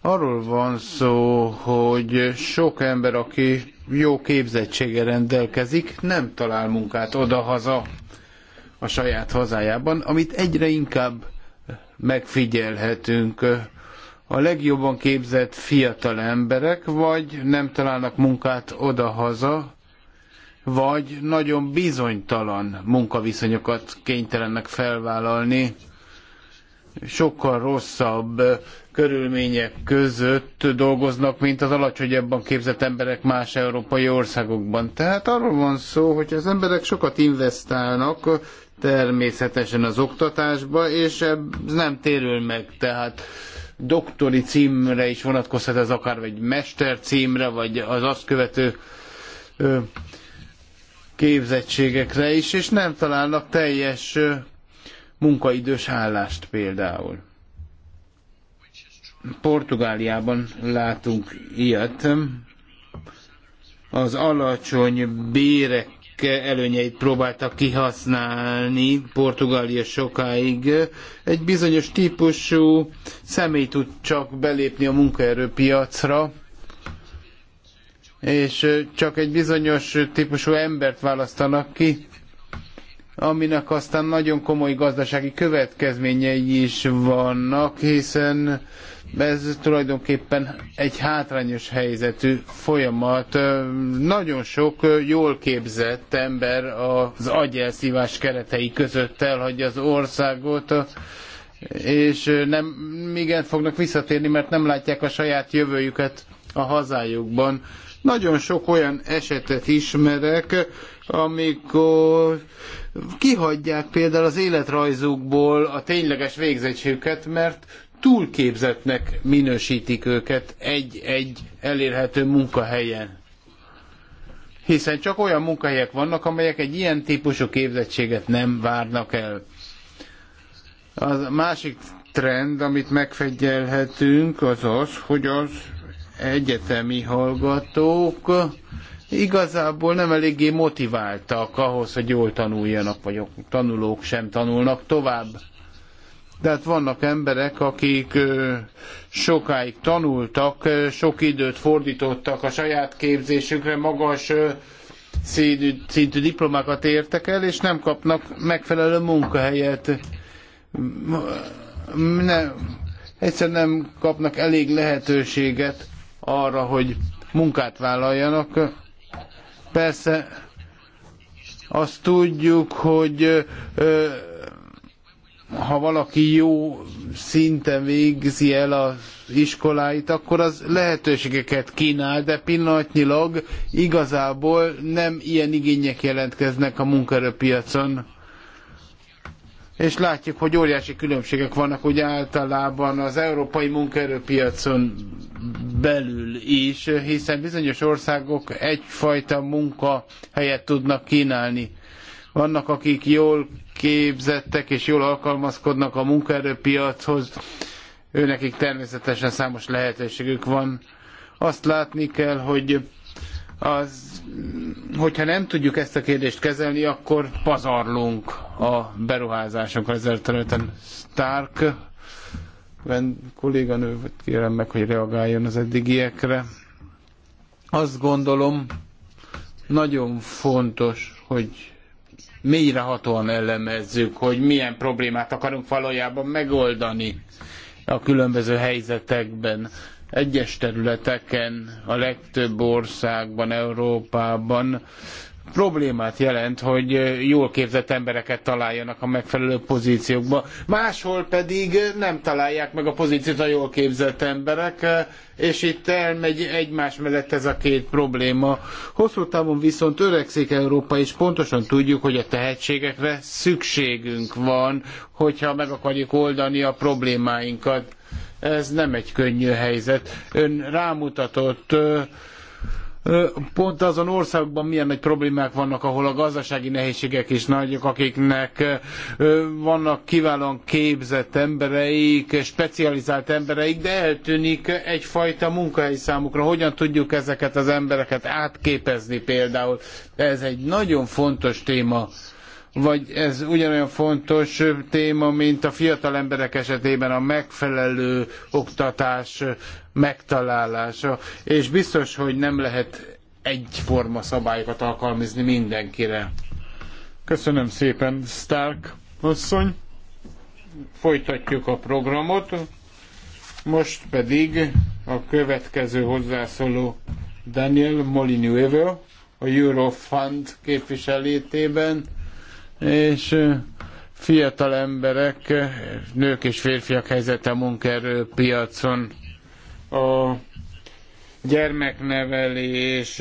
Arról van szó, hogy sok ember, aki jó képzettsége rendelkezik, nem talál munkát oda-haza a saját hazájában, amit egyre inkább megfigyelhetünk a legjobban képzett fiatal emberek, vagy nem találnak munkát odahaza, vagy nagyon bizonytalan munkaviszonyokat kénytelennek felvállalni, sokkal rosszabb körülmények között dolgoznak, mint az alacsonyabban képzett emberek más európai országokban. Tehát arról van szó, hogy az emberek sokat investálnak természetesen az oktatásba, és ez nem térül meg. Tehát doktori címre is vonatkozhat ez akár, vagy mester címre, vagy az azt követő ö, képzettségekre is, és nem találnak teljes ö, munkaidős állást például. Portugáliában látunk ilyet. Az alacsony bérek előnyeit próbáltak kihasználni Portugália sokáig. Egy bizonyos típusú személy tud csak belépni a munkaerőpiacra, és csak egy bizonyos típusú embert választanak ki, aminek aztán nagyon komoly gazdasági következményei is vannak, hiszen ez tulajdonképpen egy hátrányos helyzetű folyamat. Nagyon sok jól képzett ember az agyelszívás keretei között elhagyja az országot, és nem igen fognak visszatérni, mert nem látják a saját jövőjüket a hazájukban. Nagyon sok olyan esetet ismerek, amikor kihagyják például az életrajzukból a tényleges végzettségüket, mert túlképzetnek minősítik őket egy-egy elérhető munkahelyen. Hiszen csak olyan munkahelyek vannak, amelyek egy ilyen típusú képzettséget nem várnak el. A másik trend, amit megfegyelhetünk, az az, hogy az egyetemi hallgatók igazából nem eléggé motiváltak ahhoz, hogy jól tanuljanak, vagy tanulók sem tanulnak tovább de hát vannak emberek, akik sokáig tanultak, sok időt fordítottak a saját képzésükre, magas szintű, szintű diplomákat értek el, és nem kapnak megfelelő munkahelyet. Nem, egyszerűen nem kapnak elég lehetőséget arra, hogy munkát vállaljanak. Persze azt tudjuk, hogy ö, ha valaki jó szinten végzi el az iskoláit, akkor az lehetőségeket kínál, de pillanatnyilag igazából nem ilyen igények jelentkeznek a munkaerőpiacon. És látjuk, hogy óriási különbségek vannak ugye általában az európai munkaerőpiacon belül is, hiszen bizonyos országok egyfajta munkahelyet tudnak kínálni. Vannak, akik jól képzettek és jól alkalmazkodnak a munkaerőpiachoz, őnekik természetesen számos lehetőségük van. Azt látni kell, hogy az, hogyha nem tudjuk ezt a kérdést kezelni, akkor pazarlunk a beruházásokra ezzel területen. Stark kolléganő, kérem meg, hogy reagáljon az eddigiekre. Azt gondolom, nagyon fontos, hogy mélyrehatóan elemezzük, hogy milyen problémát akarunk valójában megoldani a különböző helyzetekben. Egyes területeken, a legtöbb országban, Európában problémát jelent, hogy jól képzett embereket találjanak a megfelelő pozíciókba. Máshol pedig nem találják meg a pozíciót a jól képzett emberek, és itt elmegy egymás mellett ez a két probléma. Hosszú távon viszont öregszik Európa, és pontosan tudjuk, hogy a tehetségekre szükségünk van, hogyha meg akarjuk oldani a problémáinkat. Ez nem egy könnyű helyzet. Ön rámutatott pont azon országokban milyen nagy problémák vannak, ahol a gazdasági nehézségek is nagyok, akiknek vannak kiválóan képzett embereik, specializált embereik, de eltűnik egyfajta munkahely számukra. Hogyan tudjuk ezeket az embereket átképezni például? Ez egy nagyon fontos téma vagy ez ugyanolyan fontos téma, mint a fiatal emberek esetében a megfelelő oktatás megtalálása, és biztos, hogy nem lehet egyforma szabályokat alkalmazni mindenkire. Köszönöm szépen, Stark asszony. Folytatjuk a programot. Most pedig a következő hozzászóló Daniel Molinuevo a Eurofund képviselétében és fiatal emberek, nők és férfiak helyzete a munkaerőpiacon. A gyermeknevelés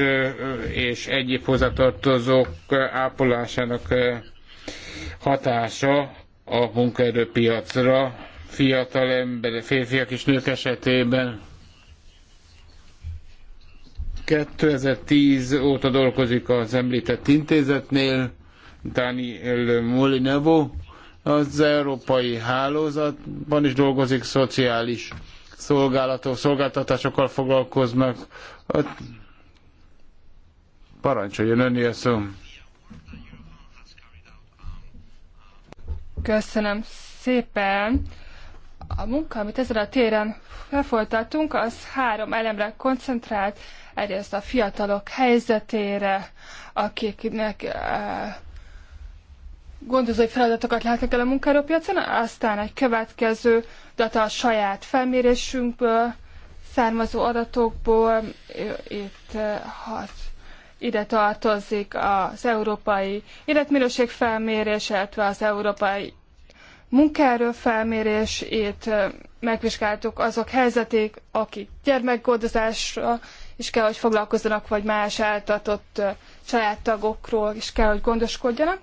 és egyéb hozzatartozók ápolásának hatása a munkaerőpiacra fiatal ember, férfiak és nők esetében. 2010 óta dolgozik az említett intézetnél, Daniel Molinevo, az európai hálózatban is dolgozik, szociális szolgálatok, szolgáltatásokkal foglalkoznak. Parancsoljon önni a szó. Köszönöm szépen. A munka, amit ezen a téren lefolytatunk, az három elemre koncentrált. Egyrészt a fiatalok helyzetére, akiknek uh, gondozói feladatokat látnak el a munkaerőpiacon, aztán egy következő data a saját felmérésünkből, származó adatokból, itt hat ide tartozik az európai életminőség felmérés, illetve az európai munkaerő felmérés, itt megvizsgáltuk azok helyzetét, akik gyermekgondozásra is kell, hogy foglalkozzanak, vagy más eltartott családtagokról is kell, hogy gondoskodjanak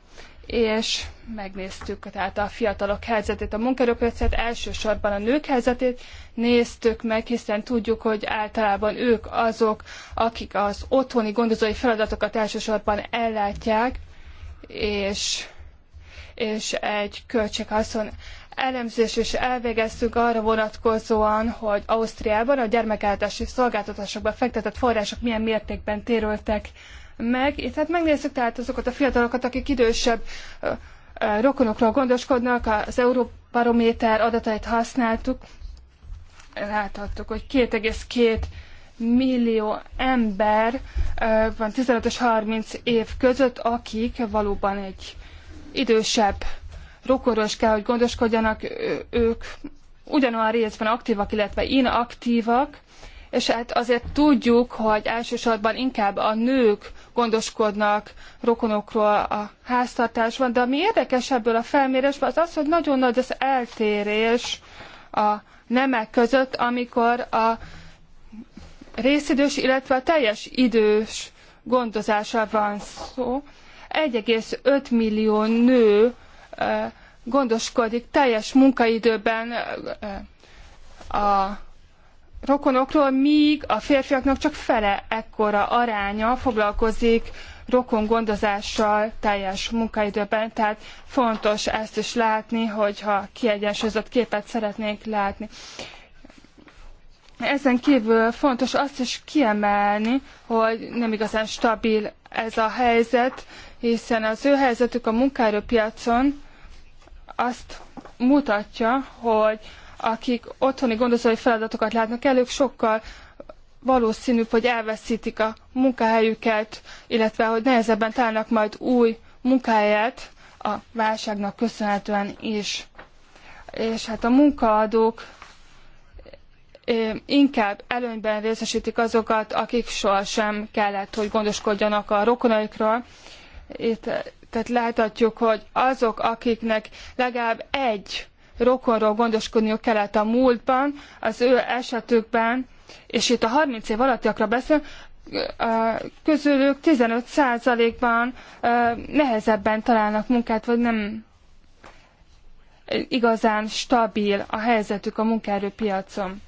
és megnéztük tehát a fiatalok helyzetét, a munkerőpiacát, elsősorban a nők helyzetét néztük meg, hiszen tudjuk, hogy általában ők azok, akik az otthoni gondozói feladatokat elsősorban ellátják, és, és egy költséghaszon elemzés is elvégeztünk arra vonatkozóan, hogy Ausztriában a gyermekáltási szolgáltatásokba fektetett források milyen mértékben térültek meg. tehát hát megnézzük tehát azokat a fiatalokat, akik idősebb rokonokról gondoskodnak, az Euróbarométer adatait használtuk, láthattuk, hogy 2,2 millió ember van 15 és 30 év között, akik valóban egy idősebb rokonról kell, hogy gondoskodjanak, ők ugyanolyan részben aktívak, illetve inaktívak, és hát azért tudjuk, hogy elsősorban inkább a nők gondoskodnak rokonokról a háztartásban, de ami érdekes ebből a felmérésből az az, hogy nagyon nagy az eltérés a nemek között, amikor a részidős, illetve a teljes idős gondozása van szó. 1,5 millió nő eh, gondoskodik teljes munkaidőben eh, a rokonokról, míg a férfiaknak csak fele ekkora aránya foglalkozik rokon gondozással teljes munkaidőben, tehát fontos ezt is látni, hogyha kiegyensúlyozott képet szeretnénk látni. Ezen kívül fontos azt is kiemelni, hogy nem igazán stabil ez a helyzet, hiszen az ő helyzetük a munkaerőpiacon azt mutatja, hogy akik otthoni gondozói feladatokat látnak el, ők sokkal valószínűbb, hogy elveszítik a munkahelyüket, illetve hogy nehezebben találnak majd új munkahelyet a válságnak köszönhetően is. És hát a munkaadók inkább előnyben részesítik azokat, akik sohasem kellett, hogy gondoskodjanak a rokonaikról. Itt, tehát láthatjuk, hogy azok, akiknek legalább egy rokonról gondoskodniuk kellett a múltban, az ő esetükben, és itt a 30 év alattiakra beszélünk, közülük 15%-ban nehezebben találnak munkát, vagy nem igazán stabil a helyzetük a munkaerőpiacon.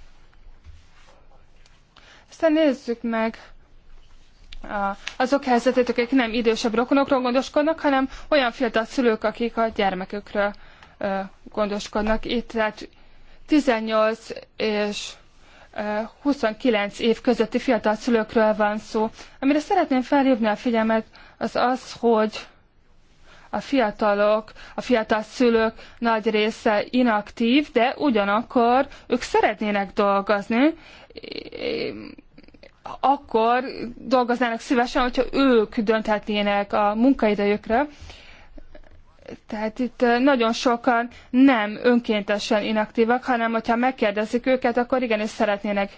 Aztán nézzük meg azok helyzetét, akik nem idősebb rokonokról gondoskodnak, hanem olyan fiatal szülők, akik a gyermekükről gondoskodnak itt, tehát 18 és 29 év közötti fiatal szülőkről van szó. Amire szeretném felhívni a figyelmet, az az, hogy a fiatalok, a fiatal szülők nagy része inaktív, de ugyanakkor ők szeretnének dolgozni, akkor dolgoznának szívesen, hogyha ők dönthetnének a munkaidejükre, tehát itt nagyon sokan nem önkéntesen inaktívak, hanem hogyha megkérdezik őket, akkor igenis szeretnének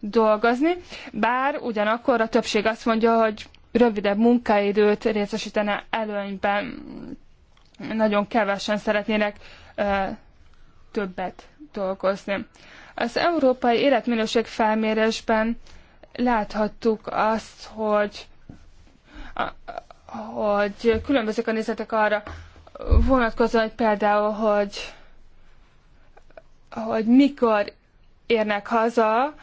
dolgozni, bár ugyanakkor a többség azt mondja, hogy rövidebb munkaidőt részesítene előnyben. Nagyon kevesen szeretnének ö, többet dolgozni. Az európai életminőség felmérésben láthattuk azt, hogy, a, hogy különbözők a nézetek arra, vonatkozóan például, hogy, hogy mikor érnek haza,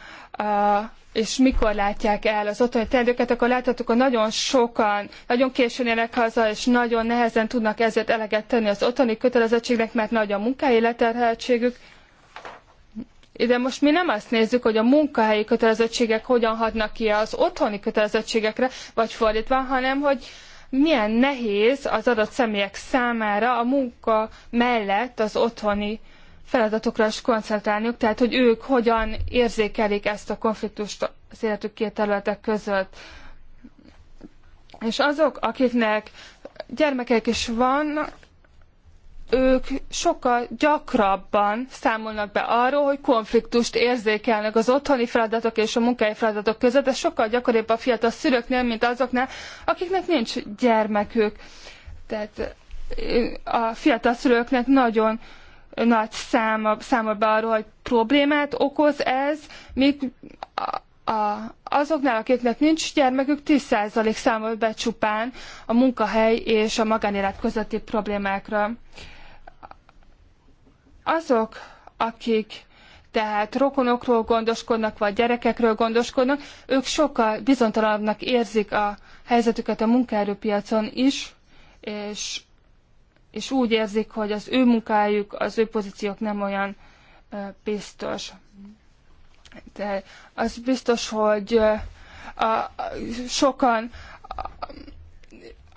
és mikor látják el az otthoni teendőket, akkor láthatjuk, hogy nagyon sokan, nagyon későn érnek haza, és nagyon nehezen tudnak ezért eleget tenni az otthoni kötelezettségnek, mert nagy a munkahelyi leterheltségük. De most mi nem azt nézzük, hogy a munkahelyi kötelezettségek hogyan hatnak ki az otthoni kötelezettségekre, vagy fordítva, hanem hogy milyen nehéz az adott személyek számára a munka mellett az otthoni feladatokra is koncentrálniuk, tehát hogy ők hogyan érzékelik ezt a konfliktust az életük két területek között. És azok, akiknek gyermekek is vannak, ők sokkal gyakrabban számolnak be arról, hogy konfliktust érzékelnek az otthoni feladatok és a munkai feladatok között, ez sokkal gyakoribb a fiatal szülőknél, mint azoknál, akiknek nincs gyermekük. Tehát a fiatal szülőknek nagyon nagy száma, számol be arról, hogy problémát okoz ez, míg a, a, azoknál, akiknek nincs gyermekük, 10% számol be csupán a munkahely és a magánélet közötti problémákra azok, akik tehát rokonokról gondoskodnak, vagy gyerekekről gondoskodnak, ők sokkal bizonytalanabbnak érzik a helyzetüket a munkaerőpiacon is, és, és úgy érzik, hogy az ő munkájuk, az ő pozíciók nem olyan biztos. De az biztos, hogy a, a, sokan a,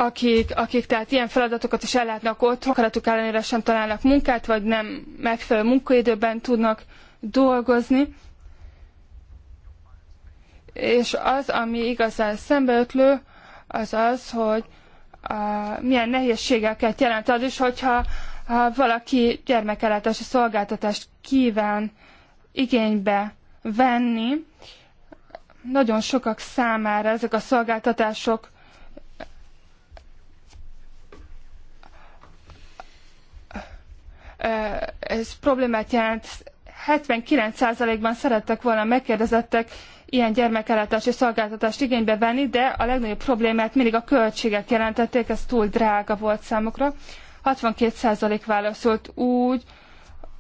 akik, akik tehát ilyen feladatokat is ellátnak ott, akaratuk ellenére sem találnak munkát, vagy nem megfelelő munkaidőben tudnak dolgozni. És az, ami igazán szembeötlő, az az, hogy a, milyen nehézségeket jelent az is, hogyha ha valaki gyermekellátási szolgáltatást kíván igénybe venni, nagyon sokak számára ezek a szolgáltatások ez problémát jelent. 79%-ban szerettek volna megkérdezettek ilyen gyermekellátási szolgáltatást igénybe venni, de a legnagyobb problémát mindig a költségek jelentették, ez túl drága volt számukra. 62% válaszolt úgy,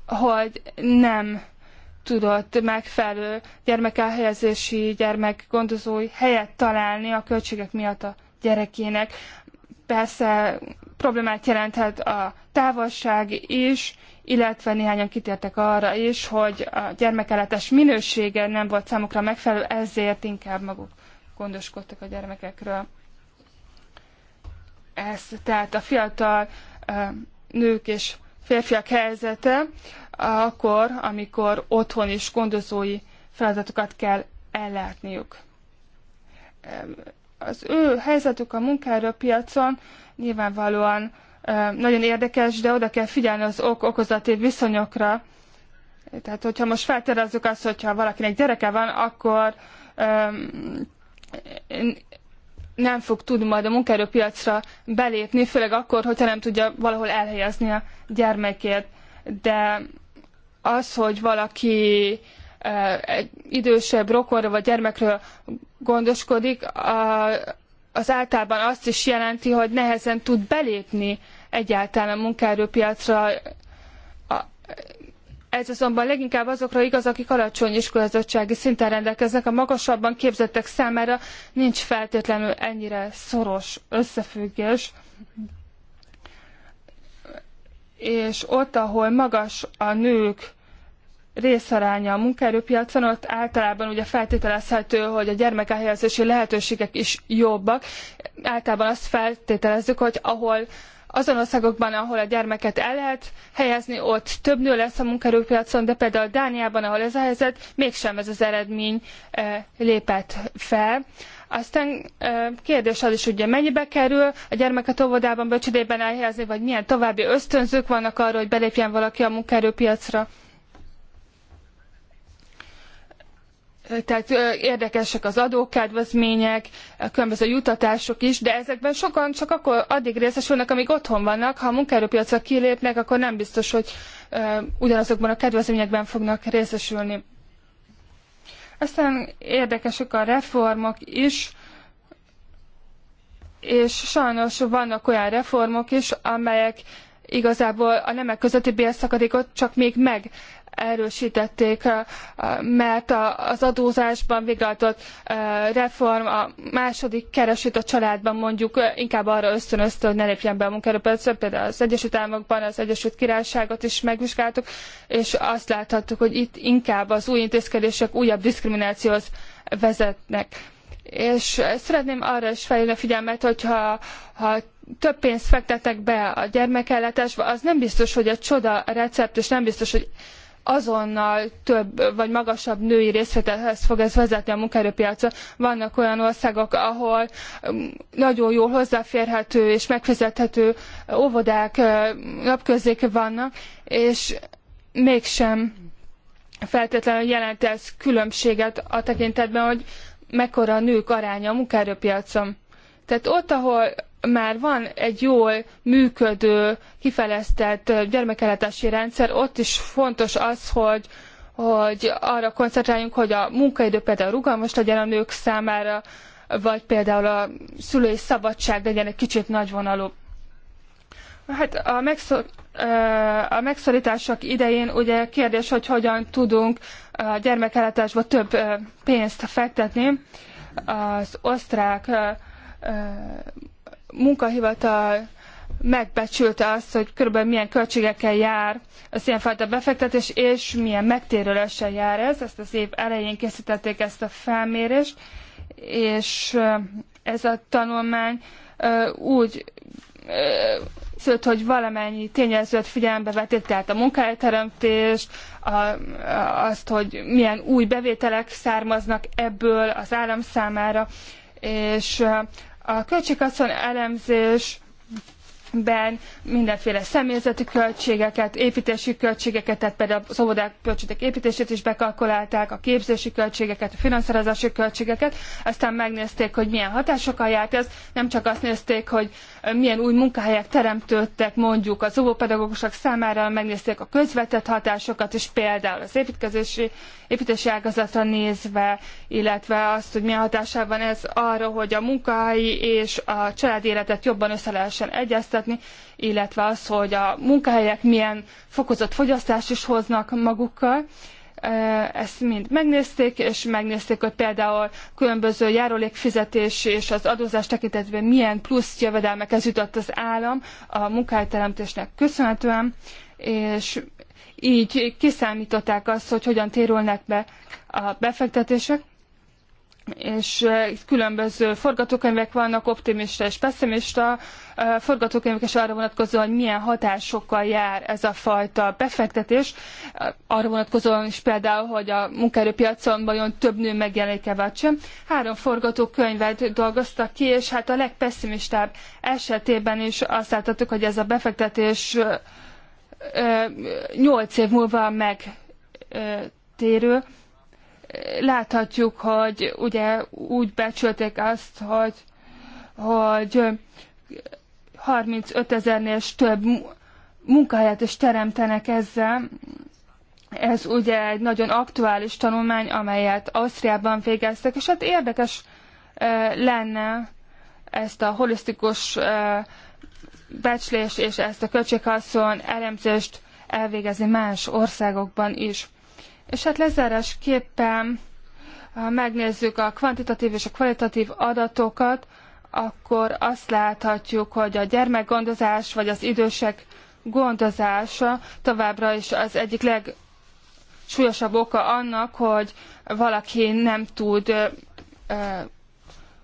hogy nem tudott megfelelő gyermekelhelyezési, gyermekgondozói helyet találni a költségek miatt a gyerekének. Persze problémát jelenthet a távolság is, illetve néhányan kitértek arra is, hogy a gyermekelátás minősége nem volt számukra megfelelő, ezért inkább maguk gondoskodtak a gyermekekről. Ez tehát a fiatal nők és férfiak helyzete, akkor, amikor otthon is gondozói feladatokat kell ellátniuk az ő helyzetük a munkaerőpiacon nyilvánvalóan nagyon érdekes, de oda kell figyelni az ok-okozati viszonyokra. Tehát, hogyha most feltételezzük azt, hogyha valakinek gyereke van, akkor nem fog tudni majd a munkaerőpiacra belépni, főleg akkor, hogyha nem tudja valahol elhelyezni a gyermekét. De az, hogy valaki egy idősebb rokonra vagy gyermekről gondoskodik, az általában azt is jelenti, hogy nehezen tud belépni egyáltalán a munkaerőpiacra. Ez azonban leginkább azokra igaz, akik alacsony iskolázottsági szinten rendelkeznek, a magasabban képzettek számára nincs feltétlenül ennyire szoros összefüggés és ott, ahol magas a nők részaránya a munkaerőpiacon, ott általában ugye feltételezhető, hogy a gyermekelhelyezési lehetőségek is jobbak. Általában azt feltételezzük, hogy ahol azon országokban, ahol a gyermeket el lehet helyezni, ott több nő lesz a munkaerőpiacon, de például Dániában, ahol ez a helyzet, mégsem ez az eredmény e, lépett fel. Aztán e, kérdés az is, ugye mennyibe kerül a gyermeket óvodában, bölcsödében elhelyezni, vagy milyen további ösztönzők vannak arra, hogy belépjen valaki a munkaerőpiacra. tehát érdekesek az adókedvezmények, különböző jutatások is, de ezekben sokan csak akkor addig részesülnek, amíg otthon vannak, ha a munkaerőpiacra kilépnek, akkor nem biztos, hogy ugyanazokban a kedvezményekben fognak részesülni. Aztán érdekesek a reformok is, és sajnos vannak olyan reformok is, amelyek igazából a nemek közötti bérszakadékot csak még meg erősítették, mert az adózásban végrehajtott reform a második keresőt a családban mondjuk inkább arra ösztönözte, hogy ne lépjen be a munkaerőpiacra. Például az Egyesült Államokban az Egyesült Királyságot is megvizsgáltuk, és azt láthattuk, hogy itt inkább az új intézkedések újabb diszkriminációhoz vezetnek. És szeretném arra is felhívni a figyelmet, hogyha ha több pénzt fektetek be a gyermekellátásba, az nem biztos, hogy egy csoda recept, és nem biztos, hogy azonnal több vagy magasabb női részvételhez fog ez vezetni a munkaerőpiacon. Vannak olyan országok, ahol mm, nagyon jól hozzáférhető és megfizethető óvodák, napközék vannak, és mégsem feltétlenül jelent ez különbséget a tekintetben, hogy mekkora a nők aránya a munkaerőpiacon. Tehát ott, ahol már van egy jól működő, kifejlesztett gyermekellátási rendszer, ott is fontos az, hogy, hogy arra koncentráljunk, hogy a munkaidő például rugalmas legyen a nők számára, vagy például a szülői szabadság legyen egy kicsit nagyvonalú. Hát a, megszor, a megszorítások idején ugye kérdés, hogy hogyan tudunk a gyermekellátásba több pénzt fektetni. Az osztrák munkahivatal megbecsülte azt, hogy körülbelül milyen költségekkel jár az ilyenfajta befektetés, és milyen megtérüléssel jár ez. Ezt az év elején készítették ezt a felmérést, és ez a tanulmány úgy szült, hogy valamennyi tényezőt figyelembe vették, tehát a munkahelyteremtést, azt, hogy milyen új bevételek származnak ebből az állam számára, és a költségaszon elemzés ben mindenféle személyzeti költségeket, építési költségeket, tehát például az óvodák költségek építését is bekalkulálták, a képzési költségeket, a finanszírozási költségeket, aztán megnézték, hogy milyen hatásokkal járt ez, nem csak azt nézték, hogy milyen új munkahelyek teremtődtek mondjuk az óvópedagógusok számára, megnézték a közvetett hatásokat is, például az építkezési, építési ágazatra nézve, illetve azt, hogy milyen hatásában ez arra, hogy a munkahelyi és a családi életet jobban össze lehessen egyeztetni, adni, illetve az, hogy a munkahelyek milyen fokozott fogyasztást is hoznak magukkal. Ezt mind megnézték, és megnézték, hogy például különböző járulékfizetés és az adózás tekintetében milyen plusz jövedelmekhez jutott az állam a munkahelyteremtésnek köszönhetően, és így kiszámították azt, hogy hogyan térülnek be a befektetések, és eh, különböző forgatókönyvek vannak, optimista és pessimista eh, forgatókönyvek is arra vonatkozóan, hogy milyen hatásokkal jár ez a fajta befektetés. Eh, arra vonatkozóan is például, hogy a munkaerőpiacon vajon több nő megjelenik-e vagy sem. Három forgatókönyvet dolgoztak ki, és hát a legpesszimistább esetében is azt láthattuk, hogy ez a befektetés nyolc év múlva megtérül láthatjuk, hogy ugye úgy becsülték azt, hogy, hogy 35 ezernél és több munkahelyet is teremtenek ezzel. Ez ugye egy nagyon aktuális tanulmány, amelyet Ausztriában végeztek, és hát érdekes lenne ezt a holisztikus becslés és ezt a költséghaszon elemzést elvégezni más országokban is. És hát lezárásképpen, ha megnézzük a kvantitatív és a kvalitatív adatokat, akkor azt láthatjuk, hogy a gyermekgondozás vagy az idősek gondozása továbbra is az egyik legsúlyosabb oka annak, hogy valaki nem tud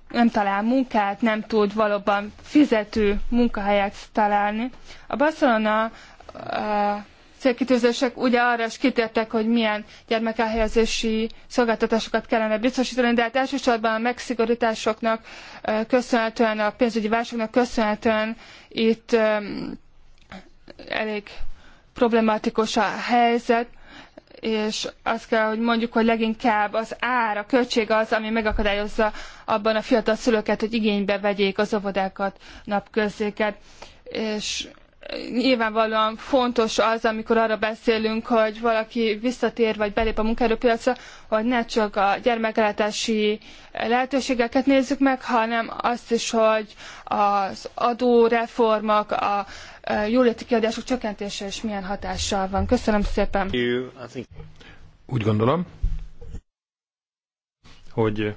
nem talál munkát, nem tud valóban fizető munkahelyet találni. A Barcelona célkitűzések ugye arra is kitértek, hogy milyen gyermekelhelyezési szolgáltatásokat kellene biztosítani, de hát elsősorban a megszigorításoknak köszönhetően, a pénzügyi válságnak köszönhetően itt elég problematikus a helyzet, és azt kell, hogy mondjuk, hogy leginkább az ár, a költség az, ami megakadályozza abban a fiatal szülőket, hogy igénybe vegyék az óvodákat, napközéket. És nyilvánvalóan fontos az, amikor arra beszélünk, hogy valaki visszatér vagy belép a munkaerőpiacra, hogy ne csak a gyermekellátási lehetőségeket nézzük meg, hanem azt is, hogy az adóreformok, a e, jóléti kiadások csökkentése is milyen hatással van. Köszönöm szépen. Úgy gondolom, hogy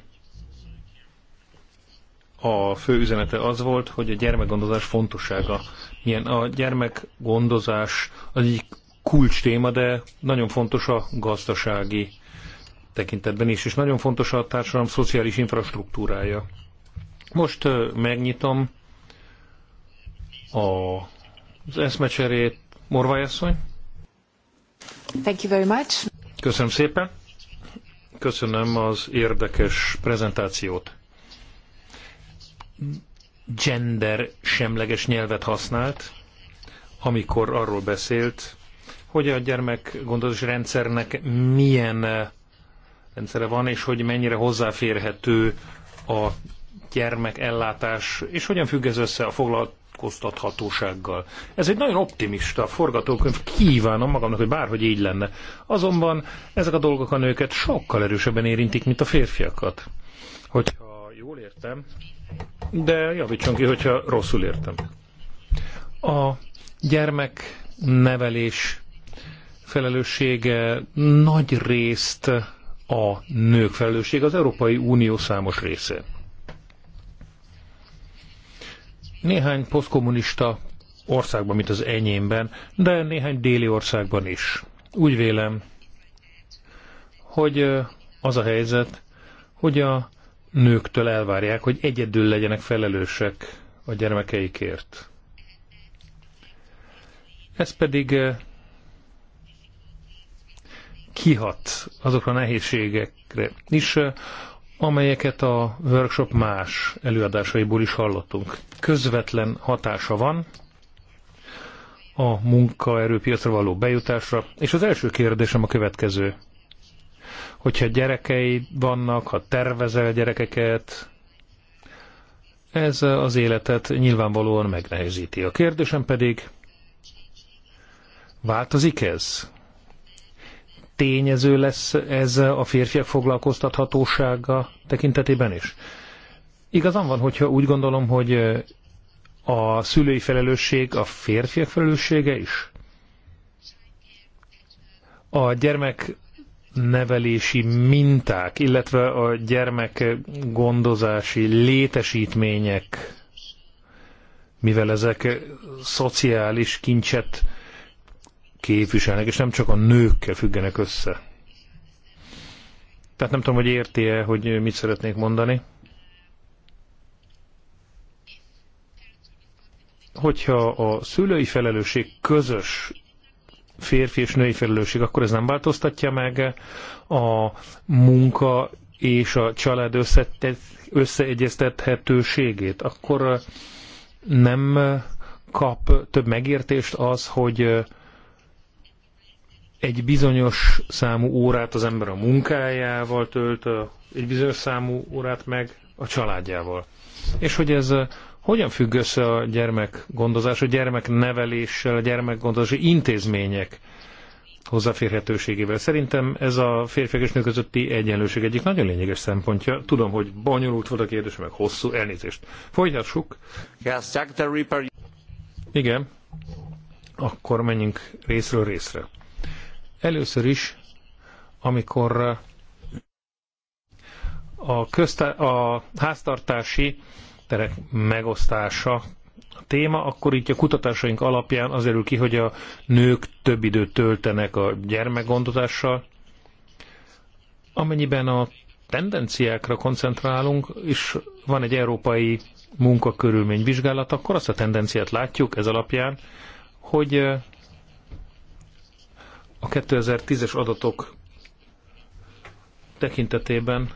a fő üzenete az volt, hogy a gyermekgondozás fontossága ilyen a gyermekgondozás az egy kulcs téma, de nagyon fontos a gazdasági tekintetben is, és nagyon fontos a társadalom szociális infrastruktúrája. Most megnyitom a, az eszmecserét. Morvai asszony. Thank you very much. Köszönöm szépen. Köszönöm az érdekes prezentációt gender semleges nyelvet használt, amikor arról beszélt, hogy a gyermekgondozási rendszernek milyen eh, rendszere van, és hogy mennyire hozzáférhető a gyermekellátás, és hogyan függ ez össze a foglalkoztathatósággal. Ez egy nagyon optimista forgatókönyv, kívánom magamnak, hogy bárhogy így lenne. Azonban ezek a dolgok a nőket sokkal erősebben érintik, mint a férfiakat. Hogyha jól értem, de javítson ki, hogyha rosszul értem. A gyermek nevelés felelőssége nagy részt a nők felelőssége, az Európai Unió számos része. Néhány posztkommunista országban, mint az enyémben, de néhány déli országban is. Úgy vélem, hogy az a helyzet, hogy a nőktől elvárják, hogy egyedül legyenek felelősek a gyermekeikért. Ez pedig eh, kihat azokra a nehézségekre is, eh, amelyeket a workshop más előadásaiból is hallottunk. Közvetlen hatása van a munkaerőpiacra való bejutásra, és az első kérdésem a következő hogyha gyerekei vannak, ha tervezel gyerekeket, ez az életet nyilvánvalóan megnehezíti. A kérdésem pedig, változik ez? Tényező lesz ez a férfiak foglalkoztathatósága tekintetében is? Igazán van, hogyha úgy gondolom, hogy a szülői felelősség a férfiak felelőssége is? A gyermek nevelési minták, illetve a gyermek gondozási létesítmények, mivel ezek szociális kincset képviselnek, és nem csak a nőkkel függenek össze. Tehát nem tudom, hogy érti-e, hogy mit szeretnék mondani. Hogyha a szülői felelősség közös férfi és női felelősség, akkor ez nem változtatja meg a munka és a család összeegyeztethetőségét, akkor nem kap több megértést az, hogy egy bizonyos számú órát az ember a munkájával tölt, egy bizonyos számú órát meg a családjával. És hogy ez hogyan függ össze a gyermekgondozás, a gyermekneveléssel, a gyermekgondozási intézmények hozzáférhetőségével? Szerintem ez a férfiak és nők közötti egyenlőség egyik nagyon lényeges szempontja. Tudom, hogy bonyolult volt a kérdés, meg hosszú elnézést. Folytassuk. Igen, akkor menjünk részről részre. Először is, amikor a, köztá- a háztartási karakterek megosztása a téma, akkor így a kutatásaink alapján az erül ki, hogy a nők több időt töltenek a gyermekgondozással. Amennyiben a tendenciákra koncentrálunk, és van egy európai munkakörülmény vizsgálat, akkor azt a tendenciát látjuk ez alapján, hogy eh, a 2010-es adatok tekintetében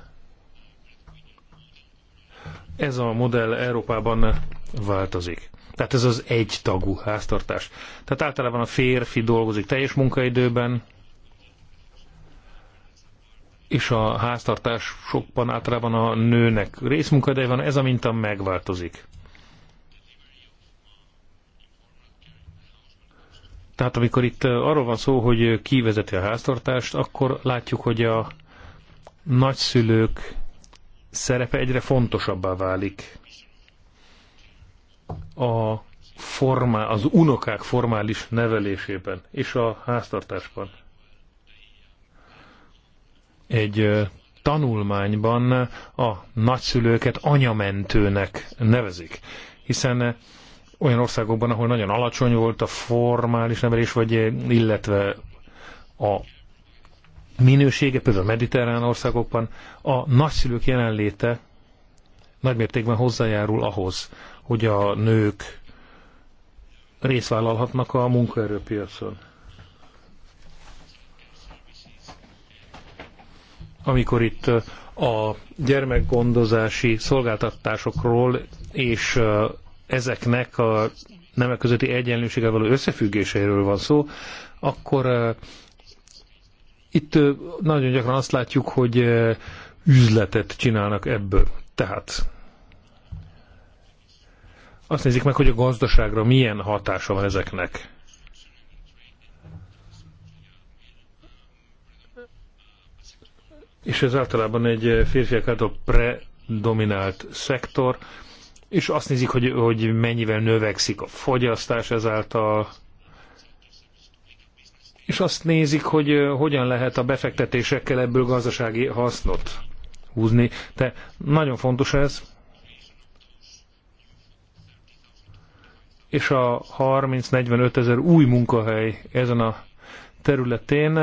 ez a modell Európában változik. Tehát ez az egy tagú háztartás. Tehát általában a férfi dolgozik teljes munkaidőben, és a háztartás sokban általában a nőnek részmunkaideje van, ez a minta megváltozik. Tehát amikor itt arról van szó, hogy kivezeti a háztartást, akkor látjuk, hogy a nagyszülők szerepe egyre fontosabbá válik. A formá, az unokák formális nevelésében és a háztartásban. Egy tanulmányban a nagyszülőket anyamentőnek nevezik, hiszen olyan országokban, ahol nagyon alacsony volt a formális nevelés, vagy illetve a minősége, például a mediterrán országokban, a nagyszülők jelenléte nagymértékben hozzájárul ahhoz, hogy a nők részvállalhatnak a munkaerőpiacon. Amikor itt a gyermekgondozási szolgáltatásokról és ezeknek a nemek közötti egyenlőséggel való összefüggéseiről van szó, akkor itt nagyon gyakran azt látjuk, hogy üzletet csinálnak ebből. Tehát azt nézik meg, hogy a gazdaságra milyen hatása van ezeknek. És ez általában egy férfiak által predominált szektor, és azt nézik, hogy, hogy mennyivel növekszik a fogyasztás ezáltal, és azt nézik, hogy hogyan lehet a befektetésekkel ebből gazdasági hasznot húzni. De nagyon fontos ez. És a 30-45 ezer új munkahely ezen a területén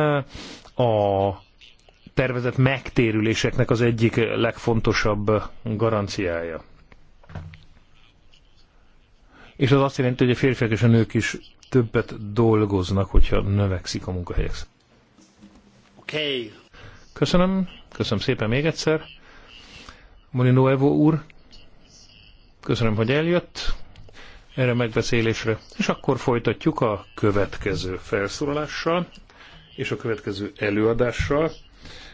a tervezett megtérüléseknek az egyik legfontosabb garanciája. És az azt jelenti, hogy a férfiak és a nők is többet dolgoznak, hogyha növekszik a munkahelyek. Okay. Köszönöm, köszönöm szépen még egyszer. Molino Evo úr, köszönöm, hogy eljött erre megbeszélésre, és akkor folytatjuk a következő felszólalással és a következő előadással.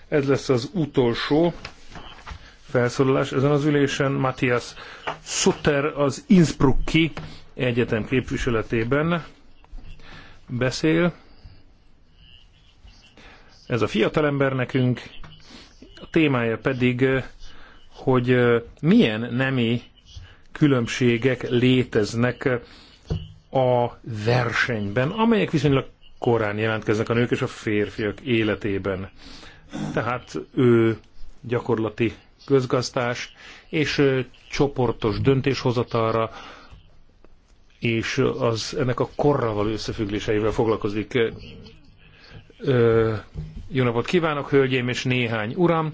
Ez lesz az utolsó felszólalás ezen az ülésen. Matthias Sutter az Innsbrucki Egyetem képviseletében beszél. Ez a fiatalember nekünk, a témája pedig, hogy milyen nemi különbségek léteznek a versenyben, amelyek viszonylag korán jelentkeznek a nők és a férfiak életében. Tehát ő gyakorlati közgazdás, és csoportos döntéshozatalra, és az ennek a való összefüggéseivel foglalkozik. Ö, jó napot kívánok, hölgyeim és néhány uram!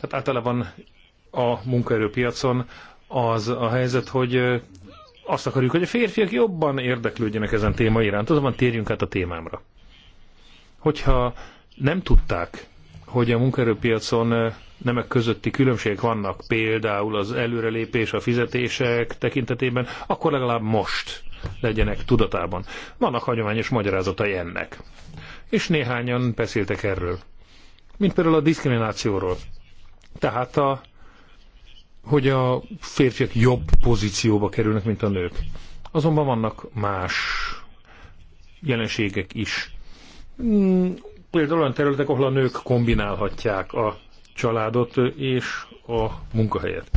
Tehát általában a munkaerőpiacon az a helyzet, hogy azt akarjuk, hogy a férfiak jobban érdeklődjenek ezen téma iránt. Azonban térjünk át a témámra. Hogyha nem tudták, hogy a munkaerőpiacon nemek közötti különbségek vannak, például az előrelépés, a fizetések tekintetében, akkor legalább most legyenek tudatában. Vannak hagyományos magyarázatai ennek. És néhányan beszéltek erről. Mint például a diszkriminációról. Tehát a, hogy a férfiak jobb pozícióba kerülnek, mint a nők. Azonban vannak más jelenségek is. Hmm, például olyan területek, ahol a nők kombinálhatják a családot és a munkahelyet.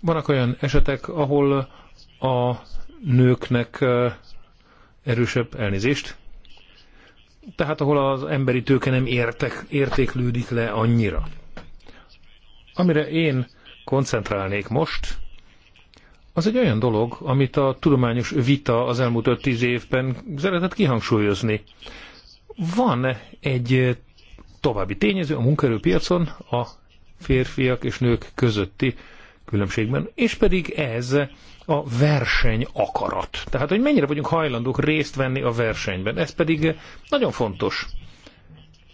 Vannak olyan esetek, ahol a nőknek erősebb elnézést. Tehát ahol az emberi tőke nem értek, értéklődik le annyira. Amire én koncentrálnék most, az egy olyan dolog, amit a tudományos vita az elmúlt 5-10 évben szeretett kihangsúlyozni. Van egy további tényező a munkaerőpiacon a férfiak és nők közötti különbségben, és pedig ez a verseny akarat. Tehát, hogy mennyire vagyunk hajlandók részt venni a versenyben. Ez pedig nagyon fontos.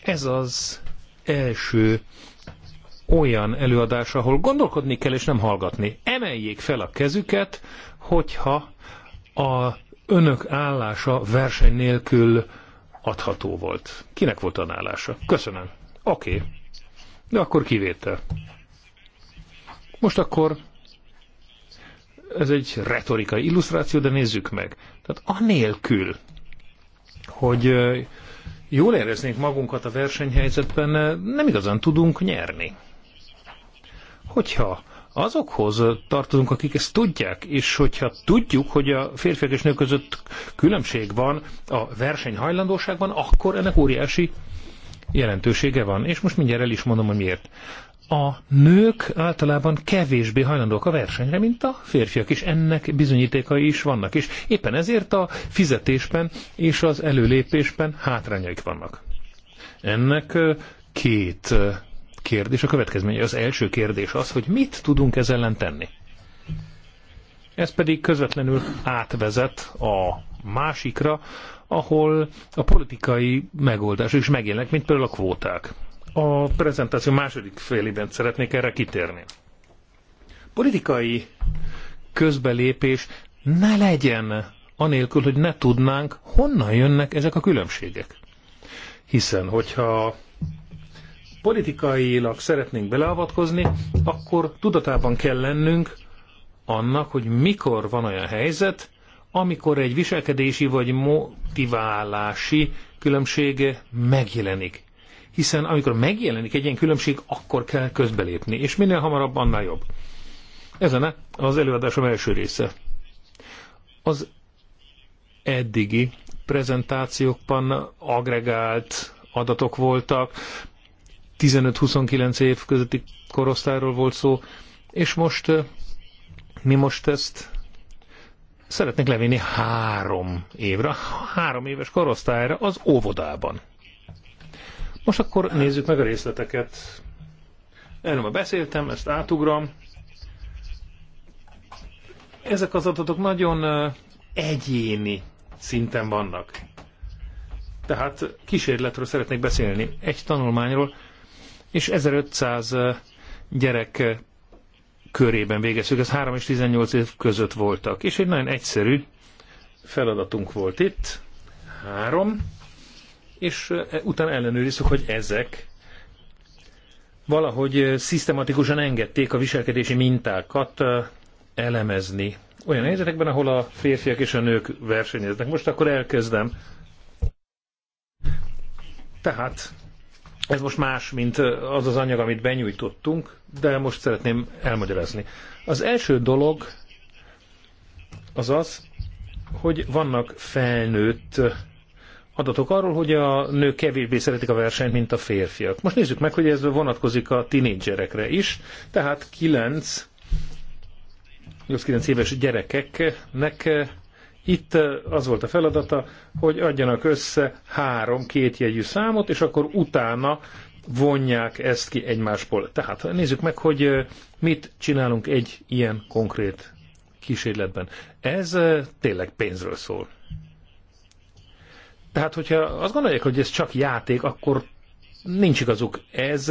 Ez az első olyan előadás, ahol gondolkodni kell és nem hallgatni. Emeljék fel a kezüket, hogyha a önök állása verseny nélkül adható volt. Kinek volt a állása? Köszönöm. Oké. Okay. De akkor kivétel. Most akkor ez egy retorikai illusztráció, de nézzük meg. Tehát anélkül, hogy jól éreznénk magunkat a versenyhelyzetben, nem igazán tudunk nyerni. Hogyha azokhoz tartozunk, akik ezt tudják, és hogyha tudjuk, hogy a férfiak és nők között különbség van a versenyhajlandóságban, akkor ennek óriási jelentősége van. És most mindjárt el is mondom, hogy miért a nők általában kevésbé hajlandók a versenyre, mint a férfiak, és ennek bizonyítékai is vannak, és éppen ezért a fizetésben és az előlépésben hátrányaik vannak. Ennek két kérdés, a következménye. Az első kérdés az, hogy mit tudunk ez ellen tenni. Ez pedig közvetlenül átvezet a másikra, ahol a politikai megoldás is megjelenik, mint például a kvóták. A prezentáció második félében szeretnék erre kitérni. Politikai közbelépés ne legyen anélkül, hogy ne tudnánk, honnan jönnek ezek a különbségek. Hiszen, hogyha politikailag szeretnénk beleavatkozni, akkor tudatában kell lennünk annak, hogy mikor van olyan helyzet, amikor egy viselkedési vagy motiválási különbség megjelenik hiszen amikor megjelenik egy ilyen különbség, akkor kell közbelépni, és minél hamarabb, annál jobb. Ez lenne az előadásom első része. Az eddigi prezentációkban agregált adatok voltak, 15-29 év közötti korosztályról volt szó, és most mi most ezt szeretnék levinni három évre, három éves korosztályra az óvodában. Most akkor nézzük meg a részleteket. Erről már beszéltem, ezt átugram. Ezek az adatok nagyon egyéni szinten vannak. Tehát kísérletről szeretnék beszélni, egy tanulmányról, és 1500 gyerek körében végeztük, ez 3 és 18 év között voltak, és egy nagyon egyszerű feladatunk volt itt, három és e, utána ellenőrizzük, hogy ezek valahogy szisztematikusan engedték a viselkedési mintákat elemezni. Olyan helyzetekben, ahol a férfiak és a nők versenyeznek. Most akkor elkezdem. Tehát ez most más, mint az az anyag, amit benyújtottunk, de most szeretném elmagyarázni. Az első dolog az az, hogy vannak felnőtt adatok arról, hogy a nők kevésbé szeretik a versenyt, mint a férfiak. Most nézzük meg, hogy ez vonatkozik a tinédzserekre is, tehát 9 9 éves gyerekeknek eh, itt eh, az volt a feladata, hogy adjanak össze három kétjegyű számot, és akkor utána vonják ezt ki egymásból. Tehát nézzük meg, hogy eh, mit csinálunk egy ilyen konkrét kísérletben. Ez tényleg pénzről szól. Tehát, hogyha azt gondolják, hogy ez csak játék, akkor nincs igazuk. Ez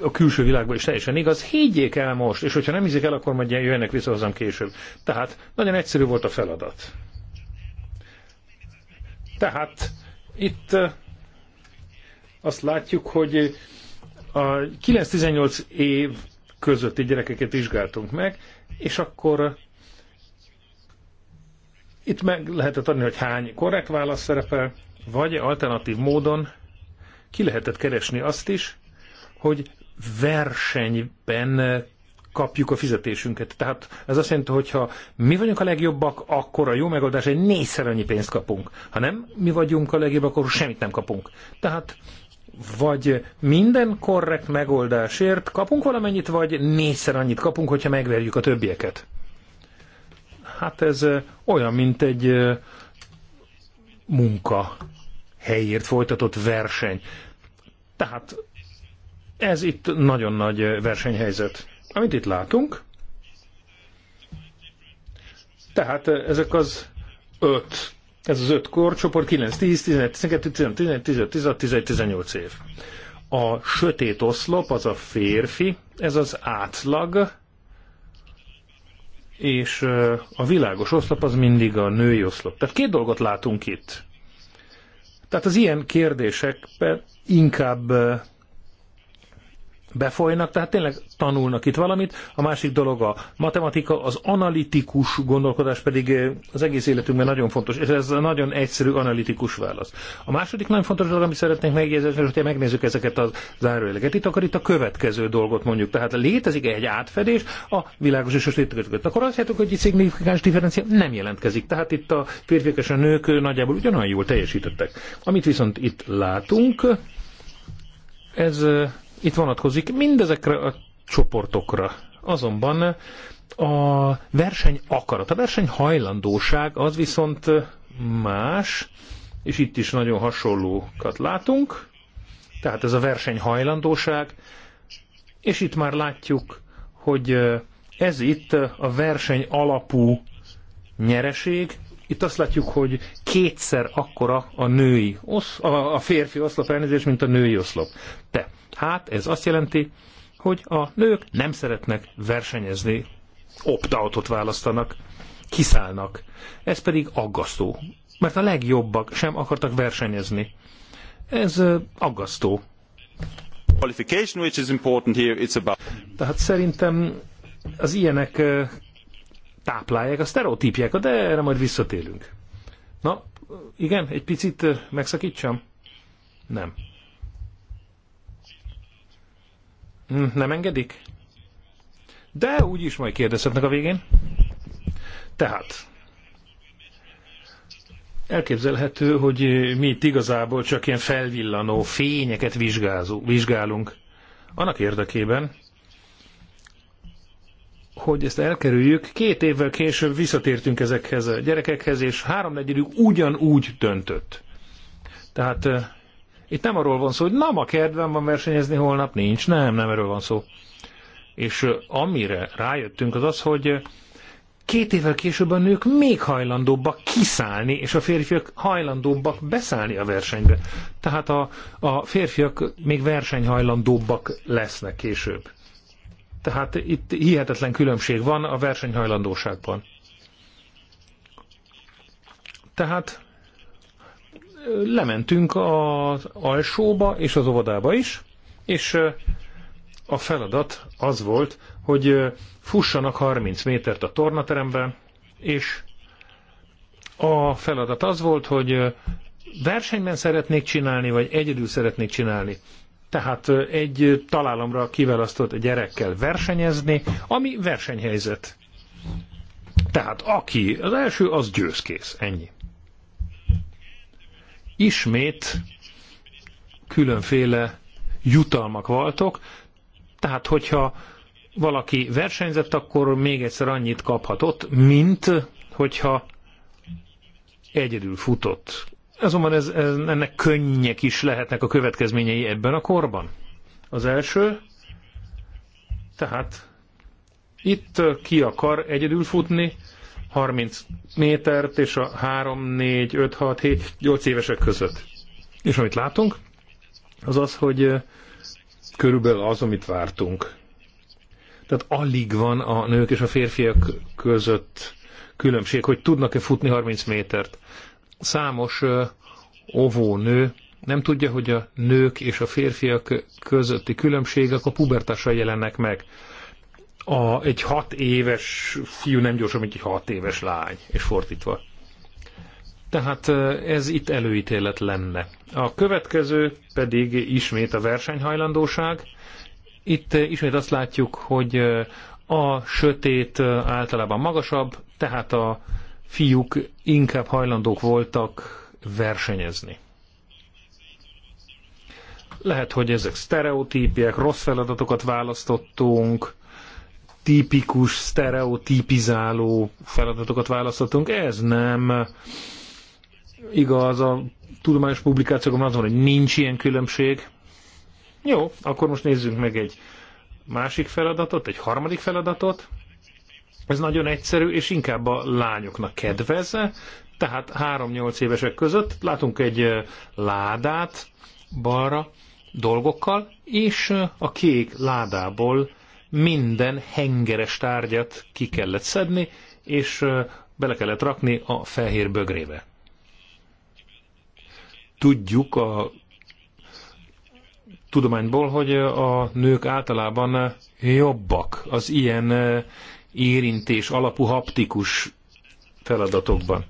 a külső világban is teljesen igaz. Higgyék el most, és hogyha nem hiszik el, akkor majd jöjjenek vissza hozzám később. Tehát nagyon egyszerű volt a feladat. Tehát itt eh, azt látjuk, hogy a 9-18 év közötti gyerekeket vizsgáltunk meg, és akkor itt meg lehetett adni, hogy hány korrekt válasz szerepel, vagy alternatív módon ki lehetett keresni azt is, hogy versenyben kapjuk a fizetésünket. Tehát ez azt jelenti, hogy ha mi vagyunk a legjobbak, akkor a jó megoldás, hogy négyszer annyi pénzt kapunk. Ha nem mi vagyunk a legjobbak, akkor semmit nem kapunk. Tehát vagy minden korrekt megoldásért kapunk valamennyit, vagy négyszer annyit kapunk, hogyha megverjük a többieket. Hát ez olyan, mint egy munka helyért folytatott verseny. Tehát ez itt nagyon nagy versenyhelyzet. Amit itt látunk, tehát ezek az öt, ez az öt korcsoport, 9, 10, 11, 12, 11, 11, 15, 16, 17, 18 év. A sötét oszlop, az a férfi, ez az átlag, és a világos oszlop az mindig a női oszlop. Tehát két dolgot látunk itt. Tehát az ilyen kérdésekben inkább befolynak, tehát tényleg tanulnak itt valamit. A másik dolog a matematika, az analitikus gondolkodás pedig eh, az egész életünkben nagyon fontos, és ez nagyon egyszerű analitikus válasz. A második nagyon fontos dolog, amit szeretnénk megjegyezni, hogyha megnézzük ezeket a zárójeleket, itt akkor itt a következő dolgot mondjuk. Tehát létezik egy átfedés a világos és a között. Akkor azt jelenti, hogy egy szignifikáns differencia nem jelentkezik. Tehát itt a férfiak és a nők eh, nagyjából ugyanolyan jól teljesítettek. Amit viszont itt látunk, ez eh, itt vonatkozik mindezekre a csoportokra. Azonban a verseny akarat, a verseny hajlandóság az viszont más, és itt is nagyon hasonlókat látunk, tehát ez a verseny hajlandóság, és itt már látjuk, hogy ez itt a verseny alapú nyereség, itt azt látjuk, hogy kétszer akkora a női osz, a, a férfi oszlop elnézés, mint a női oszlop. De Hát ez azt jelenti, hogy a nők nem szeretnek versenyezni, opt-outot választanak, kiszállnak. Ez pedig aggasztó, mert a legjobbak sem akartak versenyezni. Ez aggasztó. Qualification, which is important here, it's about... Tehát szerintem az ilyenek táplálják a sztereotípjákat, de erre majd visszatérünk. Na, igen, egy picit megszakítsam? Nem. Hm, nem engedik? De úgyis majd kérdezhetnek a végén. Tehát, elképzelhető, hogy mi itt igazából csak ilyen felvillanó fényeket vizsgázó, vizsgálunk. Annak érdekében, hogy ezt elkerüljük, két évvel később visszatértünk ezekhez a gyerekekhez, és háromnegyedük ugyanúgy döntött. Tehát itt nem arról van szó, hogy nem a kedvem van versenyezni, holnap nincs. Nem, nem erről van szó. És amire rájöttünk az az, hogy két évvel később a nők még hajlandóbbak kiszállni, és a férfiak hajlandóbbak beszállni a versenybe. Tehát a, a férfiak még versenyhajlandóbbak lesznek később. Tehát itt hihetetlen különbség van a versenyhajlandóságban. Tehát lementünk az alsóba és az óvodába is, és a feladat az volt, hogy fussanak 30 métert a tornateremben, és a feladat az volt, hogy versenyben szeretnék csinálni, vagy egyedül szeretnék csinálni. Tehát egy találomra kiválasztott gyerekkel versenyezni, ami versenyhelyzet. Tehát aki az első, az győzkész. Ennyi ismét különféle jutalmak voltak, tehát hogyha valaki versenyzett, akkor még egyszer annyit kaphatott, mint hogyha egyedül futott. Azonban ez, ez, ennek könnyek is lehetnek a következményei ebben a korban. Az első, tehát itt ki akar egyedül futni, 30 métert, és a 3, 4, 5, 6, 7, 8 évesek között. És amit látunk, az az, hogy körülbelül az, amit vártunk. Tehát alig van a nők és a férfiak között különbség, hogy tudnak-e futni 30 métert. Számos óvónő nő nem tudja, hogy a nők és a férfiak közötti különbségek a pubertással jelennek meg a, egy hat éves fiú nem gyorsabb, mint egy hat éves lány, és fordítva. Tehát ez itt előítélet lenne. A következő pedig ismét a versenyhajlandóság. Itt ismét azt látjuk, hogy a sötét általában magasabb, tehát a fiúk inkább hajlandók voltak versenyezni. Lehet, hogy ezek sztereotípiek, rossz feladatokat választottunk, tipikus, sztereotipizáló feladatokat választhatunk. Ez nem igaz a tudományos publikációkban azon, hogy nincs ilyen különbség. Jó, akkor most nézzünk meg egy másik feladatot, egy harmadik feladatot. Ez nagyon egyszerű, és inkább a lányoknak kedvez. Tehát 3-8 évesek között látunk egy ládát balra dolgokkal, és a kék ládából minden hengeres tárgyat ki kellett szedni, és bele kellett rakni a fehér bögrébe. Tudjuk a tudományból, hogy a nők általában jobbak az ilyen érintés alapú haptikus feladatokban.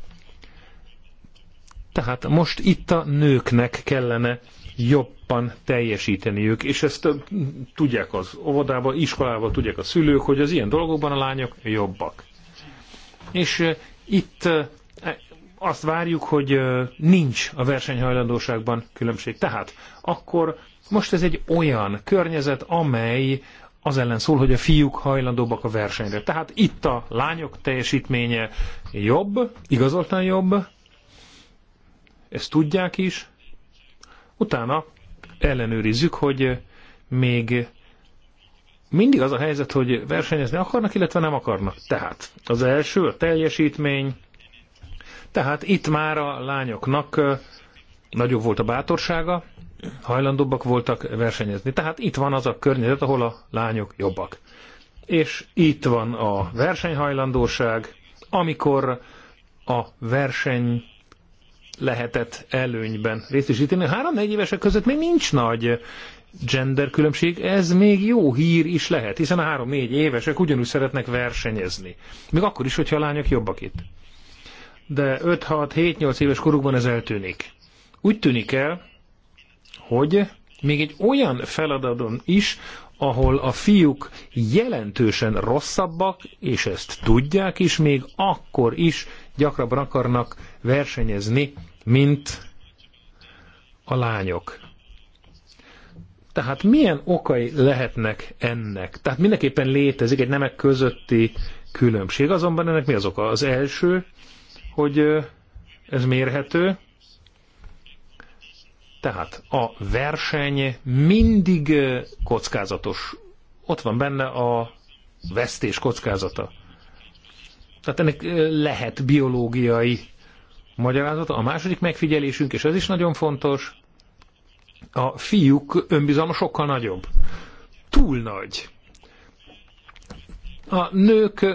Tehát most itt a nőknek kellene jobb jobban teljesíteniük, és ezt tudják az óvodában, iskolában tudják a szülők, hogy az ilyen dolgokban a lányok jobbak. És itt e, azt várjuk, hogy nincs a versenyhajlandóságban különbség. Tehát akkor most ez egy olyan környezet, amely az ellen szól, hogy a fiúk hajlandóbbak a versenyre. Tehát itt a lányok teljesítménye jobb, igazoltan jobb, ezt tudják is, utána ellenőrizzük, hogy eh, még mindig az a helyzet, hogy versenyezni akarnak, illetve nem akarnak. Tehát az első a teljesítmény, tehát itt már a lányoknak eh, nagyobb volt a bátorsága, hajlandóbbak voltak versenyezni. Tehát itt van az a környezet, ahol a lányok jobbak. És itt van a versenyhajlandóság, amikor a verseny lehetett előnyben részesíteni. A három-négy évesek között még nincs nagy gender különbség, ez még jó hír is lehet, hiszen a három-négy évesek ugyanúgy szeretnek versenyezni. Még akkor is, hogyha a lányok jobbak itt. De 5-6-7-8 éves korukban ez eltűnik. Úgy tűnik el, hogy még egy olyan feladaton is, ahol a fiúk jelentősen rosszabbak, és ezt tudják is, még akkor is gyakrabban akarnak versenyezni, mint a lányok. Tehát milyen okai lehetnek ennek? Tehát mindenképpen létezik egy nemek közötti különbség, azonban ennek mi az oka? Az első, hogy ez mérhető, tehát a verseny mindig kockázatos. Ott van benne a vesztés kockázata. Tehát ennek lehet biológiai magyarázata. A második megfigyelésünk, és ez is nagyon fontos, a fiúk önbizalma sokkal nagyobb. Túl nagy. A nők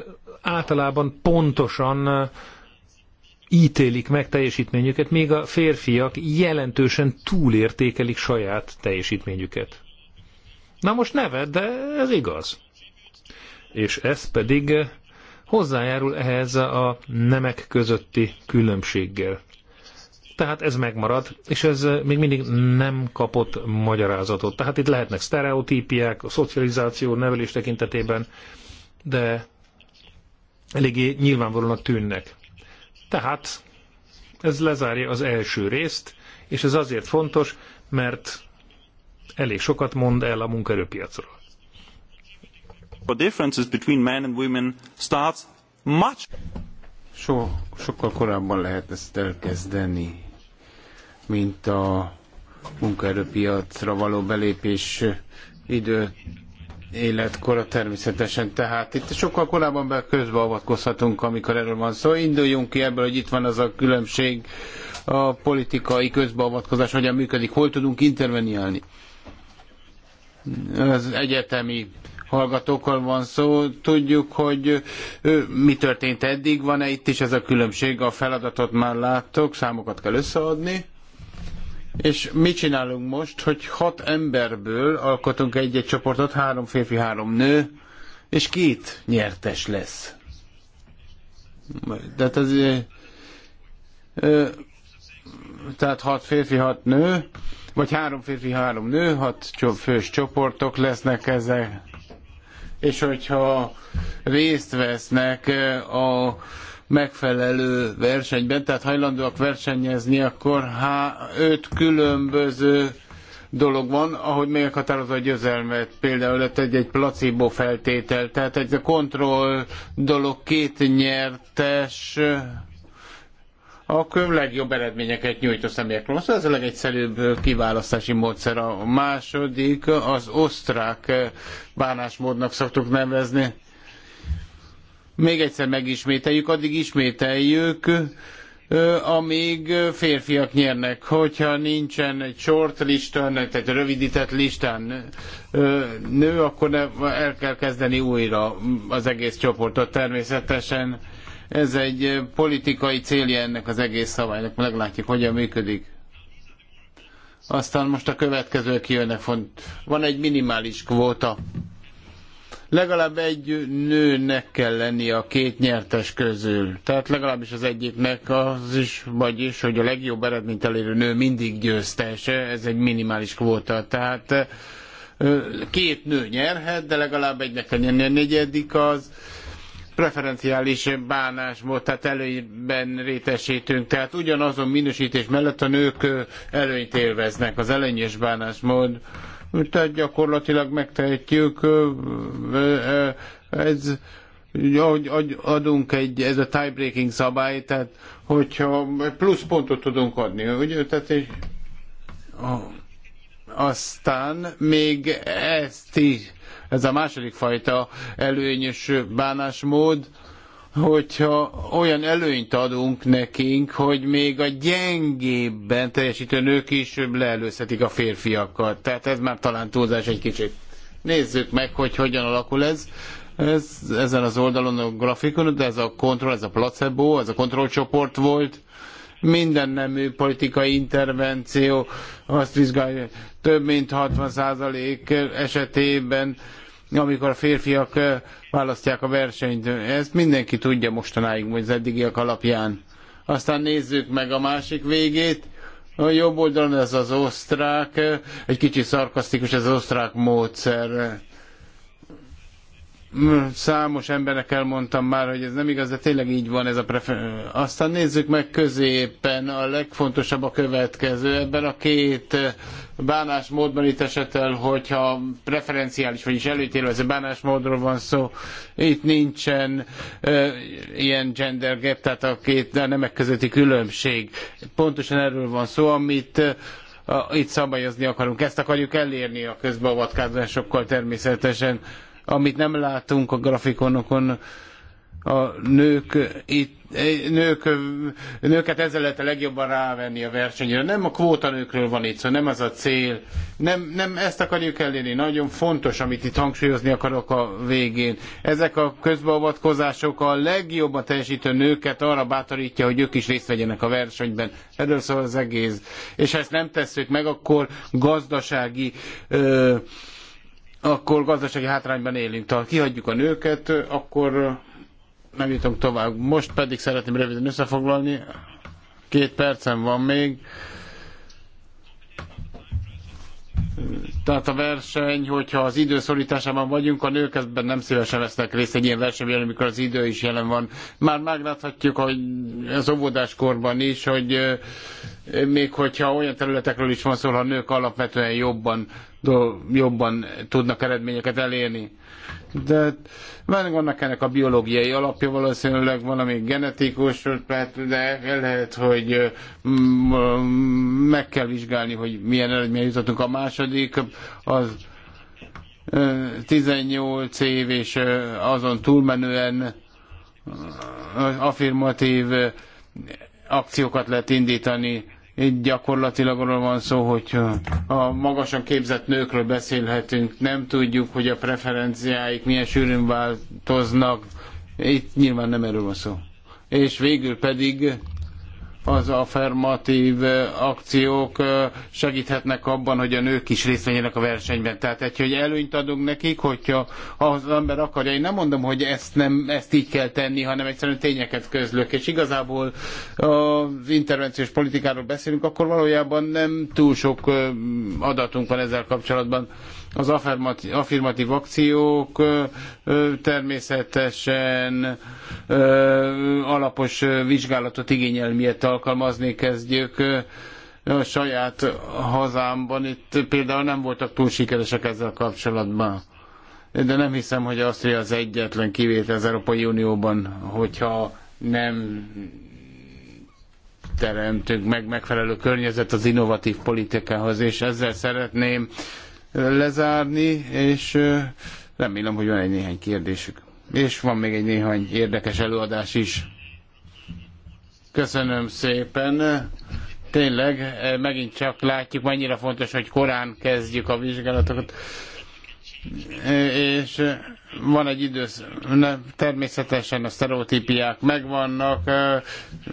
általában pontosan ítélik meg teljesítményüket, még a férfiak jelentősen túlértékelik saját teljesítményüket. Na most neved, de ez igaz. És ez pedig hozzájárul ehhez a nemek közötti különbséggel. Tehát ez megmarad, és ez még mindig nem kapott magyarázatot. Tehát itt lehetnek sztereotípiák, a szocializáció, nevelés tekintetében, de eléggé nyilvánvalónak tűnnek. Tehát ez lezárja az első részt, és ez azért fontos, mert elég sokat mond el a munkaerőpiacról for differences between men and women starts much so, sokkal korábban lehet ezt elkezdeni, mint a munkaerőpiacra való belépés idő életkora természetesen. Tehát itt sokkal korábban be közbeavatkozhatunk, amikor erről van szó. Szóval Induljunk ki ebből, hogy itt van az a különbség, a politikai közbeavatkozás hogyan működik, hol tudunk interveniálni. Az egyetemi hallgatókról van szó. Tudjuk, hogy mi történt eddig, van-e itt is ez a különbség, a feladatot már láttok, számokat kell összeadni. És mit csinálunk most, hogy hat emberből alkotunk egy-egy csoportot, három férfi, három nő, és két nyertes lesz. Tehát az, tehát hat férfi, hat nő, vagy három férfi, három nő, hat fős csoportok lesznek ezek és hogyha részt vesznek a megfelelő versenyben, tehát hajlandóak versenyezni, akkor há, öt különböző dolog van, ahogy meghatározza a győzelmet, például egy, egy placebo feltétel, tehát egy a kontroll dolog két nyertes a könyv legjobb eredményeket nyújt a személyekről. Szóval ez a legegyszerűbb kiválasztási módszer. A második az osztrák bánásmódnak szoktuk nevezni. Még egyszer megismételjük, addig ismételjük, amíg férfiak nyernek. Hogyha nincsen egy short listán, tehát rövidített listán nő, akkor el kell kezdeni újra az egész csoportot természetesen ez egy eh, politikai célja ennek az egész szabálynak, meglátjuk, hogyan működik. Aztán most a következők jönnek font. Van egy minimális kvóta. Legalább egy nőnek kell lennie a két nyertes közül. Tehát legalábbis az egyiknek az is, vagyis, hogy a legjobb eredményt elérő nő mindig győztes. Ez egy minimális kvóta. Tehát eh, két nő nyerhet, de legalább egynek kell nyerni. A negyedik az, preferenciális bánásmód, tehát előnyben rétesítünk. Tehát ugyanazon minősítés mellett a nők előnyt élveznek, az előnyös bánásmód. Tehát gyakorlatilag megtehetjük, ez hogy adunk egy, ez a tie-breaking szabály, tehát hogyha plusz pontot tudunk adni, ugye? Tehát és, aztán még ezt is ez a második fajta előnyös bánásmód, hogyha olyan előnyt adunk nekünk, hogy még a gyengébben teljesítő nők is leelőzhetik a férfiakat. Tehát ez már talán túlzás egy kicsit. Nézzük meg, hogy hogyan alakul ez. ez ezen az oldalon a grafikon, de ez a kontroll, ez a placebo, ez a kontrollcsoport volt minden nemű politikai intervenció azt vizsgálja, több mint 60% esetében amikor a férfiak választják a versenyt. Ezt mindenki tudja mostanáig, vagy az eddigiek alapján. Aztán nézzük meg a másik végét. A jobb oldalon ez az osztrák, egy kicsit szarkasztikus ez az osztrák módszer Hmm, számos embernek elmondtam már, hogy ez nem igaz, de tényleg így van ez a prefer... Aztán nézzük meg középen, a legfontosabb a következő. Ebben a két eh, bánásmódban itt esetel, hogyha preferenciális, vagyis előítélvező bánásmódról van szó, itt nincsen e, ilyen gender gap, tehát a két a nemek közötti különbség. Pontosan erről van szó, amit eh, a, itt szabályozni akarunk. Ezt akarjuk elérni a közbeavatkázásokkal természetesen amit nem látunk a grafikonokon, a nők, itt, eh, nők, eh, nőket ezzel lehet a legjobban rávenni a versenyre. Nem a kvótanőkről van itt szó, szóval nem az a cél. Nem, nem ezt akarjuk elérni. Nagyon fontos, amit itt hangsúlyozni akarok a végén. Ezek a közbeavatkozások a legjobban teljesítő nőket arra bátorítja, hogy ők is részt vegyenek a versenyben. Erről szól az egész. És ha ezt nem tesszük meg, akkor gazdasági ö, akkor gazdasági hátrányban élünk. Ha kihagyjuk a nőket, akkor nem jutunk tovább. Most pedig szeretném röviden összefoglalni. Két percem van még tehát a verseny, hogyha az idő szorításában vagyunk, a nők ebben nem szívesen vesznek részt egy ilyen versenyben, amikor az idő is jelen van. Már megláthatjuk, hogy az óvodáskorban is, hogy még hogyha olyan területekről is van szó, a nők alapvetően jobban, jobban tudnak eredményeket elérni de vannak ennek a biológiai alapja, valószínűleg valami genetikus, de lehet, hogy meg kell vizsgálni, hogy milyen eredmény jutottunk. A második az 18 év és azon túlmenően affirmatív akciókat lehet indítani itt gyakorlatilag arról van szó, hogy a magasan képzett nőkről beszélhetünk, nem tudjuk, hogy a preferenciáik milyen sűrűn változnak. Itt nyilván nem erről van szó. És végül pedig az affirmatív akciók segíthetnek abban, hogy a nők is részt vegyenek a versenyben. Tehát egy, hogy előnyt adunk nekik, hogyha az ember akarja. Én nem mondom, hogy ezt, nem, ezt így kell tenni, hanem egyszerűen tényeket közlök. És igazából az intervenciós politikáról beszélünk, akkor valójában nem túl sok adatunk van ezzel kapcsolatban. Az affirmatív akciók természetesen alapos vizsgálatot igényel, miért alkalmazni kezdjük a saját hazámban itt például nem voltak túl sikeresek ezzel kapcsolatban. De nem hiszem, hogy Ausztria az egyetlen kivétel az Európai Unióban, hogyha nem teremtünk meg megfelelő környezet az innovatív politikához, és ezzel szeretném lezárni, és remélem, hogy van egy néhány kérdésük. És van még egy néhány érdekes előadás is. Köszönöm szépen. Tényleg, megint csak látjuk, mennyire fontos, hogy korán kezdjük a vizsgálatokat. És van egy idősz, természetesen a sztereotípiák megvannak,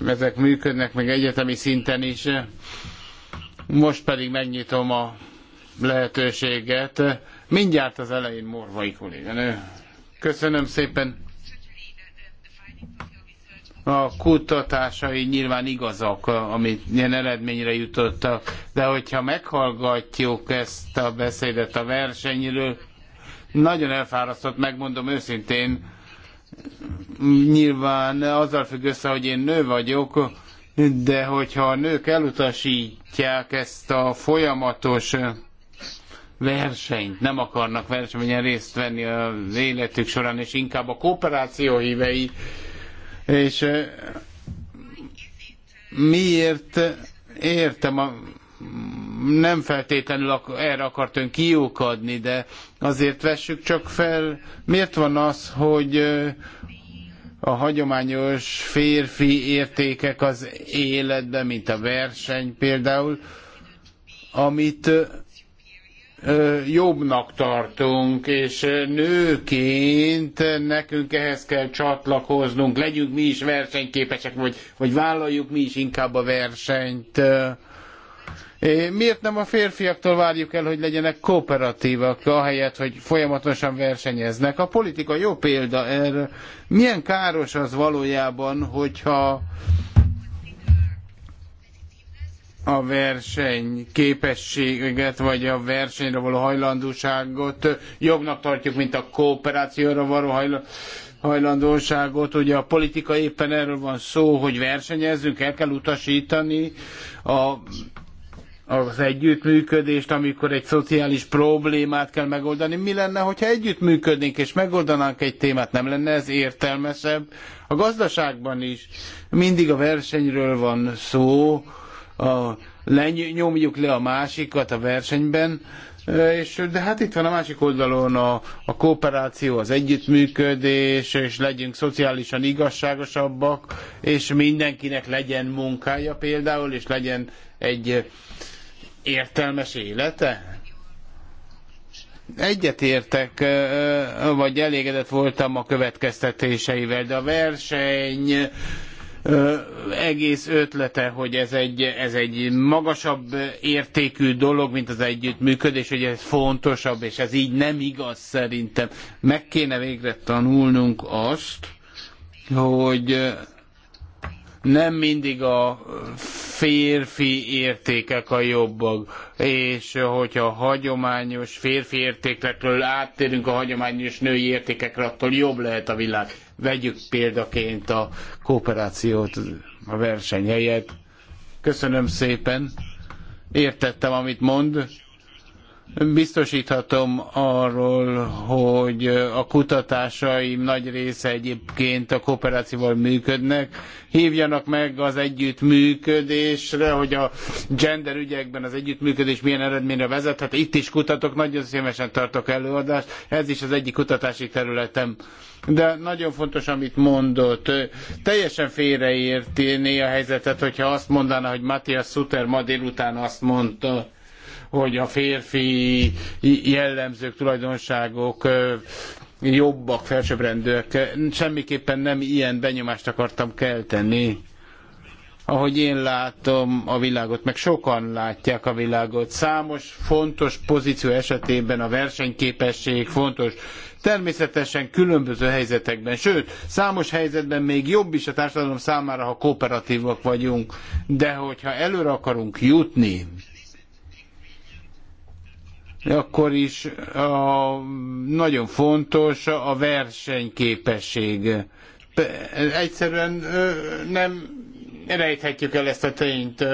ezek működnek még egyetemi szinten is. Most pedig megnyitom a lehetőséget. Mindjárt az elején Morvai kolléganő. Köszönöm szépen. A kutatásai nyilván igazak, amit ilyen eredményre jutottak, de hogyha meghallgatjuk ezt a beszédet a versenyről, nagyon elfárasztott, megmondom őszintén, nyilván azzal függ össze, hogy én nő vagyok, de hogyha a nők elutasítják ezt a folyamatos versenyt, nem akarnak versenyen részt venni az életük során, és inkább a kooperáció hívei. És miért értem a nem feltétlenül ak- erre akart ön kiukadni, de azért vessük csak fel, miért van az, hogy a hagyományos férfi értékek az életben, mint a verseny például, amit jobbnak tartunk, és nőként nekünk ehhez kell csatlakoznunk, legyünk mi is versenyképesek, vagy, vagy vállaljuk mi is inkább a versenyt. Miért nem a férfiaktól várjuk el, hogy legyenek kooperatívak, ahelyett, hogy folyamatosan versenyeznek? A politika jó példa erre. Milyen káros az valójában, hogyha a verseny képességet, vagy a versenyre való hajlandóságot jobbnak tartjuk, mint a kooperációra való hajlandóságot. Ugye a politika éppen erről van szó, hogy versenyezzünk, el kell utasítani a az együttműködést, amikor egy szociális problémát kell megoldani. Mi lenne, hogyha együttműködnénk és megoldanánk egy témát? Nem lenne ez értelmesebb? A gazdaságban is mindig a versenyről van szó, a, lenyomjuk le a másikat a versenyben, és, de hát itt van a másik oldalon a, a kooperáció, az együttműködés, és legyünk szociálisan igazságosabbak, és mindenkinek legyen munkája például, és legyen egy értelmes élete? Egyetértek, vagy elégedett voltam a következtetéseivel, de a verseny egész ötlete, hogy ez egy, ez egy magasabb értékű dolog, mint az együttműködés, hogy ez fontosabb, és ez így nem igaz szerintem. Meg kéne végre tanulnunk azt, hogy nem mindig a férfi értékek a jobbak, és hogyha a hagyományos férfi értékekről áttérünk a hagyományos női értékekre, attól jobb lehet a világ. Vegyük példaként a kooperációt a verseny helyett. Köszönöm szépen. Értettem, amit mond Biztosíthatom arról, hogy a kutatásaim nagy része egyébként a kooperációval működnek. Hívjanak meg az együttműködésre, hogy a gender ügyekben az együttműködés milyen eredményre vezethet. Itt is kutatok, nagyon szívesen tartok előadást. Ez is az egyik kutatási területem. De nagyon fontos, amit mondott. Teljesen félreérti a helyzetet, hogyha azt mondaná, hogy Matthias Suter ma délután azt mondta, hogy a férfi jellemzők, tulajdonságok jobbak, felsőbbrendűek. Semmiképpen nem ilyen benyomást akartam kelteni. Ahogy én látom a világot, meg sokan látják a világot. Számos fontos pozíció esetében a versenyképesség fontos. Természetesen különböző helyzetekben, sőt, számos helyzetben még jobb is a társadalom számára, ha kooperatívak vagyunk. De hogyha előre akarunk jutni, akkor is a, nagyon fontos a versenyképesség. Egyszerűen nem rejthetjük el ezt a tényt.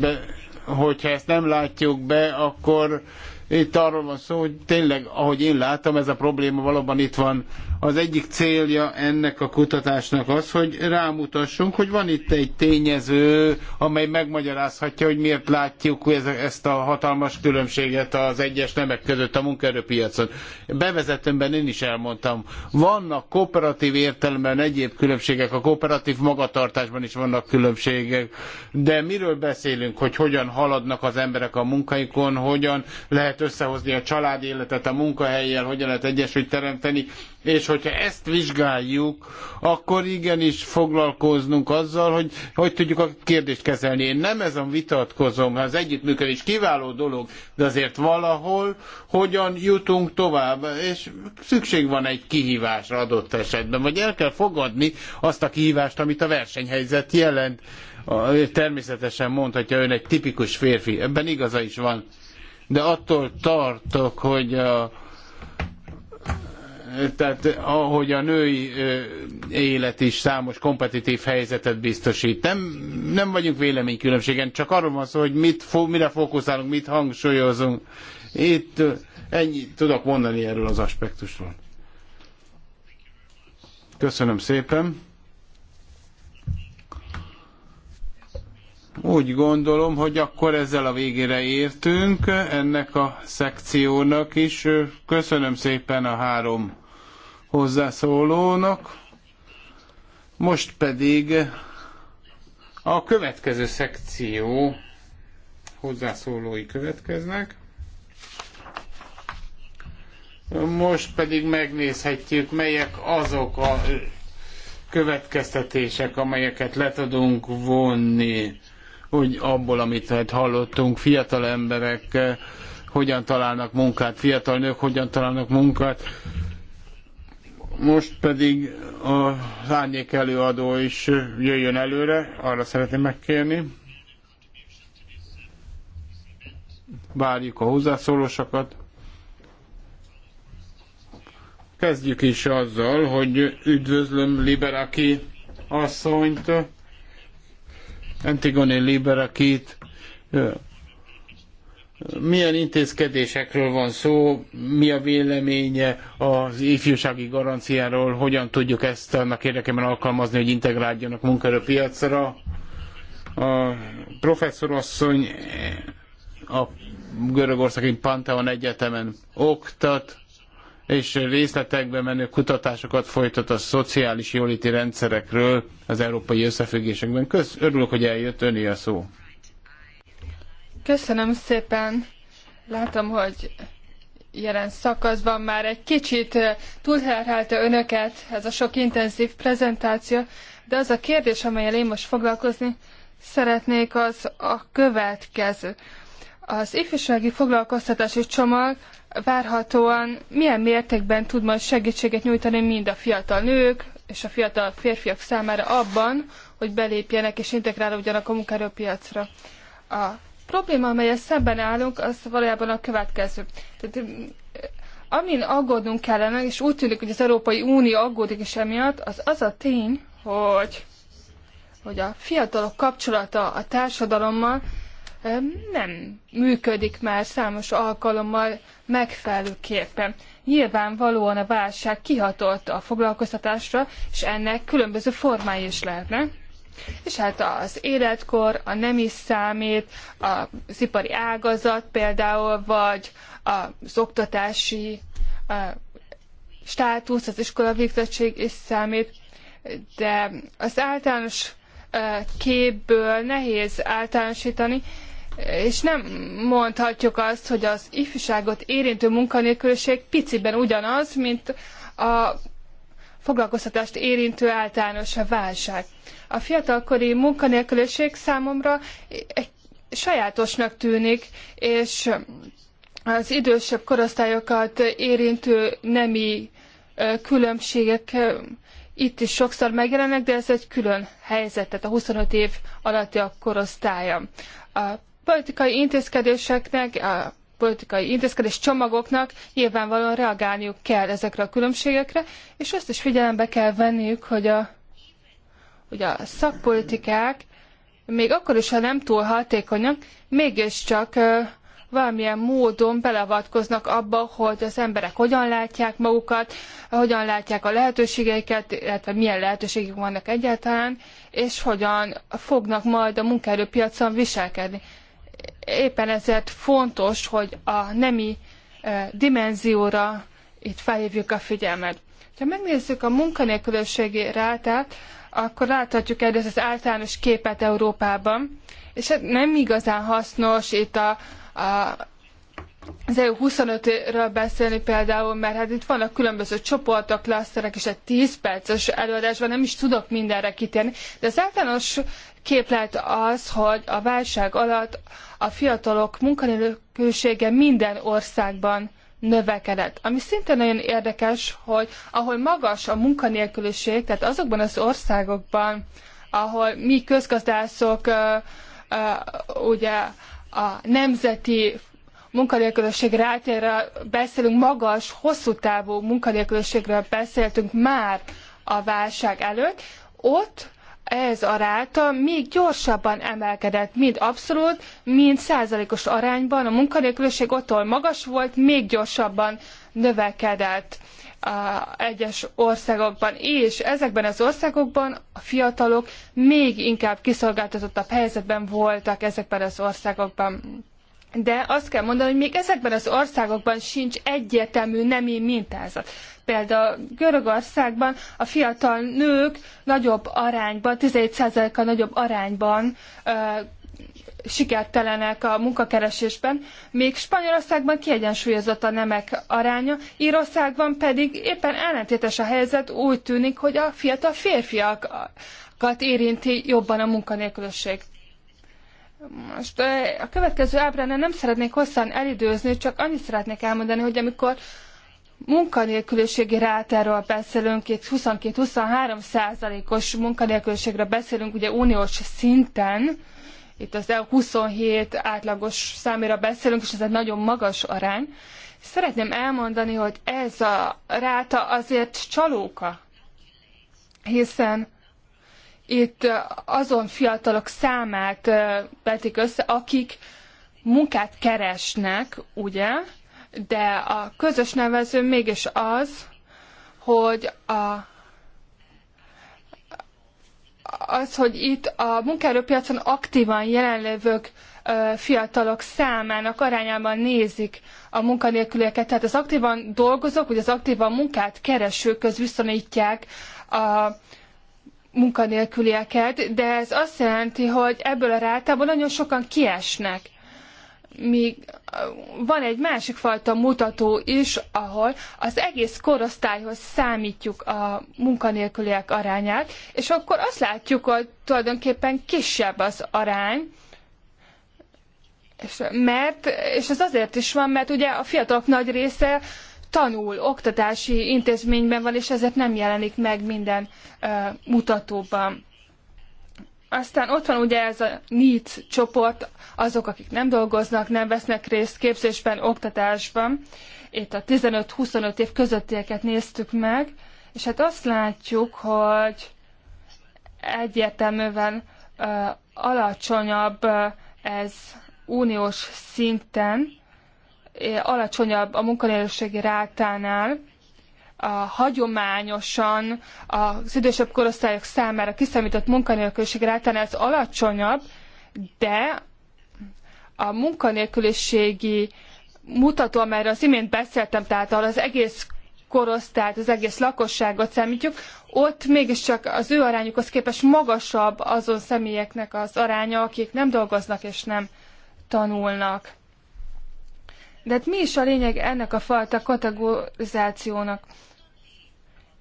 Be, hogyha ezt nem látjuk be, akkor itt arról van szó, hogy tényleg, ahogy én látom, ez a probléma valóban itt van. Az egyik célja ennek a kutatásnak az, hogy rámutassunk, hogy van itt egy tényező, amely megmagyarázhatja, hogy miért látjuk ezt a hatalmas különbséget az egyes nemek között a munkaerőpiacon. Bevezetőmben én is elmondtam, vannak kooperatív értelemben egyéb különbségek, a kooperatív magatartásban is vannak különbségek, de miről beszélünk, hogy hogyan haladnak az emberek a munkaikon, hogyan lehet összehozni a család életet a munkahelyjel, hogyan lehet egyensúlyt teremteni, és hogyha ezt vizsgáljuk, akkor igenis foglalkoznunk azzal, hogy hogy tudjuk a kérdést kezelni. Én nem ezen vitatkozom, az együttműködés kiváló dolog, de azért valahol hogyan jutunk tovább, és szükség van egy kihívásra adott esetben, vagy el kell fogadni azt a kihívást, amit a versenyhelyzet jelent. Természetesen mondhatja ön egy tipikus férfi, ebben igaza is van de attól tartok, hogy a tehát ahogy a női élet is számos kompetitív helyzetet biztosít. Nem, nem vagyunk véleménykülönbségen, csak arról van szó, hogy mit, mire fókuszálunk, mit hangsúlyozunk. Itt ennyit tudok mondani erről az aspektusról. Köszönöm szépen. Úgy gondolom, hogy akkor ezzel a végére értünk ennek a szekciónak is. Köszönöm szépen a három hozzászólónak. Most pedig a következő szekció hozzászólói következnek. Most pedig megnézhetjük, melyek azok a következtetések, amelyeket le tudunk vonni hogy abból, amit hát hallottunk, fiatal emberek eh, hogyan találnak munkát, fiatal nők hogyan találnak munkát. Most pedig a lányék előadó is jöjjön előre, arra szeretném megkérni. Várjuk a hozzászólósokat. Kezdjük is azzal, hogy üdvözlöm Liberaki asszonyt, Antigone Liberakit, milyen intézkedésekről van szó, mi a véleménye az ifjúsági garanciáról, hogyan tudjuk ezt annak érdekében alkalmazni, hogy integráljanak munkaerőpiacra. A professzor asszony a Görögországi Pantheon Egyetemen oktat, és részletekbe menő kutatásokat folytat a szociális jóléti rendszerekről az európai összefüggésekben. Kösz, örülök, hogy eljött öné a szó. Köszönöm szépen. Látom, hogy jelen szakaszban már egy kicsit eh, túlherhálta önöket ez a sok intenzív prezentáció, de az a kérdés, amelyel én most foglalkozni szeretnék, az a következő. Az ifjúsági foglalkoztatási csomag várhatóan milyen mértékben tud majd segítséget nyújtani mind a fiatal nők és a fiatal férfiak számára abban, hogy belépjenek és integrálódjanak a munkaerőpiacra. A probléma, amelyel szemben állunk, az valójában a következő. Tehát, amin aggódnunk kellene, és úgy tűnik, hogy az Európai Unió aggódik is emiatt, az az a tény, hogy, hogy a fiatalok kapcsolata a társadalommal nem működik már számos alkalommal megfelelőképpen. Nyilvánvalóan a válság kihatott a foglalkoztatásra, és ennek különböző formái is lehetnek. És hát az életkor, a nem is számít, az ipari ágazat például, vagy az oktatási a státusz, az iskola végzettség is számít, de az általános képből nehéz általánosítani, és nem mondhatjuk azt, hogy az ifjúságot érintő munkanélküliség piciben ugyanaz, mint a foglalkoztatást érintő általános a válság. A fiatalkori munkanélküliség számomra egy sajátosnak tűnik, és az idősebb korosztályokat érintő nemi különbségek itt is sokszor megjelennek, de ez egy külön helyzet, tehát a 25 év alatti a korosztálya. A politikai intézkedéseknek, a politikai intézkedés csomagoknak nyilvánvalóan reagálniuk kell ezekre a különbségekre, és azt is figyelembe kell venniük, hogy a, hogy a szakpolitikák még akkor is, ha nem túl hatékonyak, mégiscsak valamilyen módon beleavatkoznak abba, hogy az emberek hogyan látják magukat, hogyan látják a lehetőségeiket, illetve milyen lehetőségük vannak egyáltalán, és hogyan fognak majd a munkaerőpiacon viselkedni éppen ezért fontos, hogy a nemi dimenzióra itt felhívjuk a figyelmet. Ha megnézzük a munkanélküliségi rátát, akkor láthatjuk ez az általános képet Európában, és hát nem igazán hasznos itt a, a az EU 25-ről beszélni például, mert hát itt vannak különböző csoportok, klaszterek, és egy 10 perces előadásban nem is tudok mindenre kitérni. De az általános képlet az, hogy a válság alatt a fiatalok munkanélkülisége minden országban növekedett. Ami szintén nagyon érdekes, hogy ahol magas a munkanélküliség, tehát azokban az országokban, ahol mi közgazdászok ugye a nemzeti munkanélküliség rátérre beszélünk, magas, hosszú távú munkanélküliségről beszéltünk már a válság előtt, ott ez aráta még gyorsabban emelkedett, mind abszolút, mind százalékos arányban. A munkanélküliség ottól magas volt, még gyorsabban növekedett egyes országokban, és ezekben az országokban a fiatalok még inkább kiszolgáltatottabb helyzetben voltak ezekben az országokban de azt kell mondani, hogy még ezekben az országokban sincs egyetemű nemi mintázat. Például Görögországban a fiatal nők nagyobb arányban, 17%-kal nagyobb arányban ö, sikertelenek a munkakeresésben, még Spanyolországban kiegyensúlyozott a nemek aránya, Írországban pedig éppen ellentétes a helyzet, úgy tűnik, hogy a fiatal férfiakat érinti jobban a munkanélküliség. Most a következő ábrán nem szeretnék hosszan elidőzni, csak annyit szeretnék elmondani, hogy amikor munkanélküliségi rátáról beszélünk, itt 22-23 százalékos munkanélküliségre beszélünk, ugye uniós szinten, itt az EU 27 átlagos számára beszélünk, és ez egy nagyon magas arány. Szeretném elmondani, hogy ez a ráta azért csalóka, hiszen itt azon fiatalok számát vetik össze, akik munkát keresnek, ugye, de a közös nevező mégis az, hogy a, az, hogy itt a munkaerőpiacon aktívan jelenlévők fiatalok számának arányában nézik a munkanélkülieket. Tehát az aktívan dolgozók, vagy az aktívan munkát keresők köz viszonyítják a munkanélkülieket, de ez azt jelenti, hogy ebből a rátából nagyon sokan kiesnek. Míg uh, van egy másik fajta mutató is, ahol az egész korosztályhoz számítjuk a munkanélküliek arányát, és akkor azt látjuk, hogy tulajdonképpen kisebb az arány, és mert, és ez azért is van, mert ugye a fiatalok nagy része tanul, oktatási intézményben van, és ezért nem jelenik meg minden mutatóban. Aztán ott van ugye ez a NEET csoport, azok, akik nem dolgoznak, nem vesznek részt képzésben, oktatásban. Itt a 15-25 év közöttieket néztük meg, és hát azt látjuk, hogy egyértelműen alacsonyabb ez uniós szinten, alacsonyabb a munkanélőségi rátánál, a hagyományosan az idősebb korosztályok számára kiszámított munkanélküliség rátánál ez alacsonyabb, de a munkanélküliségi mutató, amelyről az imént beszéltem, tehát ahol az egész korosztályt, az egész lakosságot számítjuk, ott mégiscsak az ő arányukhoz képest magasabb azon személyeknek az aránya, akik nem dolgoznak és nem tanulnak. De hát mi is a lényeg ennek a fajta kategorizációnak?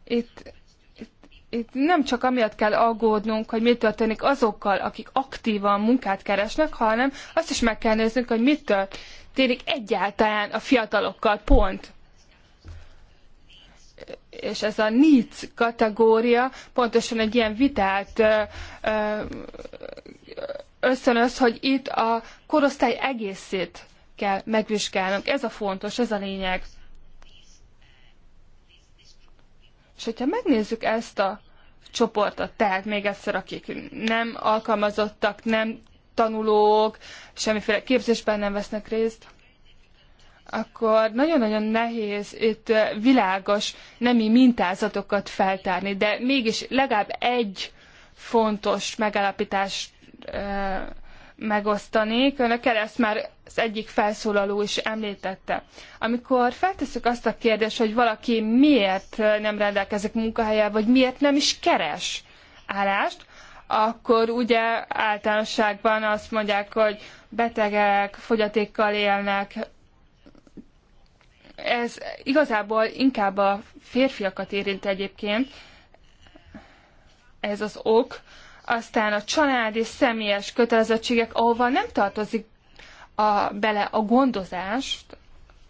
Itt, itt, itt nem csak amiatt kell aggódnunk, hogy mi történik azokkal, akik aktívan munkát keresnek, hanem azt is meg kell néznünk, hogy mit történik egyáltalán a fiatalokkal, pont és ez a needs kategória pontosan egy ilyen vitát ösztönöz, hogy itt a korosztály egészét kell megvizsgálnunk. Ez a fontos, ez a lényeg. És hogyha megnézzük ezt a csoportot, tehát még egyszer, akik nem alkalmazottak, nem tanulók, semmiféle képzésben nem vesznek részt, akkor nagyon-nagyon nehéz itt világos nemi mintázatokat feltárni, de mégis legalább egy fontos megállapítást megosztani. Önökkel ezt már az egyik felszólaló is említette. Amikor feltesszük azt a kérdést, hogy valaki miért nem rendelkezik munkahelyel, vagy miért nem is keres állást, akkor ugye általánosságban azt mondják, hogy betegek, fogyatékkal élnek. Ez igazából inkább a férfiakat érint egyébként. Ez az ok, aztán a és személyes kötelezettségek, ahova nem tartozik a, bele a gondozást,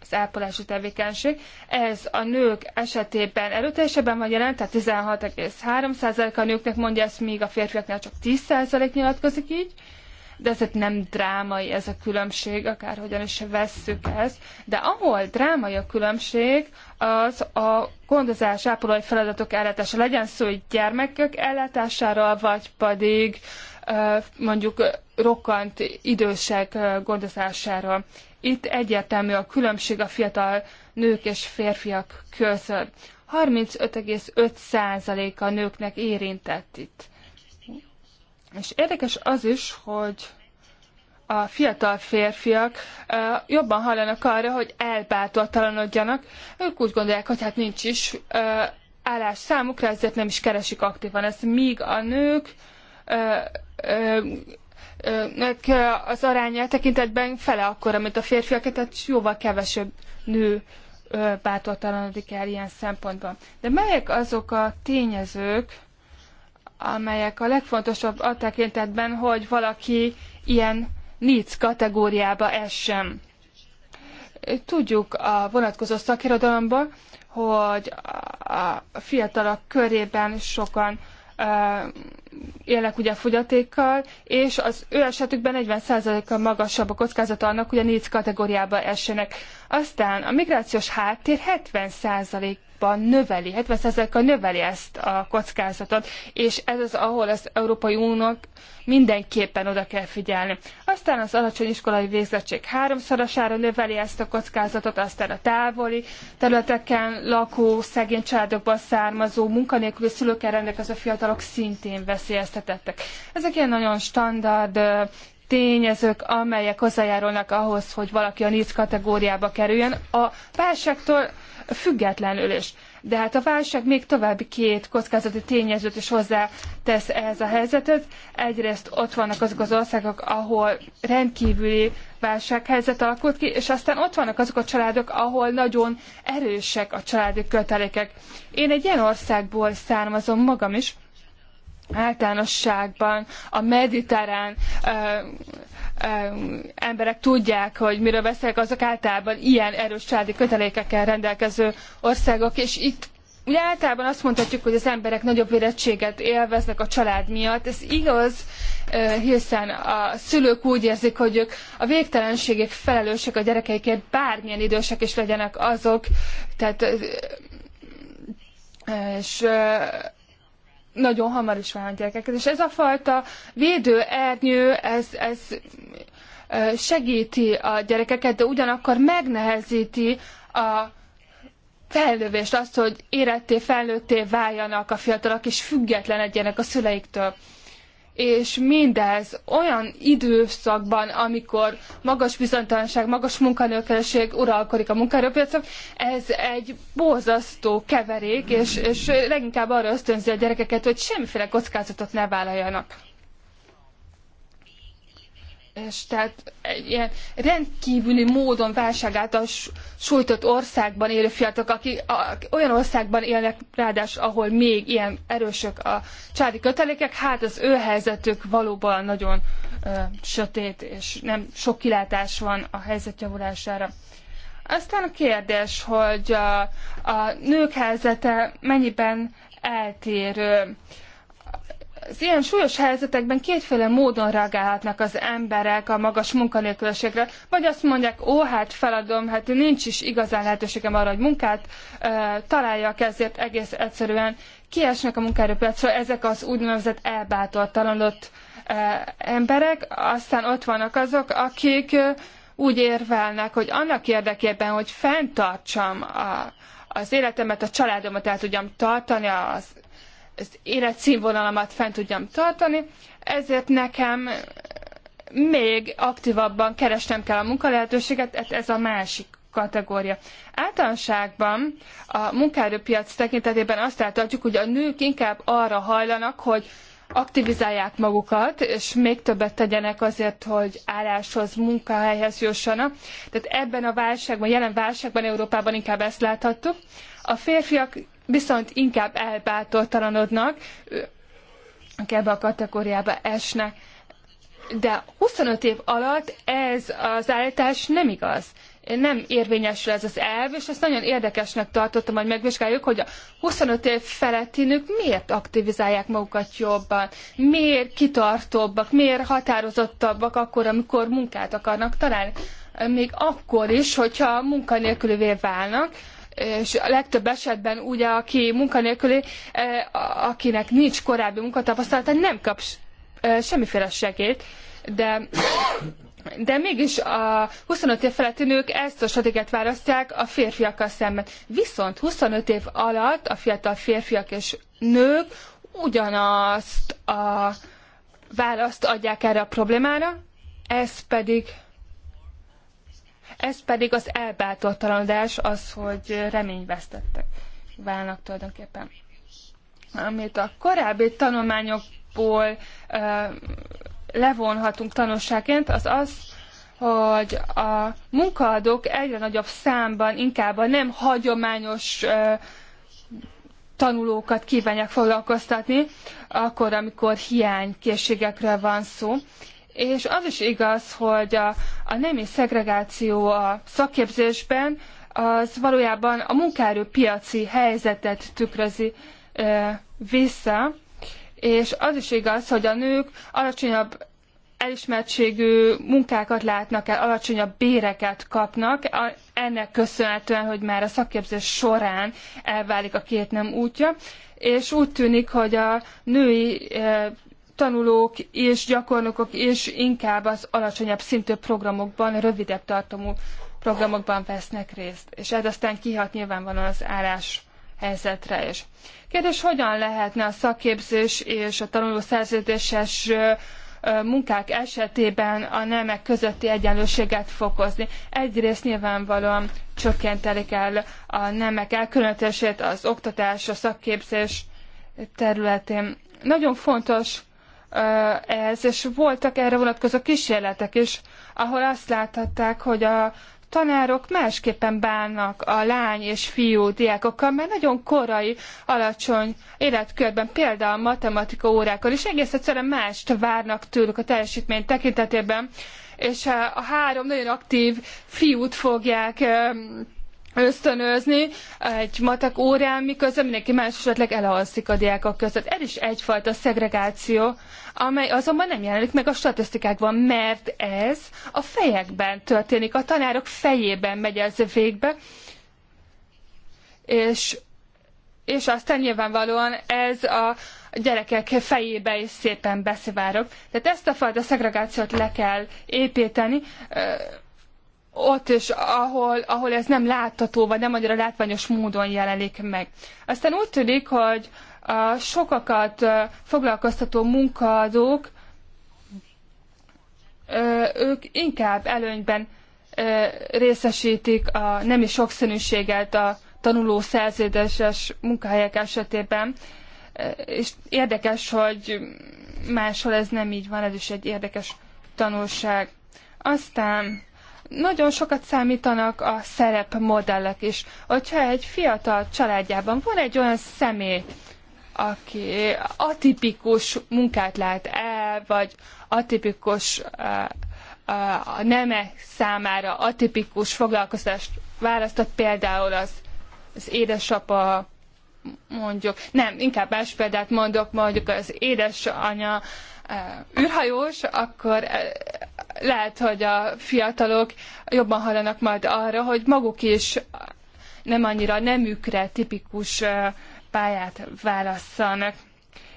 az ápolási tevékenység. Ez a nők esetében erőteljesebben van jelen, tehát 16,3% a nőknek mondja ezt, míg a férfiaknál csak 10% nyilatkozik így. Uh, de ezért nem drámai ez a különbség, akárhogyan is vesszük ezt. De ahol drámai a különbség, az a gondozás, ápolói feladatok ellátása. Legyen szó hogy gyermekek ellátásáról, vagy pedig mondjuk rokkant idősek gondozására. Itt egyértelmű a különbség a fiatal nők és férfiak között. 35,5% a nőknek érintett itt és érdekes az is, hogy a fiatal férfiak jobban hallanak arra, hogy elbátortalanodjanak. Ők úgy gondolják, hogy hát nincs is állás számukra, ezért nem is keresik aktívan ezt. Míg a nők az aránya tekintetben fele akkora, mint a férfiak, tehát jóval kevesebb nő bátortalanodik el ilyen szempontban. De melyek azok a tényezők, amelyek a legfontosabb a tekintetben, hogy valaki ilyen NIC kategóriába essen. Tudjuk a vonatkozó szakirodalomból, hogy a fiatalok körében sokan élnek ugye fogyatékkal, és az ő esetükben 40%-kal magasabb a kockázata annak, hogy a NIC kategóriába essenek. Aztán a migrációs háttér 70% nagyban növeli, 70%-kal növeli ezt a kockázatot, és ez az, ahol az Európai Uniónak mindenképpen oda kell figyelni. Aztán az alacsony iskolai végzettség háromszorosára növeli ezt a kockázatot, aztán a távoli területeken lakó, szegény családokban származó, munkanélküli szülőkkel rendelkező fiatalok szintén veszélyeztetettek. Ezek ilyen nagyon standard tényezők, amelyek hozzájárulnak ahhoz, hogy valaki a NIC kategóriába kerüljön, a válságtól függetlenül is. De hát a válság még további két kockázati tényezőt is hozzátesz ehhez a helyzetet. Egyrészt ott vannak azok az országok, ahol rendkívüli válsághelyzet alakult ki, és aztán ott vannak azok a családok, ahol nagyon erősek a családi kötelékek. Én egy ilyen országból származom magam is, általánosságban a mediterrán ö, ö, emberek tudják, hogy miről beszélek, azok általában ilyen erős családi kötelékekkel rendelkező országok, és itt Ugye általában azt mondhatjuk, hogy az emberek nagyobb érettséget élveznek a család miatt. Ez igaz, hiszen a szülők úgy érzik, hogy ők a végtelenségig felelősek a gyerekeikért, bármilyen idősek is legyenek azok. Tehát és nagyon hamar is válnak gyerekeket. És ez a fajta védőernyő, ez, ez segíti a gyerekeket, de ugyanakkor megnehezíti a fellövést, azt, hogy éretté, felnőtté váljanak a fiatalok, és függetlenedjenek a szüleiktől és mindez olyan időszakban, amikor magas bizonytalanság, magas munkanélküliség uralkodik a munkaerőpiacon, ez egy borzasztó keverék, és, és leginkább arra ösztönzi a gyerekeket, hogy semmiféle kockázatot ne vállaljanak és tehát egy ilyen rendkívüli módon válság által sújtott országban élő fiatalok, akik olyan országban élnek ráadásul, ahol még ilyen erősök a csádi kötelékek, hát az ő helyzetük valóban nagyon ö, sötét, és nem sok kilátás van a helyzet javulására. Aztán a kérdés, hogy a, a nők helyzete mennyiben eltérő. Ö, az ilyen súlyos helyzetekben kétféle módon reagálhatnak az emberek a magas munkanélküliségre, vagy azt mondják, ó, hát feladom, hát nincs is igazán lehetőségem arra, hogy munkát e, találjak, ezért egész egyszerűen kiesnek a munkaerőpiacra ezek az úgynevezett elbátortalanodott e, emberek, aztán ott vannak azok, akik e, úgy érvelnek, hogy annak érdekében, hogy fenntartsam a, az életemet, a családomat el tudjam tartani, az az életszínvonalamat fent tudjam tartani, ezért nekem még aktívabban kerestem kell a munkalehetőséget, ez a másik kategória. Általánosságban a munkaerőpiac tekintetében azt látjuk, hogy a nők inkább arra hajlanak, hogy aktivizálják magukat, és még többet tegyenek azért, hogy álláshoz, munkahelyhez jussanak. Tehát ebben a válságban, jelen válságban Európában inkább ezt láthattuk. A férfiak viszont inkább elbátortalanodnak, ők ebbe a kategóriába esnek. De 25 év alatt ez az állítás nem igaz nem érvényesül ez az elv, és ezt nagyon érdekesnek tartottam, hogy megvizsgáljuk, hogy a 25 év feletti nők miért aktivizálják magukat jobban, miért kitartóbbak, miért határozottabbak akkor, amikor munkát akarnak találni. Még akkor is, hogyha munkanélkülővé válnak, és a legtöbb esetben ugye, aki munkanélküli, eh, akinek nincs korábbi munkatapasztalata, nem kap eh, semmiféle segélyt, de de mégis a 25 év feletti nők ezt a stratégiát választják a férfiakkal szemben. Viszont 25 év alatt a fiatal férfiak és nők ugyanazt a választ adják erre a problémára, ez pedig ez pedig az elbátortalanodás, az, hogy reményvesztettek válnak tulajdonképpen. Amit a korábbi tanulmányokból levonhatunk tanulságként, az az, hogy a munkaadók egyre nagyobb számban inkább a nem hagyományos tanulókat kívánják foglalkoztatni, akkor, amikor hiány készségekről van szó és az is igaz, hogy a, a nemi szegregáció a szakképzésben az valójában a munkaerőpiaci helyzetet tükrözi e, vissza, és az is igaz, hogy a nők alacsonyabb elismertségű munkákat látnak el, alacsonyabb béreket kapnak, ennek köszönhetően, hogy már a szakképzés során elválik a két nem útja, és úgy tűnik, hogy a női tanulók és gyakornokok és inkább az alacsonyabb szintű programokban, rövidebb tartamú programokban vesznek részt. És ez aztán kihat nyilvánvalóan az állás helyzetre is. Kérdés, hogyan lehetne a szakképzés és a tanuló szerződéses munkák esetében a nemek közötti egyenlőséget fokozni. Egyrészt nyilvánvalóan csökkenteni kell a nemek elkülönítését az oktatás, a szakképzés területén. Nagyon fontos ez, és voltak erre vonatkozó kísérletek is, ahol azt láthatták, hogy a tanárok másképpen bánnak a lány és fiú diákokkal, mert nagyon korai, alacsony életkörben, például matematika órákon is egész egyszerűen mást várnak tőlük a teljesítmény tekintetében, és a három nagyon aktív fiút fogják ösztönözni egy matek órán, miközben mindenki más esetleg elalszik a diákok között. Ez is egyfajta szegregáció, amely azonban nem jelenik meg a statisztikákban, mert ez a fejekben történik, a tanárok fejében megy ez végbe, és, és aztán nyilvánvalóan ez a gyerekek fejébe is szépen beszivárog. Tehát ezt a fajta szegregációt le kell építeni, ott is, ahol, ahol ez nem látható, vagy nem annyira látványos módon jelenik meg. Aztán úgy tűnik, hogy a sokakat foglalkoztató munkaadók, ők inkább előnyben részesítik a nemi sokszínűséget a tanuló szerződéses munkahelyek esetében, és érdekes, hogy máshol ez nem így van, ez is egy érdekes tanulság. Aztán nagyon sokat számítanak a szerepmodellek is. Hogyha egy fiatal családjában van egy olyan személy, aki atipikus munkát lát el, vagy atipikus a neme számára atipikus foglalkozást választott, például az, az édesapa, mondjuk, nem, inkább más példát mondok, mondjuk az édesanya, űrhajós, akkor lehet, hogy a fiatalok jobban hallanak majd arra, hogy maguk is nem annyira nemükre tipikus pályát válasszanak.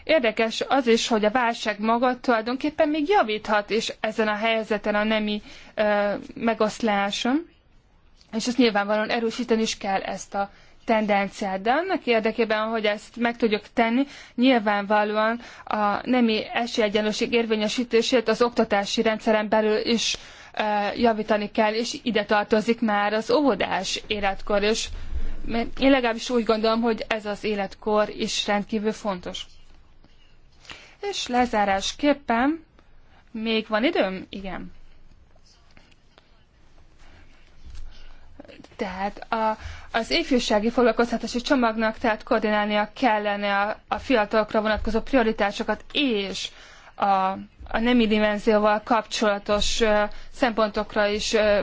Érdekes az is, hogy a válság maga tulajdonképpen még javíthat is ezen a helyzeten a nemi megoszláson, és ezt nyilvánvalóan erősíteni is kell ezt a tendenciát, de annak érdekében, hogy ezt meg tudjuk tenni, nyilvánvalóan a nemi esélyegyenlőség érvényesítését az oktatási rendszeren belül is e, javítani kell, és ide tartozik már az óvodás életkor is. Mert én legalábbis úgy gondolom, hogy ez az életkor is rendkívül fontos. És lezárásképpen még van időm? Igen. Tehát a, az ifjúsági foglalkoztatási csomagnak tehát koordinálnia kellene a, a fiatalokra vonatkozó prioritásokat és a, a nemi dimenzióval kapcsolatos ö, szempontokra is ö,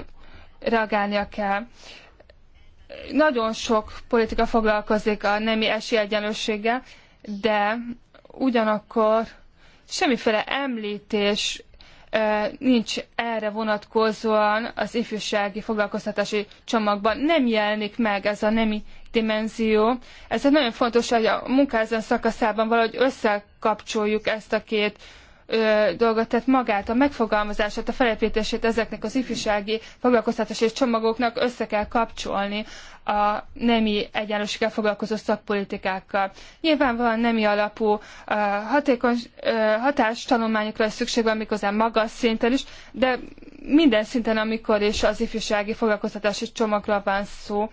reagálnia kell. Nagyon sok politika foglalkozik a nemi esélyegyenlőséggel, de ugyanakkor semmiféle említés nincs erre vonatkozóan az ifjúsági foglalkoztatási csomagban. Nem jelenik meg ez a nemi dimenzió. Ezért nagyon fontos, hogy a munkázen szakaszában valahogy összekapcsoljuk ezt a két dolgot, tehát magát, a megfogalmazását, a felépítését ezeknek az ifjúsági foglalkoztatási csomagoknak össze kell kapcsolni a nemi egyenlőséggel foglalkozó szakpolitikákkal. Nyilvánvalóan nemi alapú hatékony hatástanulmányokra is szükség van, méghozzá magas szinten is, de minden szinten, amikor is az ifjúsági foglalkoztatási csomagról van szó,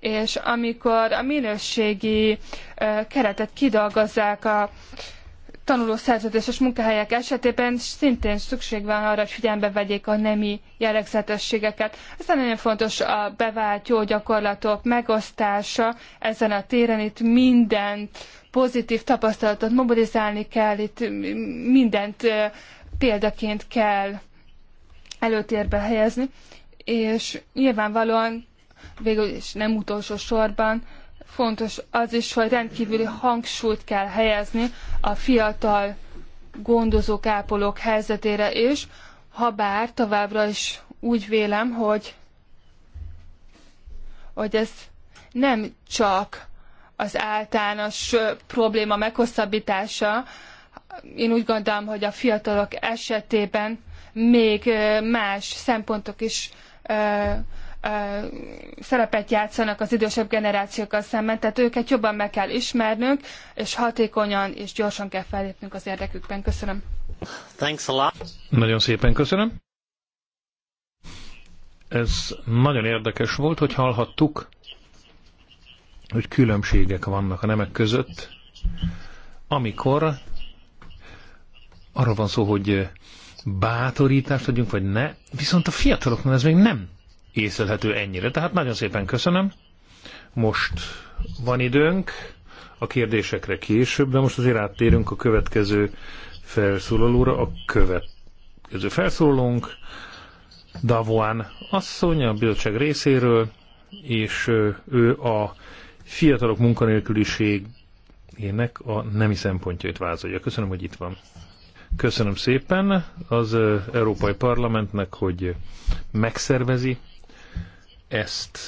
és amikor a minőségi keretet kidolgozzák a tanuló szerződéses munkahelyek esetében szintén szükség van arra, hogy figyelembe vegyék a nemi jellegzetességeket. Aztán nagyon fontos a bevált jó gyakorlatok megosztása ezen a téren, itt mindent pozitív tapasztalatot mobilizálni kell, itt mindent példaként kell előtérbe helyezni, és nyilvánvalóan végül is nem utolsó sorban fontos az is, hogy rendkívüli hangsúlyt kell helyezni a fiatal gondozók, ápolók helyzetére is, habár továbbra is úgy vélem, hogy, hogy ez nem csak az általános probléma meghosszabbítása. Én úgy gondolom, hogy a fiatalok esetében még más szempontok is szerepet játszanak az idősebb generációkkal szemben, tehát őket jobban meg kell ismernünk, és hatékonyan és gyorsan kell fellépnünk az érdekükben. Köszönöm. Thanks a lot. Nagyon szépen köszönöm. Ez nagyon érdekes volt, hogy hallhattuk, hogy különbségek vannak a nemek között, amikor arról van szó, hogy bátorítást adjunk, vagy ne, viszont a fiataloknál ez még nem észlelhető ennyire. Tehát nagyon szépen köszönöm. Most van időnk a kérdésekre később, de most azért áttérünk a következő felszólalóra. A következő felszólalónk Davoán asszony a bizottság részéről, és ő a fiatalok munkanélküliségének a nemi szempontjait vázolja. Köszönöm, hogy itt van. Köszönöm szépen az Európai Parlamentnek, hogy megszervezi ezt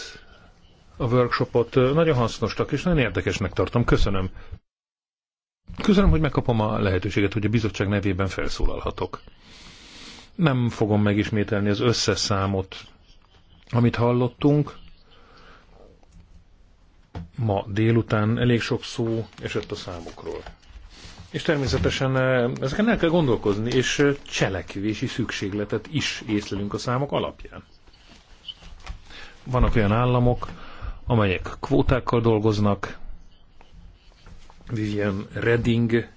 a workshopot. Nagyon hasznosnak és nagyon érdekesnek tartom. Köszönöm. Köszönöm, hogy megkapom a lehetőséget, hogy a bizottság nevében felszólalhatok. Nem fogom megismételni az összes számot, amit hallottunk. Ma délután elég sok szó esett a számokról. És természetesen eh, ezeken el kell gondolkozni, és eh, cselekvési szükségletet is észlelünk a számok alapján. Vannak olyan államok, amelyek kvótákkal dolgoznak, Vivian Redding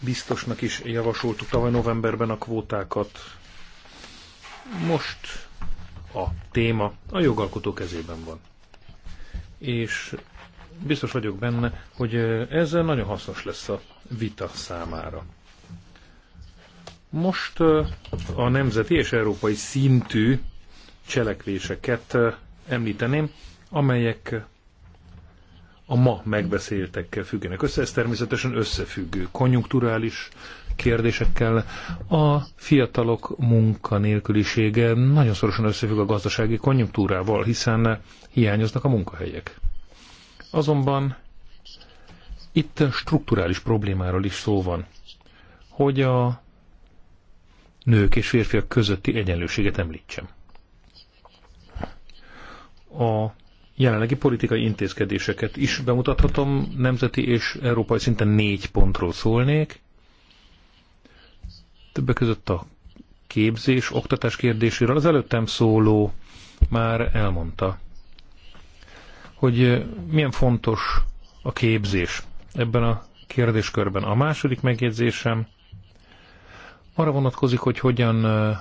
biztosnak is javasoltuk tavaly novemberben a kvótákat. Most a téma a jogalkotó kezében van. És biztos vagyok benne, hogy ez nagyon hasznos lesz a vita számára. Most a nemzeti és európai szintű cselekvéseket említeném, amelyek a ma megbeszéltekkel függenek össze. Ez természetesen összefüggő konjunkturális kérdésekkel. A fiatalok munkanélkülisége nagyon szorosan összefügg a gazdasági konjunktúrával, hiszen hiányoznak a munkahelyek. Azonban itt strukturális problémáról is szó van, hogy a nők és férfiak közötti egyenlőséget említsem a jelenlegi politikai intézkedéseket is bemutathatom. Nemzeti és európai szinten négy pontról szólnék. Többek között a képzés, oktatás kérdéséről. Az előttem szóló már elmondta, hogy milyen fontos a képzés ebben a kérdéskörben. A második megjegyzésem arra vonatkozik, hogy hogyan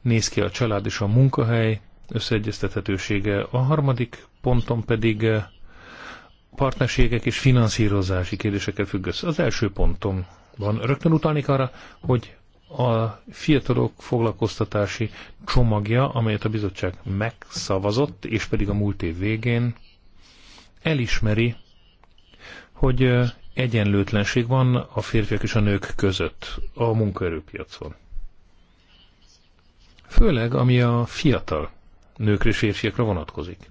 néz ki a család és a munkahely összeegyeztethetősége. A harmadik ponton pedig eh, partnerségek és finanszírozási kérdésekkel függ össze. Az első ponton van. Rögtön utalnék arra, hogy a fiatalok foglalkoztatási csomagja, amelyet a bizottság megszavazott, és pedig a múlt év végén elismeri, hogy eh, egyenlőtlenség van a férfiak és a nők között a munkaerőpiacon. Főleg, ami a fiatal nőkre és férfiakra vonatkozik.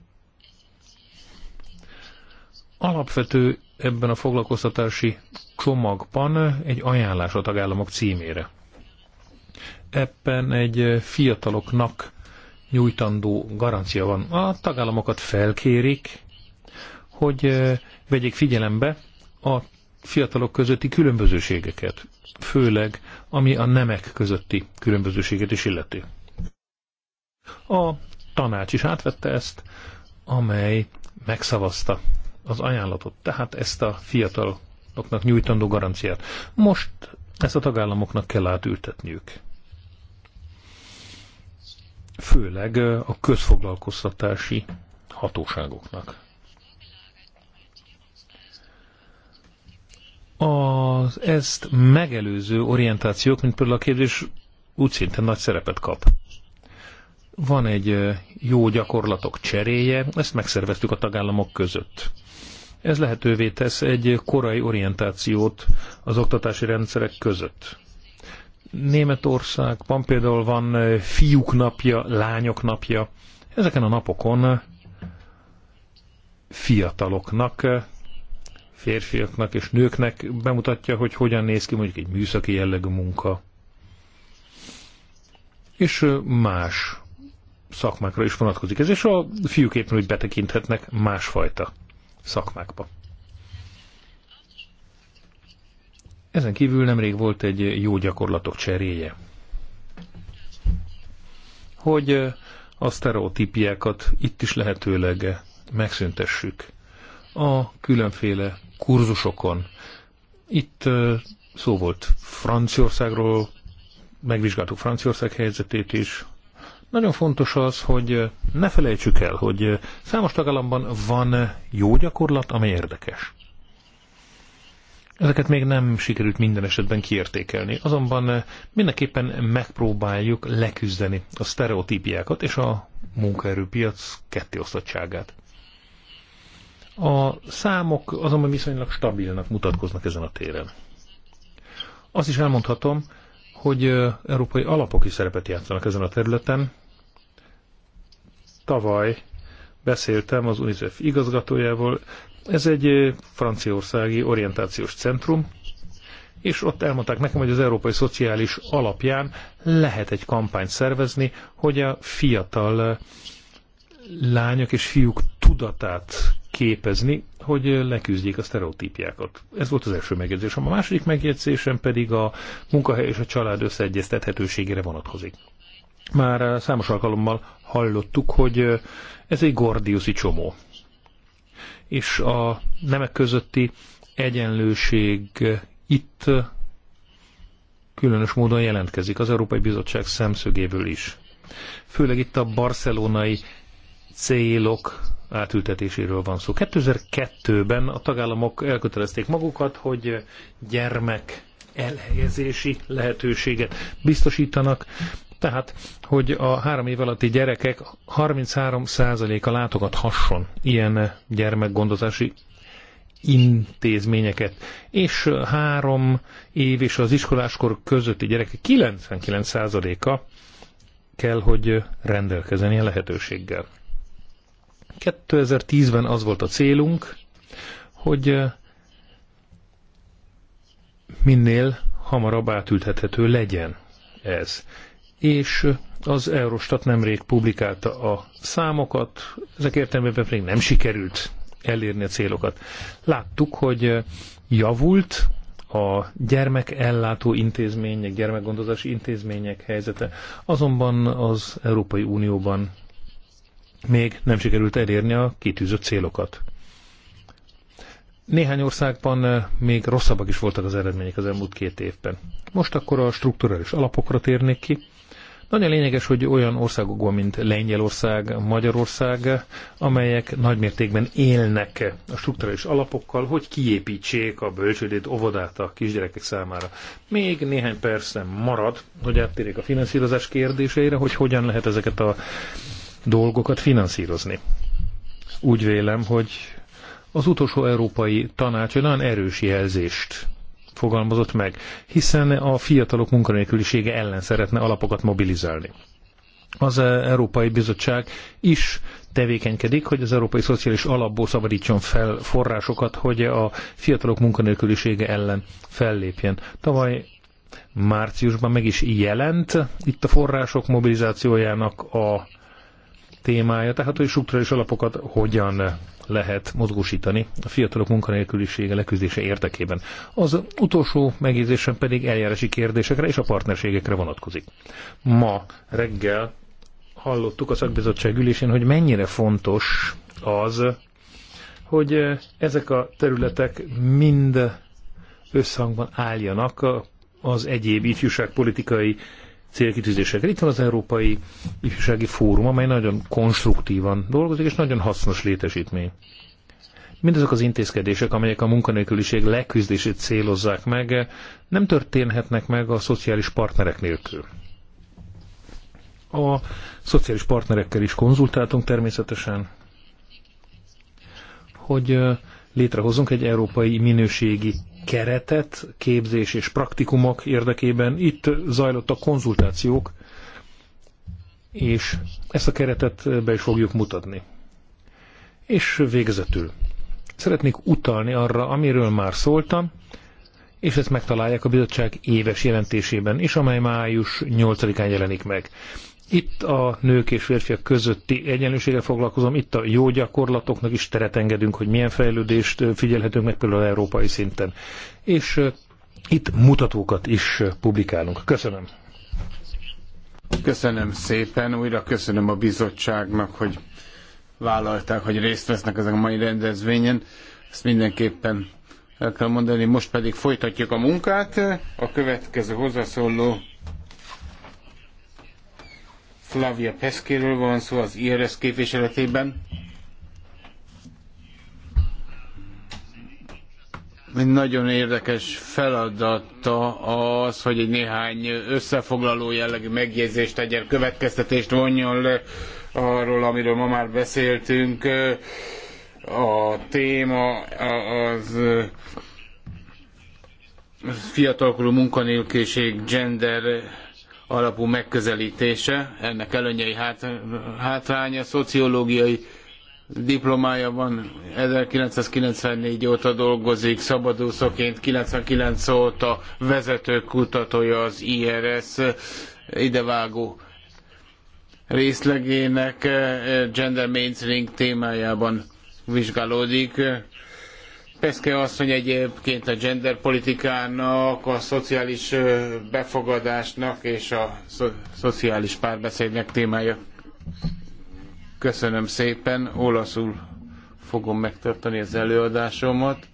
Alapvető ebben a foglalkoztatási csomagban egy ajánlás a tagállamok címére. Ebben egy fiataloknak nyújtandó garancia van. A tagállamokat felkérik, hogy eh, vegyék figyelembe a fiatalok közötti különbözőségeket, főleg ami a nemek közötti különbözőséget is illeti. A tanács is átvette ezt, amely megszavazta az ajánlatot, tehát ezt a fiataloknak nyújtandó garanciát. Most ezt a tagállamoknak kell átültetniük. Főleg a közfoglalkoztatási hatóságoknak. Az ezt megelőző orientációk, mint például a képzés, úgy szinte nagy szerepet kap. Van egy jó gyakorlatok cseréje, ezt megszerveztük a tagállamok között. Ez lehetővé tesz egy korai orientációt az oktatási rendszerek között. van például van fiúk napja, lányok napja. Ezeken a napokon fiataloknak, férfiaknak és nőknek bemutatja, hogy hogyan néz ki mondjuk egy műszaki jellegű munka. És más szakmákra is vonatkozik ez, és a fiúk éppen úgy betekinthetnek másfajta szakmákba. Ezen kívül nemrég volt egy jó gyakorlatok cseréje, hogy a sztereotípiákat itt is lehetőleg megszüntessük a különféle kurzusokon. Itt szó volt Franciaországról, megvizsgáltuk Franciaország helyzetét is, nagyon fontos az, hogy ne felejtsük el, hogy számos tagállamban van jó gyakorlat, ami érdekes. Ezeket még nem sikerült minden esetben kiértékelni, azonban mindenképpen megpróbáljuk leküzdeni a sztereotípiákat és a munkaerőpiac kettéosztottságát. A számok azonban viszonylag stabilnak mutatkoznak ezen a téren. Azt is elmondhatom, hogy európai alapok is szerepet játszanak ezen a területen, tavaly beszéltem az UNICEF igazgatójával. Ez egy franciaországi orientációs centrum, és ott elmondták nekem, hogy az Európai Szociális Alapján lehet egy kampányt szervezni, hogy a fiatal lányok és fiúk tudatát képezni, hogy leküzdjék a sztereotípiákat. Ez volt az első megjegyzésem. A második megjegyzésem pedig a munkahely és a család összeegyeztethetőségére vonatkozik. Már eh, számos alkalommal hallottuk, hogy eh, ez egy gordiusi csomó. És a nemek közötti egyenlőség eh, itt különös módon jelentkezik az Európai Bizottság szemszögéből is. Főleg itt a barcelonai célok átültetéséről van szó. 2002-ben a tagállamok elkötelezték magukat, hogy gyermek elhelyezési lehetőséget biztosítanak, tehát, hogy a három év alatti gyerekek 33%-a látogathasson ilyen gyermekgondozási intézményeket, és három év és az iskoláskor közötti gyerekek 99%-a kell, hogy rendelkezzen ilyen lehetőséggel. 2010-ben az volt a célunk, hogy minél hamarabb átültethető legyen ez és az Eurostat nemrég publikálta a számokat, ezek értelmében pedig nem sikerült elérni a célokat. Láttuk, hogy javult a gyermekellátó intézmények, gyermekgondozási intézmények helyzete, azonban az Európai Unióban még nem sikerült elérni a kitűzött célokat. Néhány országban még rosszabbak is voltak az eredmények az elmúlt két évben. Most akkor a strukturális alapokra térnék ki. Nagyon lényeges, hogy olyan országokban, mint Lengyelország, Magyarország, amelyek nagymértékben élnek a strukturális alapokkal, hogy kiépítsék a bölcsődét, óvodát a kisgyerekek számára. Még néhány persze marad, hogy áttérjék a finanszírozás kérdéseire, hogy hogyan lehet ezeket a dolgokat finanszírozni. Úgy vélem, hogy az utolsó európai tanács olyan erős jelzést fogalmazott meg, hiszen a fiatalok munkanélkülisége ellen szeretne alapokat mobilizálni. Az Európai Bizottság is tevékenykedik, hogy az Európai Szociális Alapból szabadítson fel forrásokat, hogy a fiatalok munkanélkülisége ellen fellépjen. Tavaly márciusban meg is jelent itt a források mobilizációjának a témája, tehát hogy struktúrális alapokat hogyan lehet mozgósítani a fiatalok munkanélkülisége leküzdése érdekében. Az utolsó megjegyzésem pedig eljárási kérdésekre és a partnerségekre vonatkozik. Ma reggel hallottuk a szakbizottság ülésén, hogy mennyire fontos az, hogy ezek a területek mind összhangban álljanak az egyéb ifjúságpolitikai célkitűzéseket. Itt van az Európai Ifjúsági Fórum, amely nagyon konstruktívan dolgozik, és nagyon hasznos létesítmény. Mindazok az intézkedések, amelyek a munkanélküliség leküzdését célozzák meg, nem történhetnek meg a szociális partnerek nélkül. A szociális partnerekkel is konzultáltunk természetesen, hogy létrehozunk egy európai minőségi keretet képzés és praktikumok érdekében. Itt zajlottak konzultációk, és ezt a keretet be is fogjuk mutatni. És végezetül. Szeretnék utalni arra, amiről már szóltam, és ezt megtalálják a bizottság éves jelentésében is, amely május 8-án jelenik meg. Itt a nők és férfiak közötti egyenlőségre foglalkozom, itt a jó gyakorlatoknak is teret engedünk, hogy milyen fejlődést figyelhetünk meg például európai szinten. És itt mutatókat is publikálunk. Köszönöm. Köszönöm szépen, újra köszönöm a bizottságnak, hogy vállalták, hogy részt vesznek ezen a mai rendezvényen. Ezt mindenképpen el kell mondani, most pedig folytatjuk a munkát. A következő hozzászóló Flavia Peszkéről van szó az IRS képviseletében. Nagyon érdekes feladata az, hogy egy néhány összefoglaló jellegű megjegyzést tegyen, következtetést vonjon le arról, amiről ma már beszéltünk. A téma az fiatalkorú munkanélküliség, gender alapú megközelítése. Ennek előnyei hát, hátránya, szociológiai diplomája van, 1994 óta dolgozik, szabadúszóként 99 óta vezető kutatója az IRS idevágó részlegének gender mainstream témájában vizsgálódik. Peszke asszony egyébként a genderpolitikának, a szociális befogadásnak és a szo szociális párbeszédnek témája. Köszönöm szépen, olaszul fogom megtartani az előadásomat.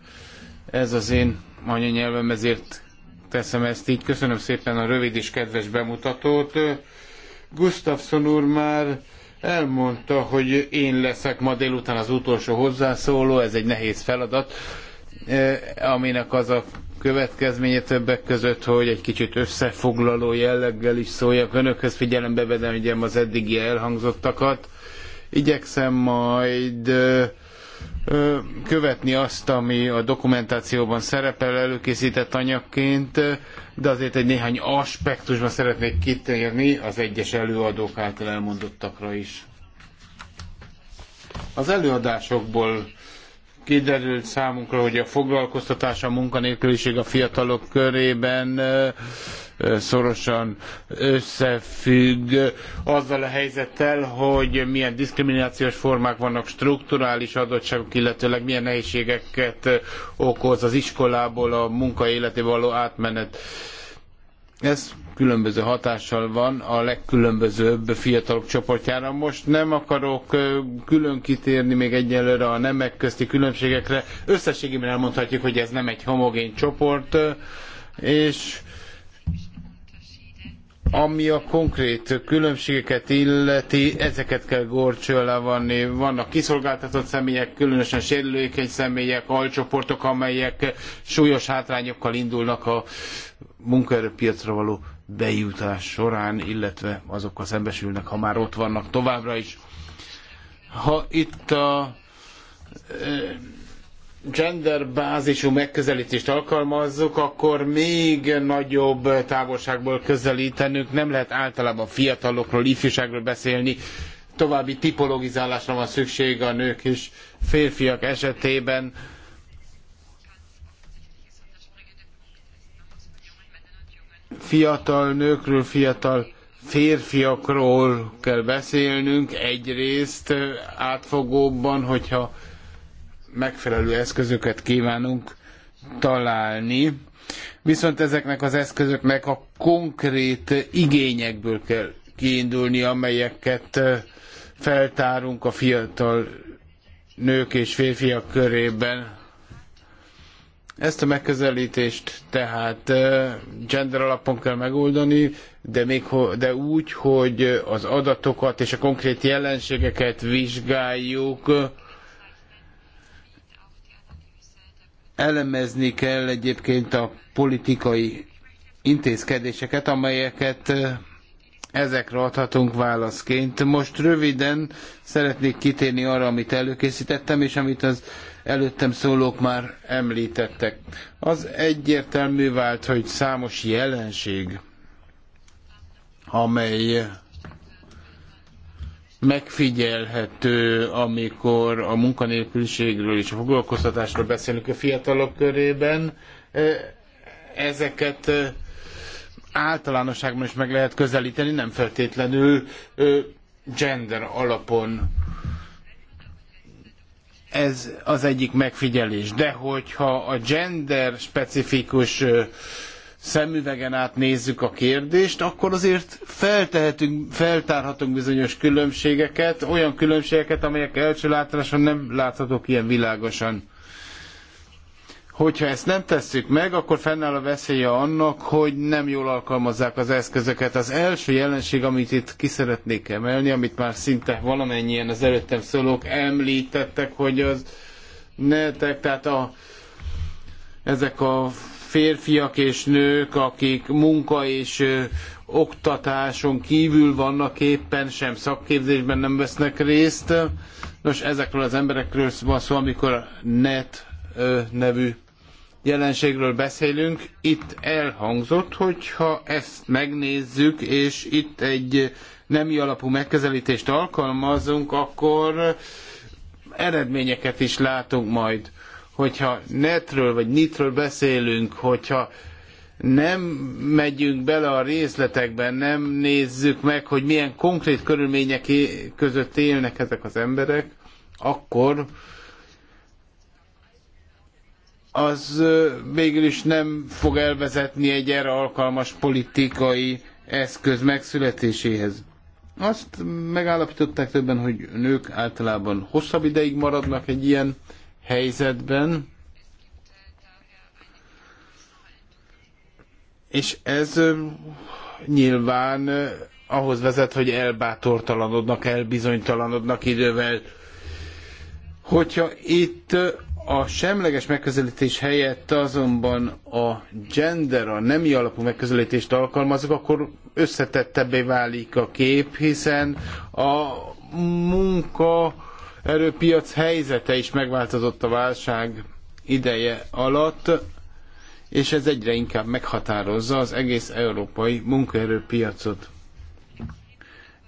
Ez az én anyanyelvem, ezért teszem ezt így. Köszönöm szépen a rövid és kedves bemutatót. Gustafsson úr már elmondta, hogy én leszek ma délután az utolsó hozzászóló, ez egy nehéz feladat, e, aminek az a következménye többek között, hogy egy kicsit összefoglaló jelleggel is szóljak önökhöz, figyelembe vedem az eddigi elhangzottakat. Igyekszem majd e, követni azt, ami a dokumentációban szerepel előkészített anyagként, de azért egy néhány aspektusban szeretnék kitérni az egyes előadók által elmondottakra is. Az előadásokból Kiderült számunkra, hogy a foglalkoztatás, a munkanélküliség a fiatalok körében szorosan összefügg azzal a helyzettel, hogy milyen diszkriminációs formák vannak, strukturális adottságok, illetőleg milyen nehézségeket okoz az iskolából a munka életébe való átmenet. Ez különböző hatással van a legkülönbözőbb fiatalok csoportjára. Most nem akarok külön kitérni még egyelőre a nemek közti különbségekre. Összességében elmondhatjuk, hogy ez nem egy homogén csoport, és ami a konkrét különbségeket illeti, ezeket kell gorcső vanni. Vannak kiszolgáltatott személyek, különösen sérülékeny személyek, alcsoportok, amelyek súlyos hátrányokkal indulnak a munkaerőpiacra való bejutás során, illetve azokkal szembesülnek, ha már ott vannak továbbra is. Ha itt a e, genderbázisú megközelítést alkalmazzuk, akkor még nagyobb távolságból közelítenünk, nem lehet általában fiatalokról, ifjúságról beszélni, további tipologizálásra van szükség a nők és férfiak esetében fiatal nőkről, fiatal férfiakról kell beszélnünk egyrészt átfogóbban, hogyha megfelelő eszközöket kívánunk találni. Viszont ezeknek az eszközöknek a konkrét igényekből kell kiindulni, amelyeket eh, feltárunk a fiatal nők és férfiak körében. Ezt a megközelítést tehát gender alapon kell megoldani, de, még, de úgy, hogy az adatokat és a konkrét jelenségeket vizsgáljuk, elemezni kell egyébként a politikai intézkedéseket, amelyeket ezekre adhatunk válaszként. Most röviden szeretnék kitérni arra, amit előkészítettem, és amit az előttem szólók már említettek. Az egyértelmű vált, hogy számos jelenség, amely megfigyelhető, amikor a munkanélküliségről és a foglalkoztatásról beszélünk a fiatalok körében, e, ezeket e, általánosságban is meg lehet közelíteni, nem feltétlenül e, gender alapon ez az egyik megfigyelés. De hogyha a gender specifikus szemüvegen át nézzük a kérdést, akkor azért feltehetünk, feltárhatunk bizonyos különbségeket, olyan különbségeket, amelyek első látráson nem láthatók ilyen világosan. Hogyha ezt nem tesszük meg, akkor fennáll a veszélye annak, hogy nem jól alkalmazzák az eszközöket. Az első jelenség, amit itt ki szeretnék emelni, amit már szinte valamennyien az előttem szólók említettek, hogy az netek, tehát a, ezek a férfiak és nők, akik munka és ö, oktatáson kívül vannak éppen, sem szakképzésben nem vesznek részt. Nos, ezekről az emberekről van szó, amikor net nevű jelenségről beszélünk. Itt elhangzott, hogyha ezt megnézzük, és itt egy nemi alapú megközelítést alkalmazunk, akkor eredményeket is látunk majd. Hogyha netről vagy nitről beszélünk, hogyha nem megyünk bele a részletekben, nem nézzük meg, hogy milyen konkrét körülmények között élnek ezek az emberek, akkor az végül is nem fog elvezetni egy erre alkalmas politikai eszköz megszületéséhez. Azt megállapították többen, hogy nők általában hosszabb ideig maradnak egy ilyen helyzetben, és ez nyilván ahhoz vezet, hogy elbátortalanodnak, elbizonytalanodnak idővel. Hogyha itt a semleges megközelítés helyett azonban a gender, a nemi alapú megközelítést alkalmazok, akkor összetettebbé válik a kép, hiszen a munka erőpiac helyzete is megváltozott a válság ideje alatt, és ez egyre inkább meghatározza az egész európai munkaerőpiacot.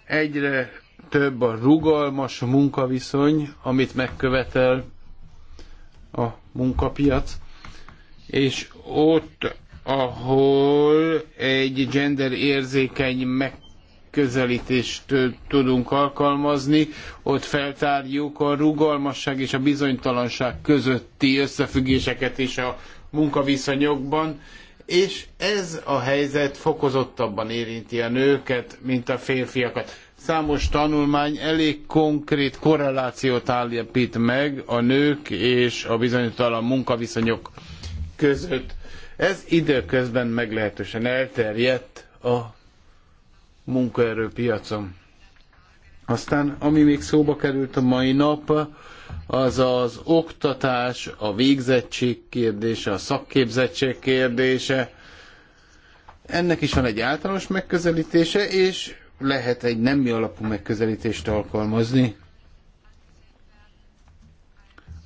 Egyre több a rugalmas munkaviszony, amit megkövetel a munkapiac, és ott, ahol egy gender érzékeny meg közelítést tudunk alkalmazni, ott feltárjuk a rugalmasság és a bizonytalanság közötti összefüggéseket is a munkaviszonyokban, és ez a helyzet fokozottabban érinti a nőket, mint a férfiakat. Számos tanulmány elég konkrét korrelációt állapít meg a nők és a bizonytalan munkaviszonyok között. Ez időközben meglehetősen elterjedt a munkaerőpiacon. Aztán, ami még szóba került a mai nap, az az oktatás, a végzettség kérdése, a szakképzettség kérdése. Ennek is van egy általános megközelítése, és lehet egy nemi alapú megközelítést alkalmazni.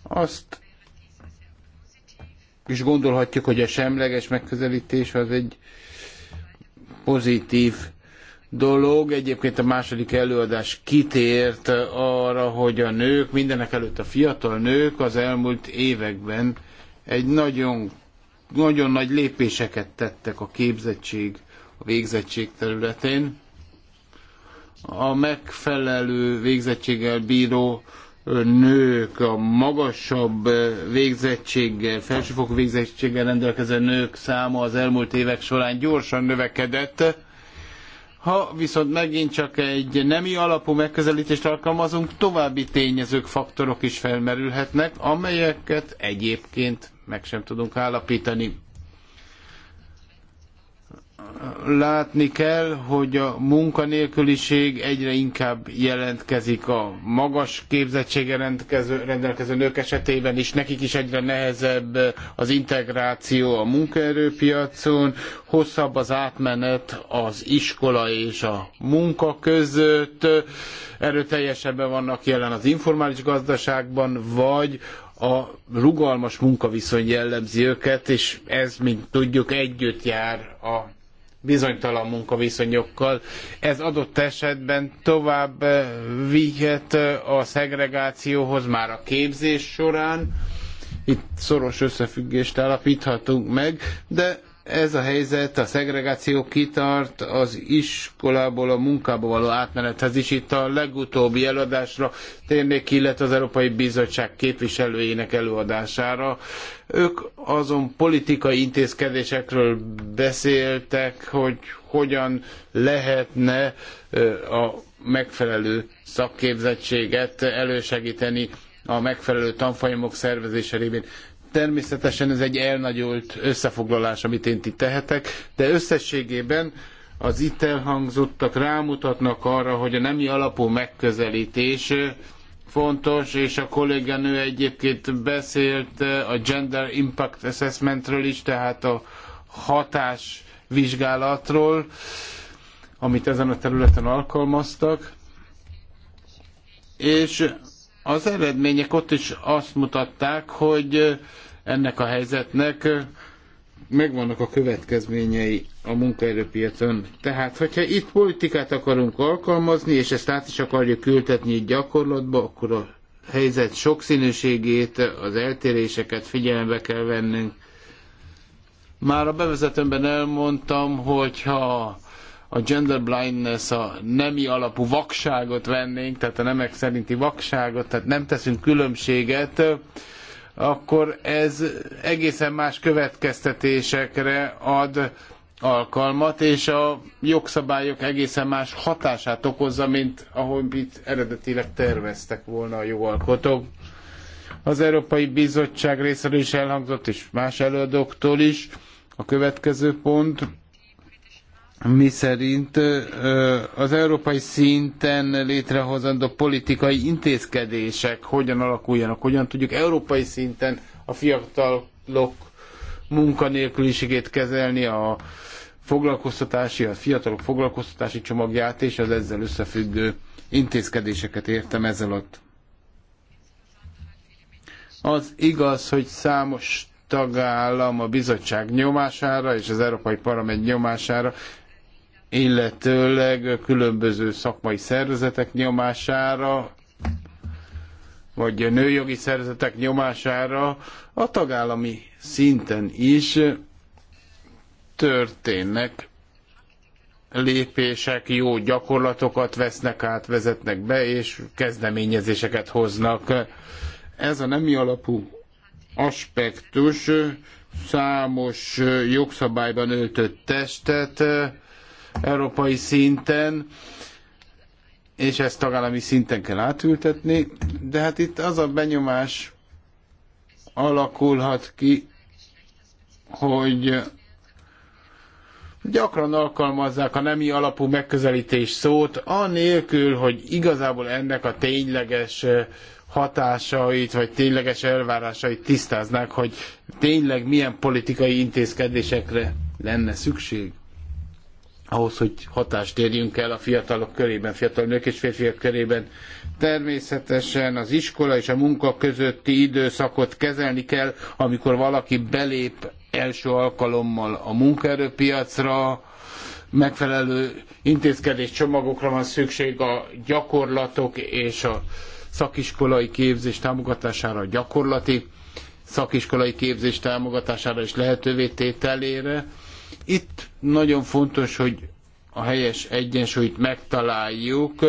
Azt is gondolhatjuk, hogy a semleges megközelítés az egy pozitív dolog. Egyébként a második előadás kitért arra, hogy a nők, mindenek előtt a fiatal nők az elmúlt években egy nagyon, nagyon nagy lépéseket tettek a képzettség, a végzettség területén a megfelelő végzettséggel bíró nők, a magasabb végzettséggel, felsőfokú végzettséggel rendelkező nők száma az elmúlt évek során gyorsan növekedett. Ha viszont megint csak egy nemi alapú megközelítést alkalmazunk, további tényezők, faktorok is felmerülhetnek, amelyeket egyébként meg sem tudunk állapítani látni kell, hogy a munkanélküliség egyre inkább jelentkezik a magas képzettsége rendelkező, rendelkező nők esetében is, nekik is egyre nehezebb az integráció a munkaerőpiacon, hosszabb az átmenet az iskola és a munka között, erőteljesebben vannak jelen az informális gazdaságban, vagy a rugalmas munkaviszony jellemzi őket, és ez, mint tudjuk, együtt jár a bizonytalan munkaviszonyokkal. Ez adott esetben tovább eh, vihet eh, a szegregációhoz már a képzés során, itt szoros összefüggést állapíthatunk meg, de ez a helyzet, a szegregáció kitart az iskolából a munkába való átmenethez is. Itt a legutóbbi előadásra térnék ki, illetve az Európai Bizottság képviselőjének előadására. Ők azon politikai intézkedésekről beszéltek, hogy hogyan lehetne a megfelelő szakképzettséget elősegíteni a megfelelő tanfolyamok szervezése révén. Természetesen ez egy elnagyolt összefoglalás, amit én itt tehetek, de összességében az itt elhangzottak rámutatnak arra, hogy a nemi alapú megközelítés fontos, és a kolléganő egyébként beszélt a Gender Impact Assessmentről is, tehát a hatás vizsgálatról, amit ezen a területen alkalmaztak. És az eredmények ott is azt mutatták, hogy ennek a helyzetnek megvannak a következményei a munkaerőpiacon. Tehát, hogyha itt politikát akarunk alkalmazni, és ezt át is akarjuk ültetni egy gyakorlatba, akkor a helyzet sokszínűségét, az eltéréseket figyelembe kell vennünk. Már a bevezetőmben elmondtam, hogyha a gender blindness, a nemi alapú vakságot vennénk, tehát a nemek szerinti vakságot, tehát nem teszünk különbséget, akkor ez egészen más következtetésekre ad alkalmat, és a jogszabályok egészen más hatását okozza, mint ahogy itt eredetileg terveztek volna a jogalkotók. Az Európai Bizottság részéről is elhangzott, és más előadóktól is. A következő pont, miszerint az európai szinten létrehozandó politikai intézkedések hogyan alakuljanak, hogyan tudjuk európai szinten a fiatalok munkanélküliségét kezelni, a foglalkoztatási, a fiatalok foglalkoztatási csomagját és az ezzel összefüggő intézkedéseket értem ez alatt. Az igaz, hogy számos tagállam a bizottság nyomására és az Európai Parlament nyomására illetőleg különböző szakmai szervezetek nyomására, vagy a nőjogi szervezetek nyomására a tagállami szinten is történnek lépések, jó gyakorlatokat vesznek át, vezetnek be, és kezdeményezéseket hoznak. Ez a nemi alapú aspektus számos jogszabályban öltött testet, európai szinten, és ezt tagállami szinten kell átültetni, de hát itt az a benyomás alakulhat ki, hogy gyakran alkalmazzák a nemi alapú megközelítés szót, anélkül, hogy igazából ennek a tényleges hatásait, vagy tényleges elvárásait tisztáznák, hogy tényleg milyen politikai intézkedésekre lenne szükség ahhoz, hogy hatást érjünk el a fiatalok körében, fiatal nők és férfiak körében. Természetesen az iskola és a munka közötti időszakot kezelni kell, amikor valaki belép első alkalommal a munkaerőpiacra, megfelelő intézkedés csomagokra van szükség a gyakorlatok és a szakiskolai képzés támogatására, a gyakorlati szakiskolai képzés támogatására és lehetővé tételére itt nagyon fontos, hogy a helyes egyensúlyt megtaláljuk,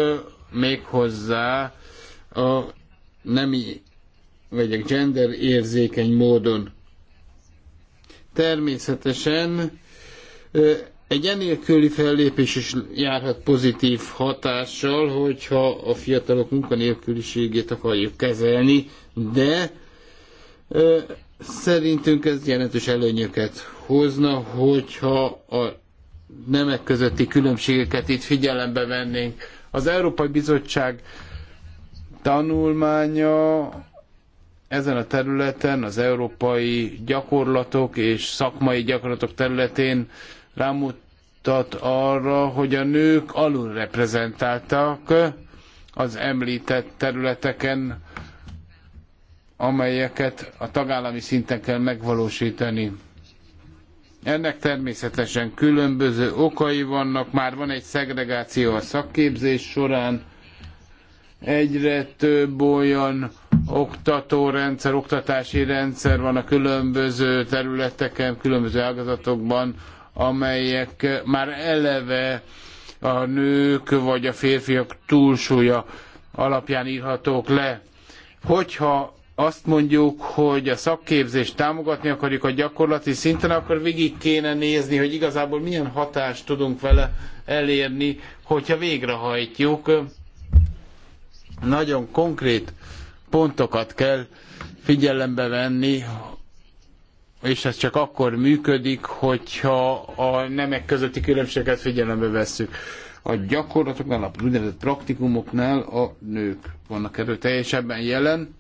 méghozzá a nemi vagy a gender érzékeny módon. Természetesen egy enélküli fellépés is járhat pozitív hatással, hogyha a fiatalok munkanélküliségét akarjuk kezelni, de szerintünk ez jelentős előnyöket hozna, hogyha a nemek közötti különbségeket itt figyelembe vennénk. Az Európai Bizottság tanulmánya ezen a területen, az európai gyakorlatok és szakmai gyakorlatok területén rámutat arra, hogy a nők alulreprezentáltak az említett területeken, amelyeket a tagállami szinten kell megvalósítani ennek természetesen különböző okai vannak, már van egy szegregáció a szakképzés során, egyre több olyan oktatórendszer, oktatási rendszer van a különböző területeken, különböző ágazatokban, amelyek már eleve a nők vagy a férfiak túlsúlya alapján írhatók le. Hogyha azt mondjuk, hogy a szakképzést támogatni akarjuk a gyakorlati szinten, akkor végig kéne nézni, hogy igazából milyen hatást tudunk vele elérni, hogyha végrehajtjuk. Nagyon konkrét pontokat kell figyelembe venni, és ez csak akkor működik, hogyha a nemek közötti különbséget figyelembe vesszük. A gyakorlatoknál, a úgynevezett praktikumoknál a nők vannak erőteljesebben jelen,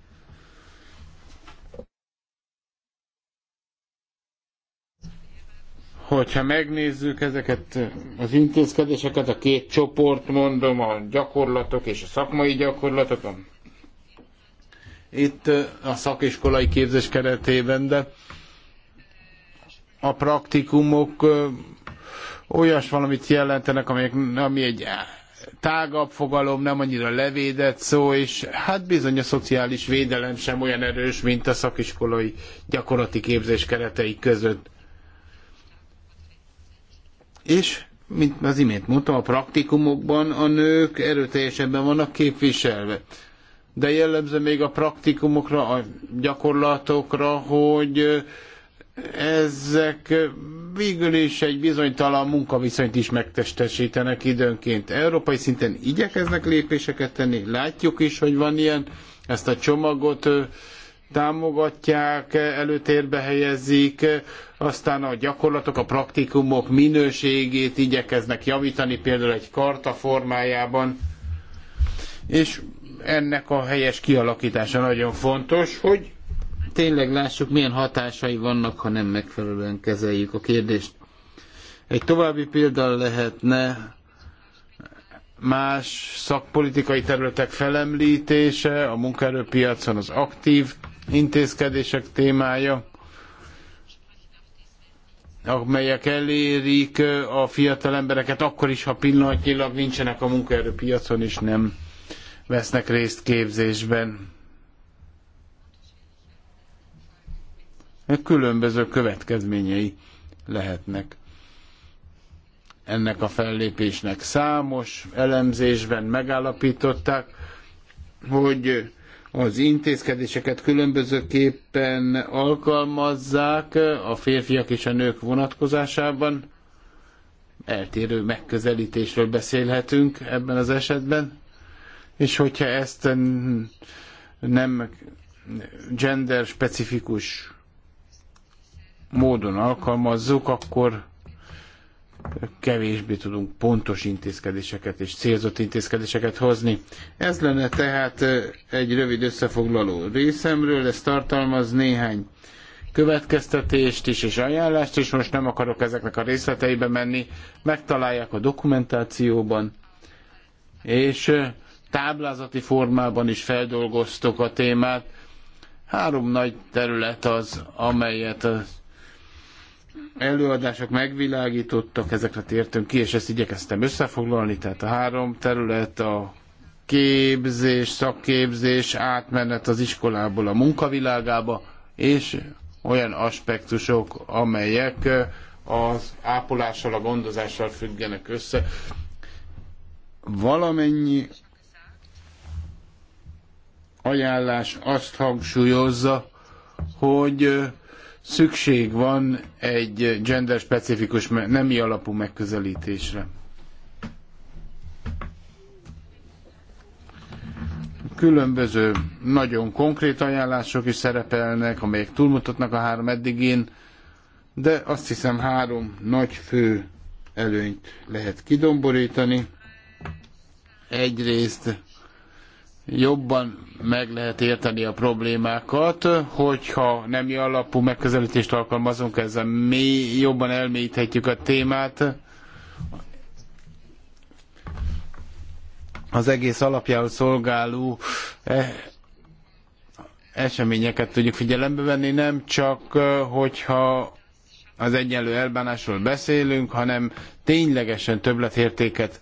Hogyha megnézzük ezeket az intézkedéseket, a két csoport, mondom, a gyakorlatok és a szakmai gyakorlatok, itt eh, a szakiskolai képzés keretében, de a praktikumok eh, olyas valamit jelentenek, amelyek, ami egy tágabb fogalom, nem annyira levédett szó, és hát bizony a szociális védelem sem olyan erős, mint a szakiskolai gyakorlati képzés keretei között. És, mint az imént mondtam, a praktikumokban a nők erőteljesebben vannak képviselve. De jellemző még a praktikumokra, a gyakorlatokra, hogy ezek végül is egy bizonytalan munkaviszonyt is megtestesítenek időnként. Európai szinten igyekeznek lépéseket tenni, látjuk is, hogy van ilyen, ezt a csomagot támogatják, előtérbe helyezik, aztán a gyakorlatok, a praktikumok minőségét igyekeznek javítani, például egy karta formájában. És ennek a helyes kialakítása nagyon fontos, hogy tényleg lássuk, milyen hatásai vannak, ha nem megfelelően kezeljük a kérdést. Egy további példa lehetne más szakpolitikai területek felemlítése, a munkaerőpiacon az aktív intézkedések témája, amelyek elérik a fiatal embereket, akkor is, ha pillanatnyilag nincsenek a munkaerőpiacon, és nem vesznek részt képzésben. Különböző következményei lehetnek ennek a fellépésnek. Számos elemzésben megállapították, hogy az intézkedéseket különbözőképpen alkalmazzák a férfiak és a nők vonatkozásában. Eltérő megközelítésről beszélhetünk ebben az esetben. És hogyha ezt nem gender specifikus módon alkalmazzuk, akkor kevésbé tudunk pontos intézkedéseket és célzott intézkedéseket hozni. Ez lenne tehát egy rövid összefoglaló részemről, ez tartalmaz néhány következtetést is és ajánlást is, most nem akarok ezeknek a részleteibe menni, megtalálják a dokumentációban, és táblázati formában is feldolgoztuk a témát. Három nagy terület az, amelyet az előadások megvilágítottak, ezekre tértünk ki, és ezt igyekeztem összefoglalni, tehát a három terület, a képzés, szakképzés, átmenet az iskolából a munkavilágába, és olyan aspektusok, amelyek az ápolással, a gondozással függenek össze. Valamennyi ajánlás azt hangsúlyozza, hogy szükség van egy gender-specifikus, nemi alapú megközelítésre. Különböző nagyon konkrét ajánlások is szerepelnek, amelyek túlmutatnak a három eddigén, de azt hiszem három nagy fő előnyt lehet kidomborítani. Egyrészt jobban meg lehet érteni a problémákat, hogyha nemi alapú megközelítést alkalmazunk, ezzel mi jobban elmélyíthetjük a témát. Az egész alapjául szolgáló eh, eseményeket tudjuk figyelembe venni, nem csak eh, hogyha az egyenlő elbánásról beszélünk, hanem ténylegesen többletértéket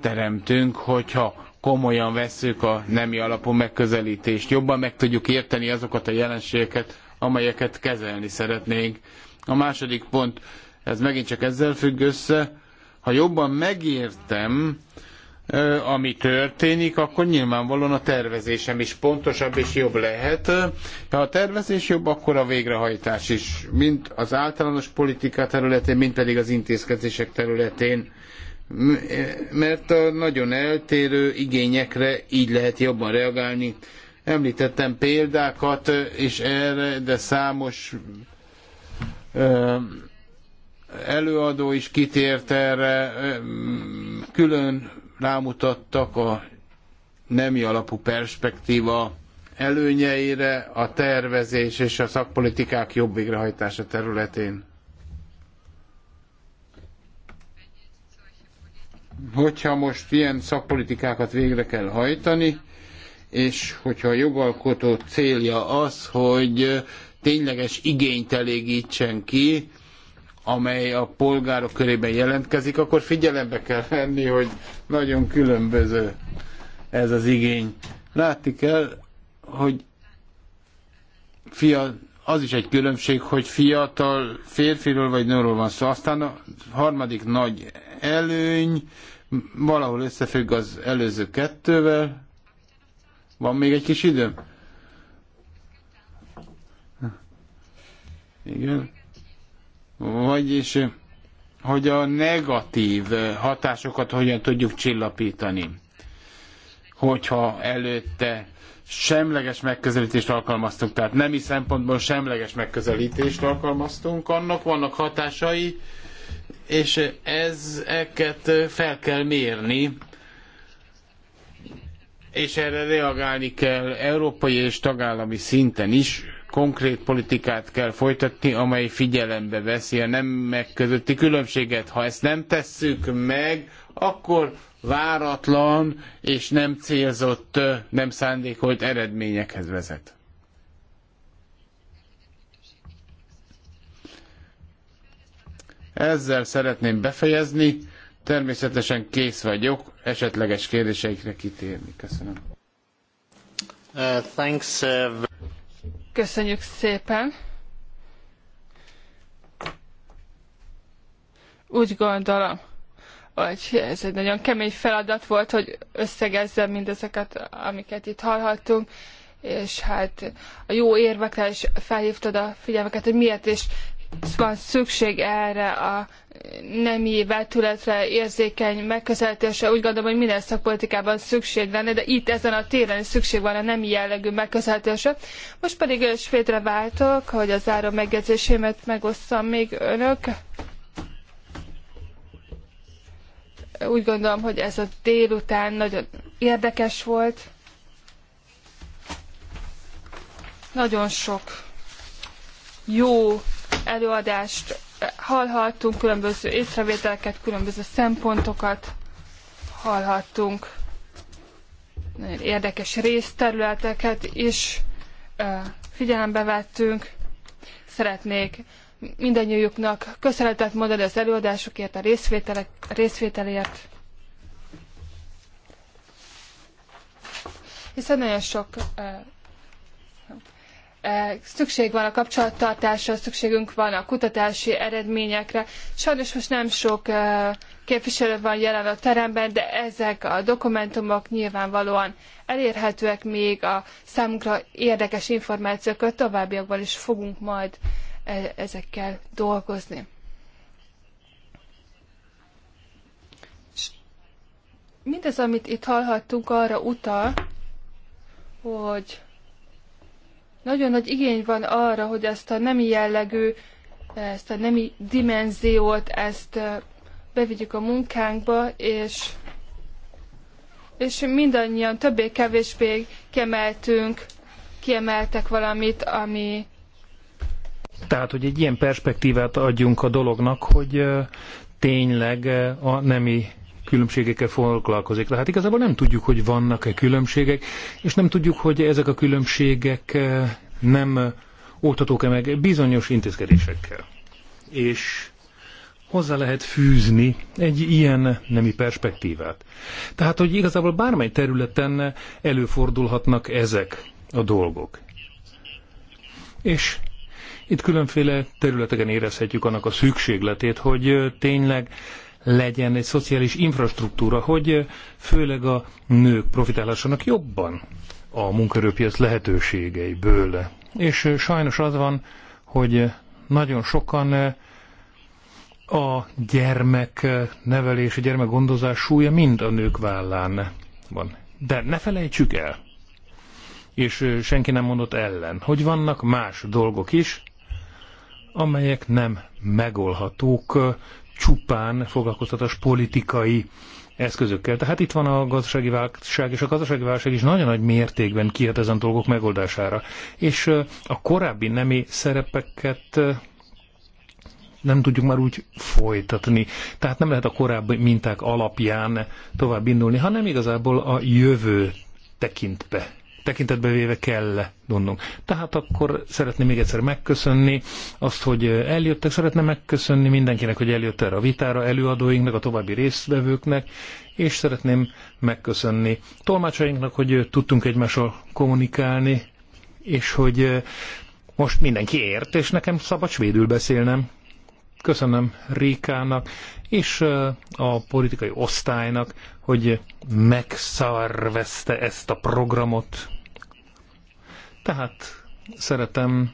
teremtünk, hogyha komolyan vesszük a nemi alapú megközelítést, jobban meg tudjuk érteni azokat a jelenségeket, amelyeket kezelni szeretnénk. A második pont, ez megint csak ezzel függ össze, ha jobban megértem, ami történik, akkor nyilvánvalóan a tervezésem is pontosabb és jobb lehet. Ha a tervezés jobb, akkor a végrehajtás is, mind az általános politika területén, mind pedig az intézkedések területén mert a nagyon eltérő igényekre így lehet jobban reagálni. Említettem példákat és erre, de számos előadó is kitért erre, külön rámutattak a nemi alapú perspektíva előnyeire a tervezés és a szakpolitikák jobb végrehajtása területén. hogyha most ilyen szakpolitikákat végre kell hajtani, és hogyha a jogalkotó célja az, hogy tényleges igényt elégítsen ki, amely a polgárok körében jelentkezik, akkor figyelembe kell venni, hogy nagyon különböző ez az igény. Látni kell, hogy fia, az is egy különbség, hogy fiatal férfiről vagy nőről van szó. Aztán a harmadik nagy előny valahol összefügg az előző kettővel. Van még egy kis időm? Igen. Vagyis, hogy a negatív hatásokat hogyan tudjuk csillapítani, hogyha előtte semleges megközelítést alkalmaztunk, tehát nemi szempontból semleges megközelítést alkalmaztunk, annak vannak hatásai, és ezeket fel kell mérni, és erre reagálni kell európai és tagállami szinten is, konkrét politikát kell folytatni, amely figyelembe veszi a nem megközötti különbséget. Ha ezt nem tesszük meg, akkor váratlan és nem célzott, nem szándékolt eredményekhez vezet. Ezzel szeretném befejezni. Természetesen kész vagyok esetleges kérdéseikre kitérni. Köszönöm. Uh, thanks, uh, Köszönjük szépen. Úgy gondolom, hogy ez egy nagyon kemény feladat volt, hogy összegezzem mindezeket, amiket itt hallhattunk, és hát a jó érvekre is felhívtad a figyelmeket, hogy miért is van szükség erre a nemi vetületre, érzékeny megközelítésre. Úgy gondolom, hogy minden szakpolitikában szükség lenne, de itt ezen a téren is szükség van a nemi jellegű megközelítésre. Most pedig svédre váltok, hogy a záró megjegyzésémet megosszam még önök. Úgy gondolom, hogy ez a délután nagyon érdekes volt. Nagyon sok jó előadást eh, hallhattunk, különböző észrevételeket, különböző szempontokat hallhattunk, nagyon érdekes részterületeket is eh, figyelembe vettünk. Szeretnék mindannyiuknak köszönetet mondani az előadásokért, a részvételek, részvételért. Hiszen nagyon sok eh, E, szükség van a kapcsolattartásra, szükségünk van a kutatási eredményekre. Sajnos most nem sok e, képviselő van jelen a teremben, de ezek a dokumentumok nyilvánvalóan elérhetőek még a számunkra érdekes információkat, továbbiakban is fogunk majd e, ezekkel dolgozni. Mindez, amit itt hallhattunk, arra utal, hogy nagyon nagy igény van arra, hogy ezt a nemi jellegű, ezt a nemi dimenziót, ezt eh, bevigyük a munkánkba, és, és mindannyian többé-kevésbé kiemeltünk, kiemeltek valamit, ami, tehát, hogy egy ilyen perspektívát adjunk a dolognak, hogy eh, tényleg eh, a nemi különbségekkel foglalkozik. Tehát igazából nem tudjuk, hogy vannak-e különbségek, és nem tudjuk, hogy ezek a különbségek eh, nem oltatók-e meg bizonyos intézkedésekkel. És hozzá lehet fűzni egy ilyen nemi perspektívát. Tehát, hogy igazából bármely területen előfordulhatnak ezek a dolgok. És itt különféle területeken érezhetjük annak a szükségletét, hogy eh, tényleg legyen egy szociális infrastruktúra, hogy főleg a nők profitálhassanak jobban a munkaerőpiac lehetőségeiből. És sajnos az van, hogy nagyon sokan a gyermek nevelés, a gyermek gondozás súlya mind a nők vállán van. De ne felejtsük el, és senki nem mondott ellen, hogy vannak más dolgok is, amelyek nem megolhatók csupán foglalkoztatás politikai eszközökkel. Tehát itt van a gazdasági válság, és a gazdasági válság is nagyon nagy mértékben kihet ezen dolgok megoldására. És a korábbi nemi szerepeket nem tudjuk már úgy folytatni. Tehát nem lehet a korábbi minták alapján tovább indulni, hanem igazából a jövő tekint be tekintetbe véve kell -e Tehát akkor szeretném még egyszer megköszönni azt, hogy eljöttek, szeretném megköszönni mindenkinek, hogy eljött erre a vitára, előadóinknak, a további résztvevőknek, és szeretném megköszönni tolmácsainknak, hogy tudtunk egymással kommunikálni, és hogy eh, most mindenki ért, és nekem szabad svédül beszélnem. Köszönöm Rékának és eh, a politikai osztálynak, hogy megszarvezte ezt a programot. Tehát szeretem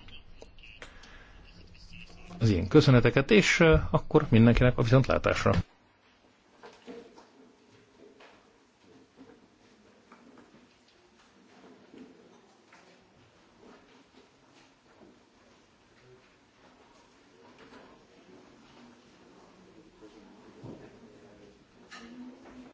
az ilyen köszöneteket, és eh, akkor mindenkinek a viszontlátásra.